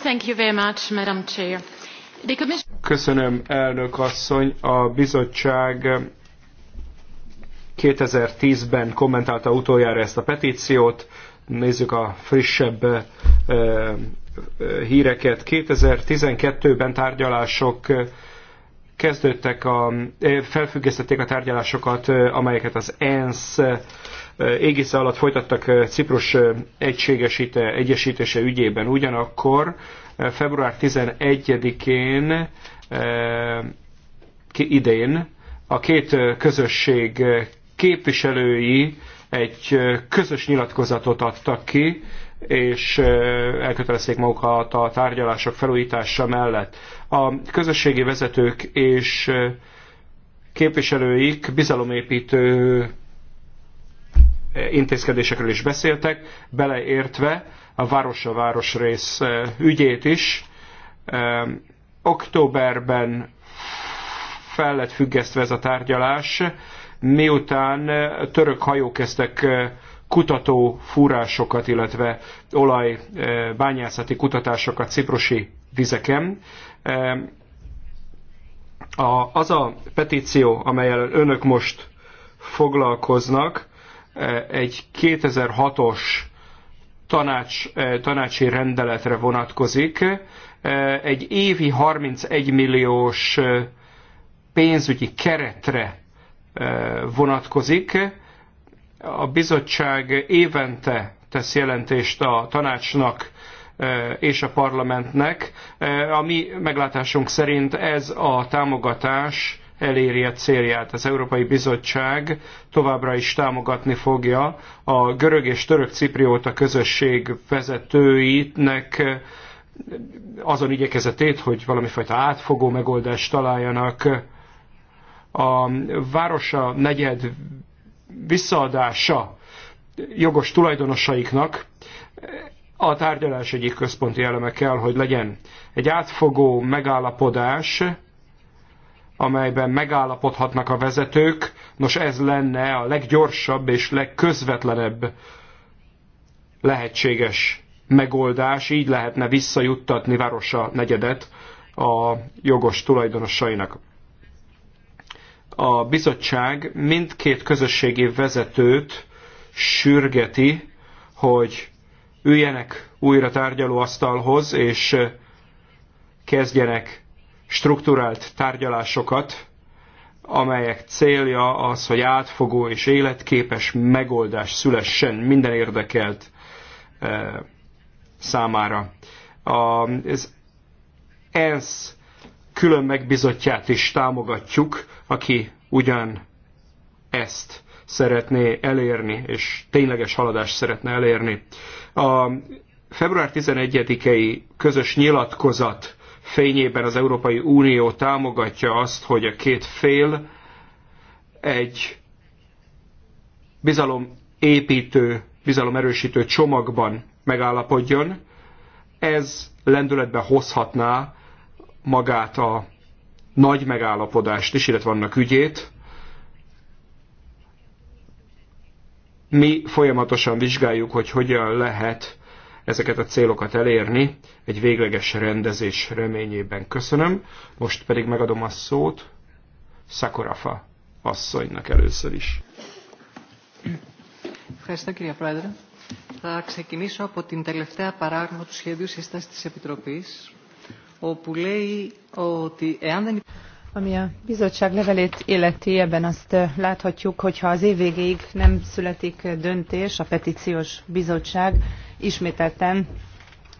Speaker 1: Thank you very much, Madam Chair.
Speaker 5: The commission... Köszönöm, elnök asszony. A bizottság 2010-ben kommentálta utoljára ezt a petíciót, nézzük a frissebb híreket. 2012-ben tárgyalások kezdődtek, a, felfüggesztették a tárgyalásokat, amelyeket az ENSZ égisze alatt folytattak Ciprus egységesíte, egyesítése ügyében. Ugyanakkor február 11-én idén a két közösség képviselői egy közös nyilatkozatot adtak ki, és elkötelezték magukat a tárgyalások felújítása mellett. A közösségi vezetők és képviselőik bizalomépítő intézkedésekről is beszéltek, beleértve a város a városrész ügyét is. Októberben fel lett függesztve ez a tárgyalás, miután török hajók kezdtek kutató fúrásokat, illetve olajbányászati kutatásokat ciprusi vizeken. az a petíció, amelyel önök most foglalkoznak, egy 2006-os tanács, tanácsi rendeletre vonatkozik. Egy évi 31 milliós pénzügyi keretre vonatkozik. A bizottság évente tesz jelentést a tanácsnak és a parlamentnek. A mi meglátásunk szerint ez a támogatás eléri a célját. Az Európai Bizottság továbbra is támogatni fogja a görög és török ciprióta közösség vezetőinek azon igyekezetét, hogy valamifajta átfogó megoldást találjanak a városa negyed visszaadása jogos tulajdonosaiknak a tárgyalás egyik központi eleme kell, hogy legyen egy átfogó megállapodás, amelyben megállapodhatnak a vezetők. Nos, ez lenne a leggyorsabb és legközvetlenebb lehetséges megoldás, így lehetne visszajuttatni Városa negyedet a jogos tulajdonosainak a bizottság mindkét közösségi vezetőt sürgeti, hogy üljenek újra tárgyalóasztalhoz, és kezdjenek strukturált tárgyalásokat, amelyek célja az, hogy átfogó és életképes megoldás szülessen minden érdekelt eh, számára. Az ENSZ külön megbizotját is támogatjuk, aki ugyan ezt szeretné elérni, és tényleges haladást szeretne elérni. A február 11-i közös nyilatkozat fényében az Európai Unió támogatja azt, hogy a két fél egy bizalomépítő, bizalomerősítő csomagban megállapodjon. Ez lendületbe hozhatná magát a nagy megállapodást is, illetve annak ügyét. Mi folyamatosan vizsgáljuk, hogy hogyan lehet ezeket a célokat elérni egy végleges rendezés reményében. Köszönöm. Most pedig megadom a szót Szakorafa asszonynak először is.
Speaker 4: Ευχαριστώ κύριε Πρόεδρε. Θα ξεκινήσω από την τελευταία παράγραφα του σχεδίου σύστασης της Επιτροπής
Speaker 3: ami a bizottság levelét illeti, ebben azt eh, láthatjuk, hogy ha az év végéig nem születik eh, döntés, a petíciós bizottság ismételten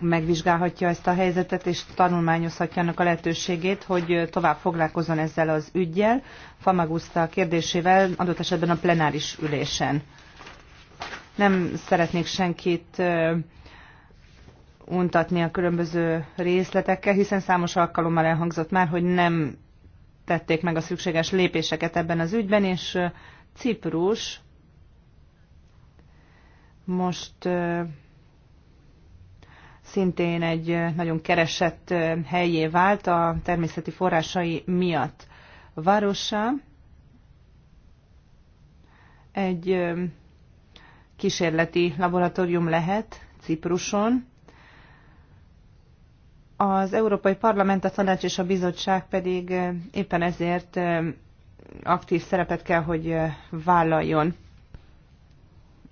Speaker 3: megvizsgálhatja ezt a helyzetet, és tanulmányozhatja annak a lehetőségét, hogy eh, tovább foglalkozon ezzel az ügyjel, Famagusta kérdésével, adott esetben a plenáris ülésen. Nem szeretnék senkit untatni a különböző részletekkel, hiszen számos alkalommal elhangzott már, hogy nem tették meg a szükséges lépéseket ebben az ügyben, és Ciprus most szintén egy nagyon keresett helyé vált a természeti forrásai miatt. Városa egy kísérleti laboratórium lehet Cipruson, az Európai Parlament, a Tanács és a Bizottság pedig éppen ezért aktív szerepet kell, hogy vállaljon.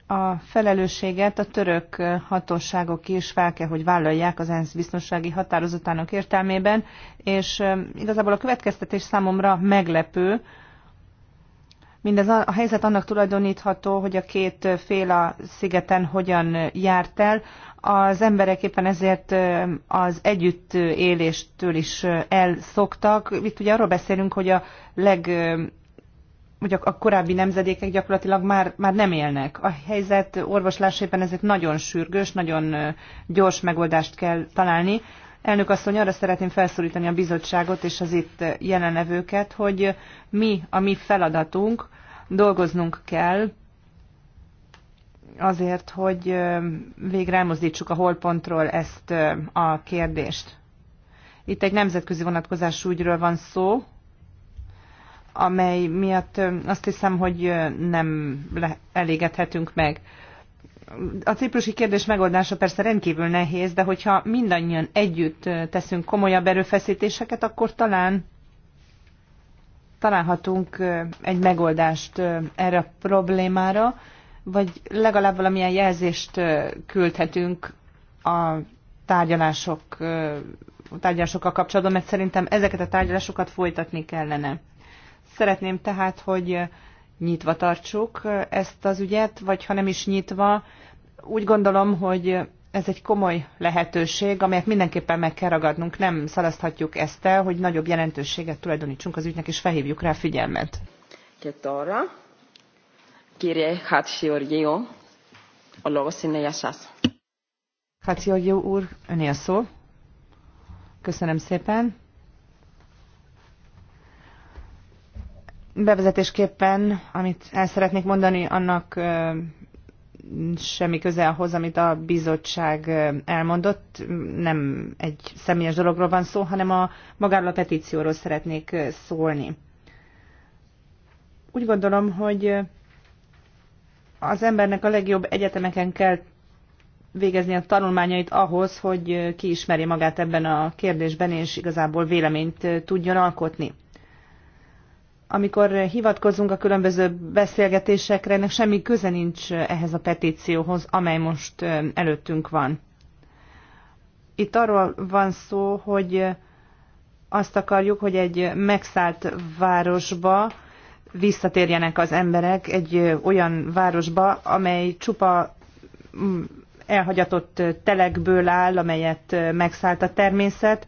Speaker 3: A felelősséget a török hatóságok is fel kell, hogy vállalják az ENSZ biztonsági határozatának értelmében, és igazából a következtetés számomra meglepő, Mindez a, helyzet annak tulajdonítható, hogy a két fél a szigeten hogyan járt el. Az emberek éppen ezért az együtt éléstől is elszoktak. Itt ugye arról beszélünk, hogy a leg hogy a korábbi nemzedékek gyakorlatilag már, már nem élnek. A helyzet orvoslásében ezért nagyon sürgős, nagyon gyors megoldást kell találni. Elnök asszony, arra szeretném felszólítani a bizottságot és az itt jelenlevőket, hogy mi a mi feladatunk, dolgoznunk kell azért, hogy végre elmozdítsuk a holpontról ezt a kérdést. Itt egy nemzetközi vonatkozású ügyről van szó, amely miatt azt hiszem, hogy nem elégedhetünk meg a ciprusi kérdés megoldása persze rendkívül nehéz, de hogyha mindannyian együtt teszünk komolyabb erőfeszítéseket, akkor talán találhatunk egy megoldást erre a problémára, vagy legalább valamilyen jelzést küldhetünk a tárgyalások, a tárgyalásokkal kapcsolatban, mert szerintem ezeket a tárgyalásokat folytatni kellene. Szeretném tehát, hogy nyitva tartsuk ezt az ügyet, vagy ha nem is nyitva, úgy gondolom, hogy ez egy komoly lehetőség, amelyet mindenképpen meg kell ragadnunk. Nem szalaszthatjuk ezt el, hogy nagyobb jelentőséget tulajdonítsunk az ügynek, és felhívjuk rá figyelmet.
Speaker 1: Ketora, Hatsi Orgyó, a logoszínejesász.
Speaker 3: Hatziorgio úr, öné a szó. Köszönöm szépen. Bevezetésképpen, amit el szeretnék mondani, annak semmi köze ahhoz, amit a bizottság elmondott. Nem egy személyes dologról van szó, hanem a magáról a petícióról szeretnék szólni. Úgy gondolom, hogy az embernek a legjobb egyetemeken kell végezni a tanulmányait ahhoz, hogy kiismerje magát ebben a kérdésben, és igazából véleményt tudjon alkotni amikor hivatkozunk a különböző beszélgetésekre, ennek semmi köze nincs ehhez a petícióhoz, amely most előttünk van. Itt arról van szó, hogy azt akarjuk, hogy egy megszállt városba visszatérjenek az emberek, egy olyan városba, amely csupa mm, elhagyatott telekből áll, amelyet megszállt a természet,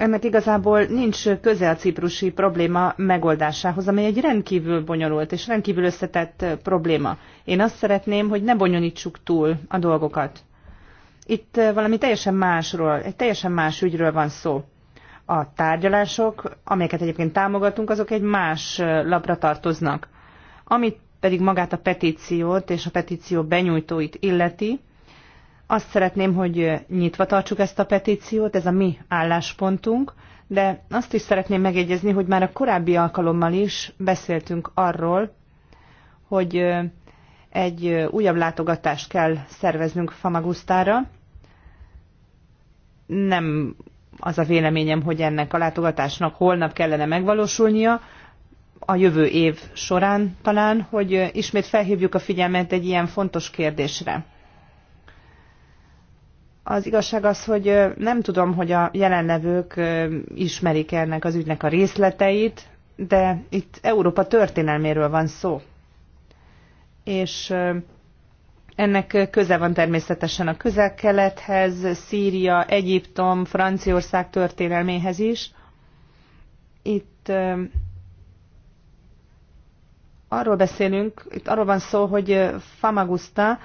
Speaker 3: ennek igazából nincs köze a ciprusi probléma megoldásához, amely egy rendkívül bonyolult és rendkívül összetett probléma. Én azt szeretném, hogy ne bonyolítsuk túl a dolgokat. Itt eh, valami teljesen másról, egy teljesen más ügyről van szó. A tárgyalások, amelyeket egyébként támogatunk, azok egy más eh, lapra tartoznak. Amit pedig magát a petíciót és a petíció benyújtóit illeti, azt szeretném, hogy nyitva tartsuk ezt a petíciót, ez a mi álláspontunk, de azt is szeretném megjegyezni, hogy már a korábbi alkalommal is beszéltünk arról, hogy egy újabb látogatást kell szerveznünk Famagusztára. Nem az a véleményem, hogy ennek a látogatásnak holnap kellene megvalósulnia, a jövő év során talán, hogy ismét felhívjuk a figyelmet egy ilyen fontos kérdésre. Az igazság az, hogy nem tudom, hogy a jelenlevők ismerik ennek az ügynek a részleteit, de itt Európa történelméről van szó. És ennek köze van természetesen a közel-kelethez, Szíria, Egyiptom, Franciaország történelméhez is. Itt arról beszélünk, itt arról van szó, hogy Famagusta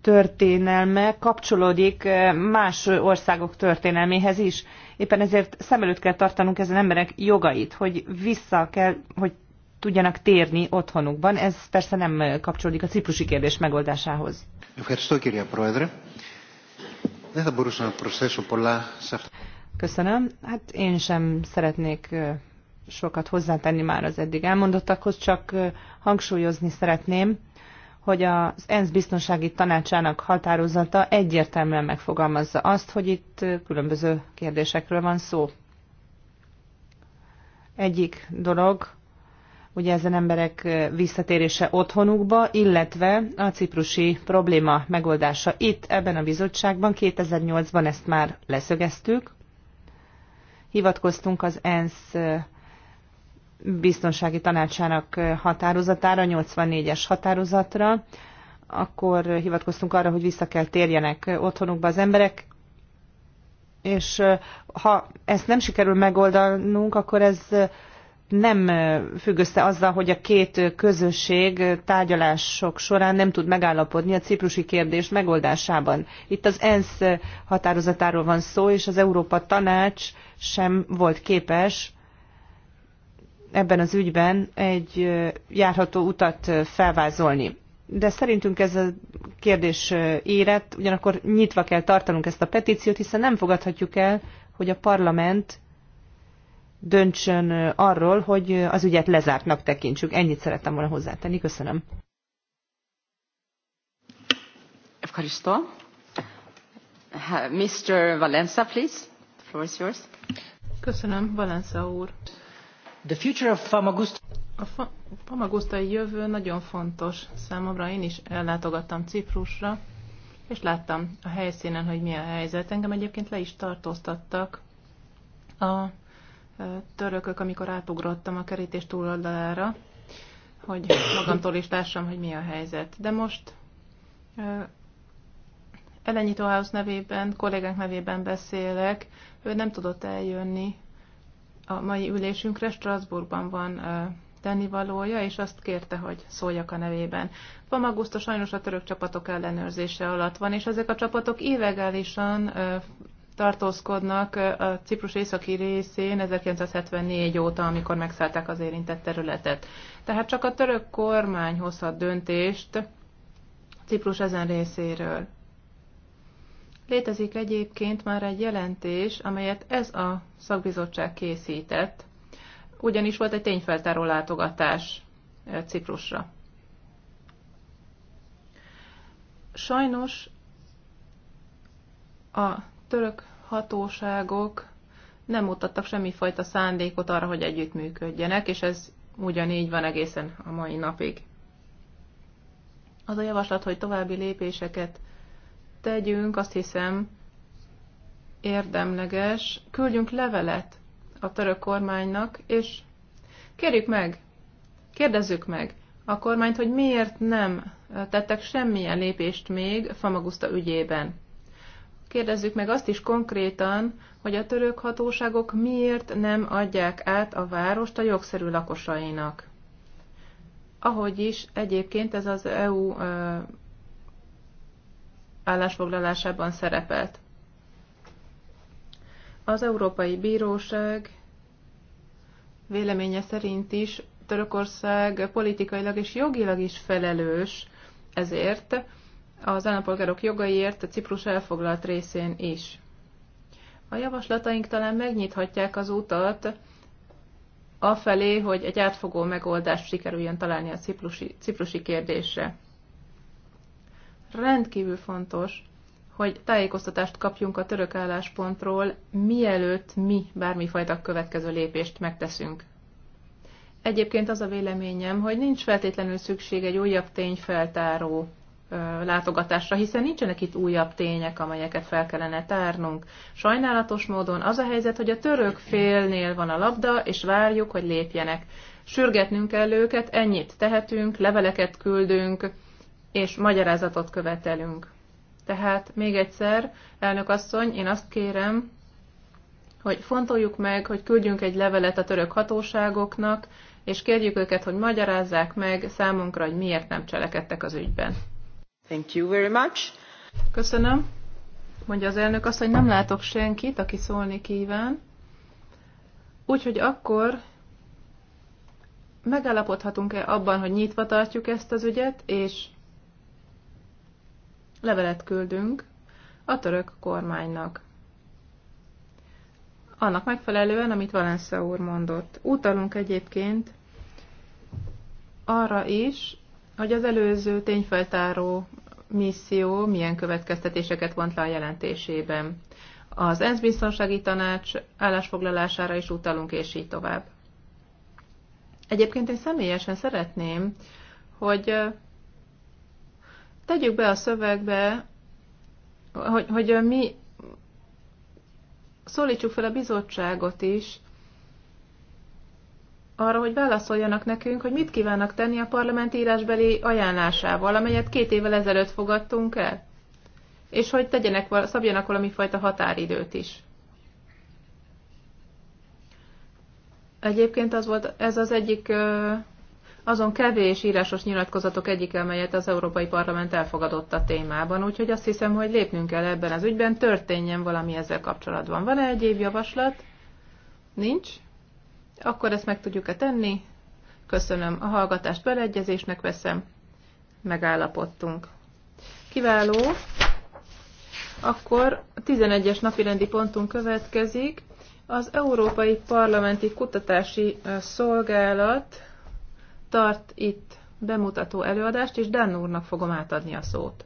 Speaker 3: történelme kapcsolódik eh, más országok történelméhez is. Éppen ezért szem előtt kell tartanunk ezen emberek jogait, hogy vissza kell, hogy tudjanak térni otthonukban. Ez persze nem kapcsolódik a ciprusi kérdés megoldásához. Köszönöm. Hát én sem szeretnék eh, sokat hozzátenni már az eddig elmondottakhoz, csak eh, hangsúlyozni szeretném, hogy az ENSZ biztonsági tanácsának határozata egyértelműen megfogalmazza azt, hogy itt különböző kérdésekről van szó. Egyik dolog, ugye ezen emberek visszatérése otthonukba, illetve a ciprusi probléma megoldása itt, ebben a bizottságban. 2008-ban ezt már leszögeztük. Hivatkoztunk az ENSZ biztonsági tanácsának határozatára, 84-es határozatra, akkor hivatkoztunk arra, hogy vissza kell térjenek otthonukba az emberek, és ha ezt nem sikerül megoldanunk, akkor ez nem függ össze azzal, hogy a két közösség tárgyalások során nem tud megállapodni a ciprusi kérdés megoldásában. Itt az ENSZ határozatáról van szó, és az Európa Tanács sem volt képes ebben az ügyben egy járható utat felvázolni. De szerintünk ez a kérdés érett, ugyanakkor nyitva kell tartanunk ezt a petíciót, hiszen nem fogadhatjuk el, hogy a parlament döntsön arról, hogy az ügyet lezártnak tekintsük. Ennyit szerettem volna hozzátenni. Köszönöm. Evkaristo.
Speaker 1: Mr. Valenza, please. The floor is yours. Köszönöm, Valenza úr. The future of Famagusta... A fa- Famagusta jövő nagyon fontos számomra. Én is ellátogattam Ciprusra, és láttam a helyszínen, hogy mi a helyzet. Engem egyébként le is tartóztattak a törökök, amikor átugrottam a kerítés túloldalára, hogy magamtól is lássam, hogy mi a helyzet. De most Elenyitó House nevében, kollégánk nevében beszélek, ő nem tudott eljönni a mai ülésünkre Strasbourgban van tennivalója, és azt kérte, hogy szóljak a nevében. Famagusta sajnos a török csapatok ellenőrzése alatt van, és ezek a csapatok évegálisan tartózkodnak a Ciprus északi részén 1974 óta, amikor megszállták az érintett területet. Tehát csak a török kormány hozhat döntést Ciprus ezen részéről. Létezik egyébként már egy jelentés, amelyet ez a szakbizottság készített, ugyanis volt egy tényfeltáró látogatás eh, Ciprusra. Sajnos a török hatóságok nem mutattak semmifajta szándékot arra, hogy együttműködjenek, és ez ugyanígy van egészen a mai napig. Az a javaslat, hogy további lépéseket tegyünk, azt hiszem érdemleges, küldjünk levelet a török kormánynak, és kérjük meg, kérdezzük meg a kormányt, hogy miért nem tettek semmilyen lépést még Famagusta ügyében. Kérdezzük meg azt is konkrétan, hogy a török hatóságok miért nem adják át a várost a jogszerű lakosainak. Ahogy is egyébként ez az EU állásfoglalásában szerepelt. Az Európai Bíróság véleménye szerint is Törökország politikailag és jogilag is felelős ezért, az állampolgárok jogaiért a Ciprus elfoglalt részén is. A javaslataink talán megnyithatják az utat afelé, hogy egy átfogó megoldást sikerüljön találni a ciprusi, ciprusi kérdésre rendkívül fontos, hogy tájékoztatást kapjunk a török álláspontról, mielőtt mi bármifajta következő lépést megteszünk. Egyébként az a véleményem, hogy nincs feltétlenül szükség egy újabb tényfeltáró látogatásra, hiszen nincsenek itt újabb tények, amelyeket fel kellene tárnunk. Sajnálatos módon az a helyzet, hogy a török félnél van a labda, és várjuk, hogy lépjenek. Sürgetnünk kell őket, ennyit tehetünk, leveleket küldünk, és magyarázatot követelünk. Tehát még egyszer, elnök asszony, én azt kérem, hogy fontoljuk meg, hogy küldjünk egy levelet a török hatóságoknak, és kérjük őket, hogy magyarázzák meg számunkra, hogy miért nem cselekedtek az ügyben. Thank you very much. Köszönöm. Mondja az elnök azt, hogy nem látok senkit, aki szólni kíván. Úgyhogy akkor megállapodhatunk-e abban, hogy nyitva tartjuk ezt az ügyet, és levelet küldünk a török kormánynak. Annak megfelelően, amit Valensza úr mondott. Utalunk egyébként arra is, hogy az előző tényfeltáró misszió milyen következtetéseket vont le a jelentésében. Az ENSZ biztonsági tanács állásfoglalására is utalunk, és így tovább. Egyébként én személyesen szeretném, hogy tegyük be a szövegbe, hogy, hogy mi szólítsuk fel a bizottságot is, arra, hogy válaszoljanak nekünk, hogy mit kívánnak tenni a parlament írásbeli ajánlásával, amelyet két évvel ezelőtt fogadtunk el, és hogy tegyenek, szabjanak valami fajta határidőt is. Egyébként az volt, ez az egyik azon kevés írásos nyilatkozatok egyik, amelyet az Európai Parlament elfogadott a témában, úgyhogy azt hiszem, hogy lépnünk kell ebben az ügyben, történjen valami ezzel kapcsolatban. Van-e egyéb javaslat? Nincs? Akkor ezt meg tudjuk-e tenni? Köszönöm a hallgatást, beleegyezésnek veszem. Megállapodtunk. Kiváló. Akkor a 11-es napirendi pontunk következik. Az Európai Parlamenti Kutatási Szolgálat tart itt bemutató előadást, és Dan úrnak fogom átadni a szót.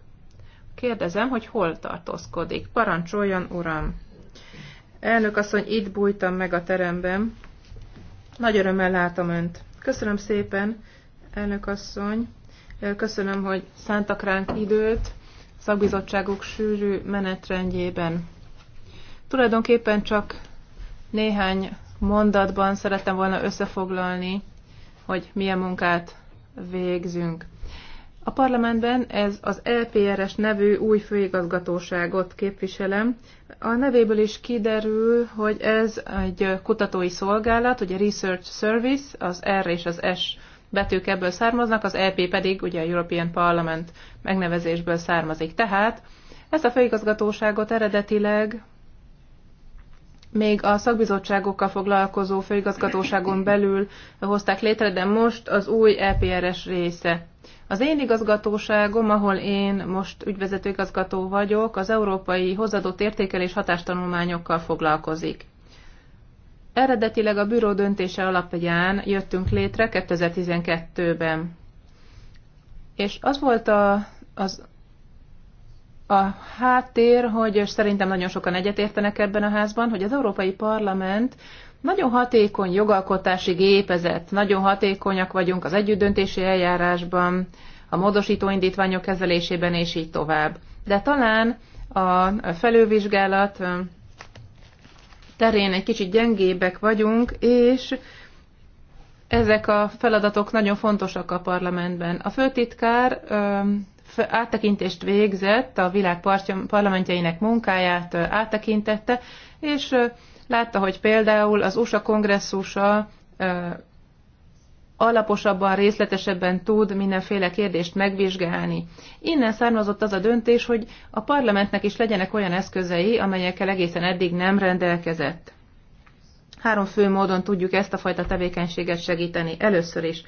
Speaker 1: Kérdezem, hogy hol tartózkodik. Parancsoljon, uram! Elnök asszony, itt bújtam meg a teremben. Nagy örömmel látom önt. Köszönöm szépen, elnök asszony. Köszönöm, hogy szántak ránk időt szakbizottságok sűrű menetrendjében. Tulajdonképpen csak néhány mondatban szerettem volna összefoglalni hogy milyen munkát végzünk. A parlamentben ez az LPRS e nevű új főigazgatóságot képviselem. A nevéből is kiderül, hogy ez egy kutatói szolgálat, ugye Research Service, az R és az S betűk ebből származnak, az EP pedig ugye a European Parliament megnevezésből származik. Tehát ezt a főigazgatóságot eredetileg még a szakbizottságokkal foglalkozó főigazgatóságon belül hozták létre, de most az új EPRS része. Az én igazgatóságom, ahol én most ügyvezető igazgató vagyok, az európai hozadott értékelés hatástanulmányokkal foglalkozik. Eredetileg a bűró döntése alapján jöttünk létre 2012-ben. És az volt a, az a háttér, hogy szerintem nagyon sokan egyetértenek ebben a házban, hogy az Európai Parlament nagyon hatékony jogalkotási gépezet, nagyon hatékonyak vagyunk az együttdöntési eljárásban, a módosító indítványok kezelésében, és így tovább. De talán a felővizsgálat terén egy kicsit gyengébbek vagyunk, és ezek a feladatok nagyon fontosak a parlamentben. A főtitkár áttekintést végzett, a világ parlamentjeinek munkáját áttekintette, és látta, hogy például az USA kongresszusa alaposabban, részletesebben tud mindenféle kérdést megvizsgálni. Innen származott az a döntés, hogy a parlamentnek is legyenek olyan eszközei, amelyekkel egészen eddig nem rendelkezett. Három fő módon tudjuk ezt a fajta tevékenységet segíteni. Először is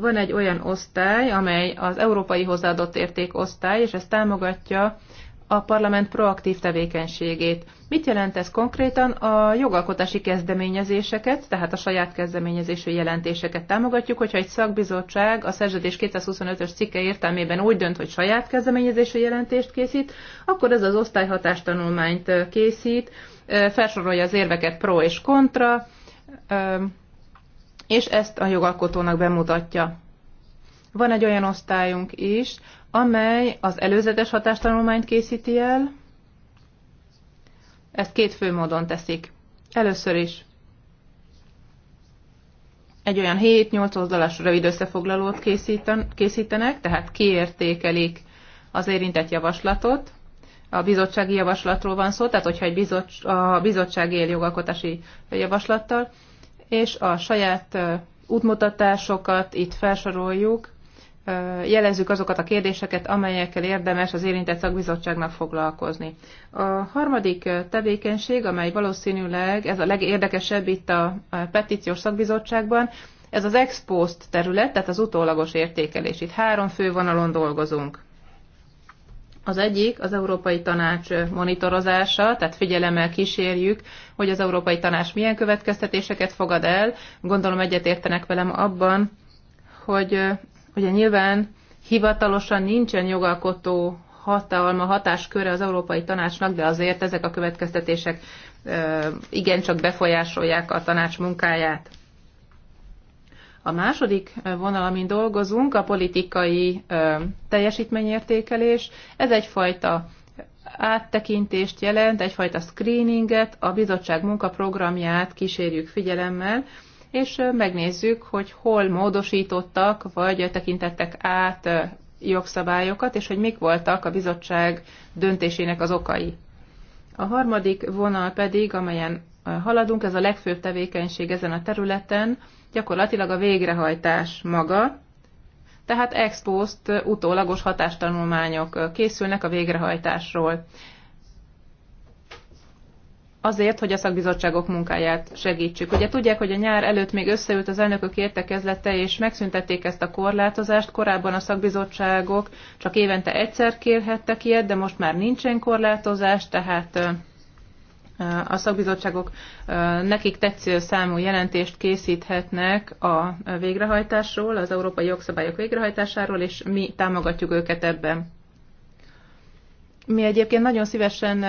Speaker 1: van egy olyan osztály, amely az európai hozzáadott érték osztály, és ez támogatja a parlament proaktív tevékenységét. Mit jelent ez konkrétan? A jogalkotási kezdeményezéseket, tehát a saját kezdeményezésű jelentéseket támogatjuk, hogyha egy szakbizottság a szerződés 225-ös cikke értelmében úgy dönt, hogy saját kezdeményezésű jelentést készít, akkor ez az osztályhatástanulmányt készít, felsorolja az érveket pro és kontra, és ezt a jogalkotónak bemutatja. Van egy olyan osztályunk is, amely az előzetes hatástanulmányt készíti el, ezt két fő módon teszik. Először is egy olyan 7-8 oldalas rövid összefoglalót készíten, készítenek, tehát kiértékelik az érintett javaslatot. A bizottsági javaslatról van szó, tehát hogyha egy bizottság, a bizottság él jogalkotási javaslattal, és a saját útmutatásokat itt felsoroljuk, jelezzük azokat a kérdéseket, amelyekkel érdemes az érintett szakbizottságnak foglalkozni. A harmadik tevékenység, amely valószínűleg ez a legérdekesebb itt a petíciós szakbizottságban, ez az ex post terület, tehát az utólagos értékelés. Itt három fővonalon dolgozunk. Az egyik az Európai Tanács monitorozása, tehát figyelemmel kísérjük, hogy az Európai Tanács milyen következtetéseket fogad el. Gondolom egyetértenek velem abban, hogy ugye nyilván hivatalosan nincsen jogalkotó hatalma, hatásköre az Európai Tanácsnak, de azért ezek a következtetések igencsak befolyásolják a tanács munkáját. A második vonal, amin dolgozunk, a politikai teljesítményértékelés. Ez egyfajta áttekintést jelent, egyfajta screeninget, a bizottság munkaprogramját kísérjük figyelemmel, és megnézzük, hogy hol módosítottak, vagy tekintettek át jogszabályokat, és hogy mik voltak a bizottság döntésének az okai. A harmadik vonal pedig, amelyen haladunk, ez a legfőbb tevékenység ezen a területen, gyakorlatilag a végrehajtás maga, tehát ex post utólagos hatástanulmányok készülnek a végrehajtásról. Azért, hogy a szakbizottságok munkáját segítsük. Ugye tudják, hogy a nyár előtt még összeült az elnökök értekezlete, és megszüntették ezt a korlátozást. Korábban a szakbizottságok csak évente egyszer kérhettek ilyet, de most már nincsen korlátozás, tehát a szakbizottságok nekik tetsző számú jelentést készíthetnek a végrehajtásról, az európai jogszabályok végrehajtásáról, és mi támogatjuk őket ebben. Mi egyébként nagyon szívesen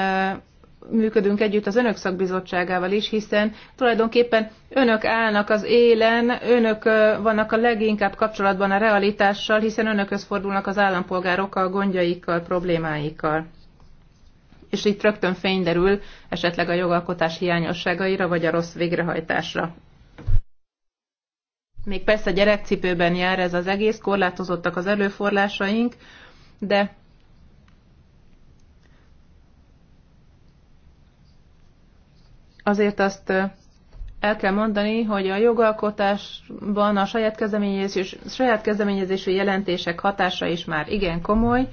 Speaker 1: működünk együtt az önök szakbizottságával is, hiszen tulajdonképpen önök állnak az élen, önök vannak a leginkább kapcsolatban a realitással, hiszen önökhöz fordulnak az állampolgárokkal, gondjaikkal, problémáikkal és itt rögtön fény derül esetleg a jogalkotás hiányosságaira, vagy a rossz végrehajtásra. Még persze gyerekcipőben jár ez az egész, korlátozottak az előforlásaink, de azért azt el kell mondani, hogy a jogalkotásban a saját kezdeményezésű, saját jelentések hatása is már igen komoly,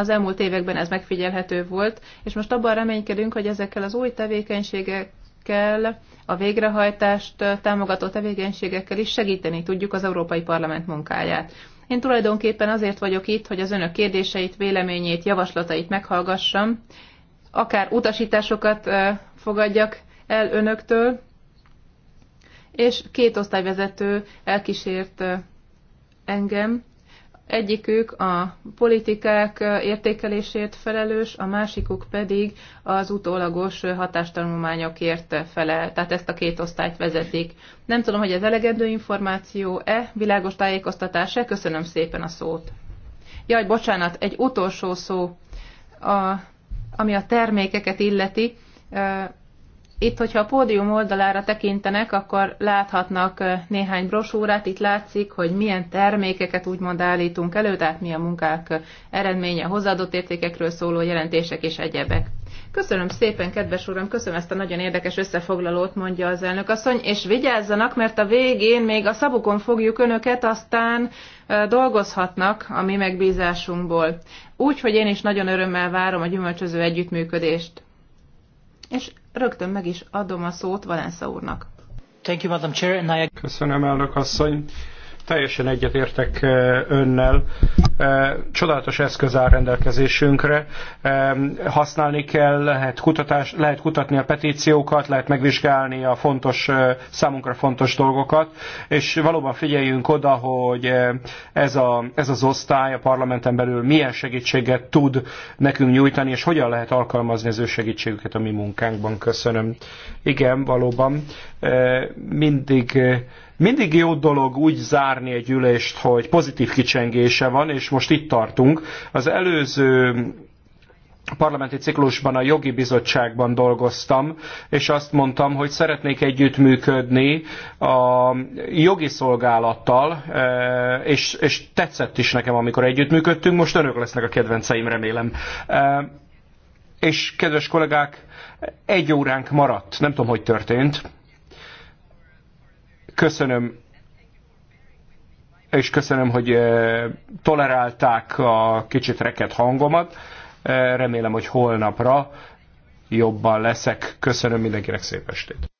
Speaker 1: az elmúlt években ez megfigyelhető volt, és most abban reménykedünk, hogy ezekkel az új tevékenységekkel, a végrehajtást támogató tevékenységekkel is segíteni tudjuk az Európai Parlament munkáját. Én tulajdonképpen azért vagyok itt, hogy az önök kérdéseit, véleményét, javaslatait meghallgassam, akár utasításokat fogadjak el önöktől, és két osztályvezető elkísért engem, Egyikük a politikák értékelésért felelős, a másikuk pedig az utólagos hatástanulmányokért felel. Tehát ezt a két osztályt vezetik. Nem tudom, hogy ez elegendő információ-e, világos tájékoztatás-e. Köszönöm szépen a szót. Jaj, bocsánat, egy utolsó szó, a, ami a termékeket illeti. Itt, hogyha a pódium oldalára tekintenek, akkor láthatnak néhány brosúrát. Itt látszik, hogy milyen termékeket úgymond állítunk elő, tehát mi a munkák eredménye, hozzáadott értékekről szóló jelentések és egyebek. Köszönöm szépen, kedves uram, köszönöm ezt a nagyon érdekes összefoglalót, mondja az elnök asszony, és vigyázzanak, mert a végén még a szabukon fogjuk önöket, aztán dolgozhatnak a mi megbízásunkból. Úgyhogy én is nagyon örömmel várom a gyümölcsöző együttműködést. És rögtön meg is adom a szót Valensza úrnak.
Speaker 5: Thank you, Madam Chair, and I... Köszönöm, elnök asszony. Teljesen egyetértek eh, önnel. Eh, csodálatos eszköz áll rendelkezésünkre. Eh, használni kell, lehet, kutatás, lehet kutatni a petíciókat, lehet megvizsgálni a fontos, számunkra fontos dolgokat, és valóban figyeljünk oda, hogy ez, a, ez az osztály a parlamenten belül milyen segítséget tud nekünk nyújtani, és hogyan lehet alkalmazni az ő segítségüket a mi munkánkban. Köszönöm. Igen, valóban mindig mindig jó dolog úgy zárni egy ülést, hogy pozitív kicsengése van, és most itt tartunk. Az előző a parlamenti ciklusban a jogi bizottságban dolgoztam, és azt mondtam, hogy szeretnék együttműködni a jogi szolgálattal, eh, és, és tetszett is nekem, amikor együttműködtünk, most önök lesznek a kedvenceim, remélem. Eh, és kedves kollégák, egy óránk maradt, nem tudom, hogy történt, Köszönöm, és köszönöm, hogy eh, tolerálták a kicsit reket hangomat. Eh, remélem, hogy holnapra jobban leszek. Köszönöm mindenkinek szép estét!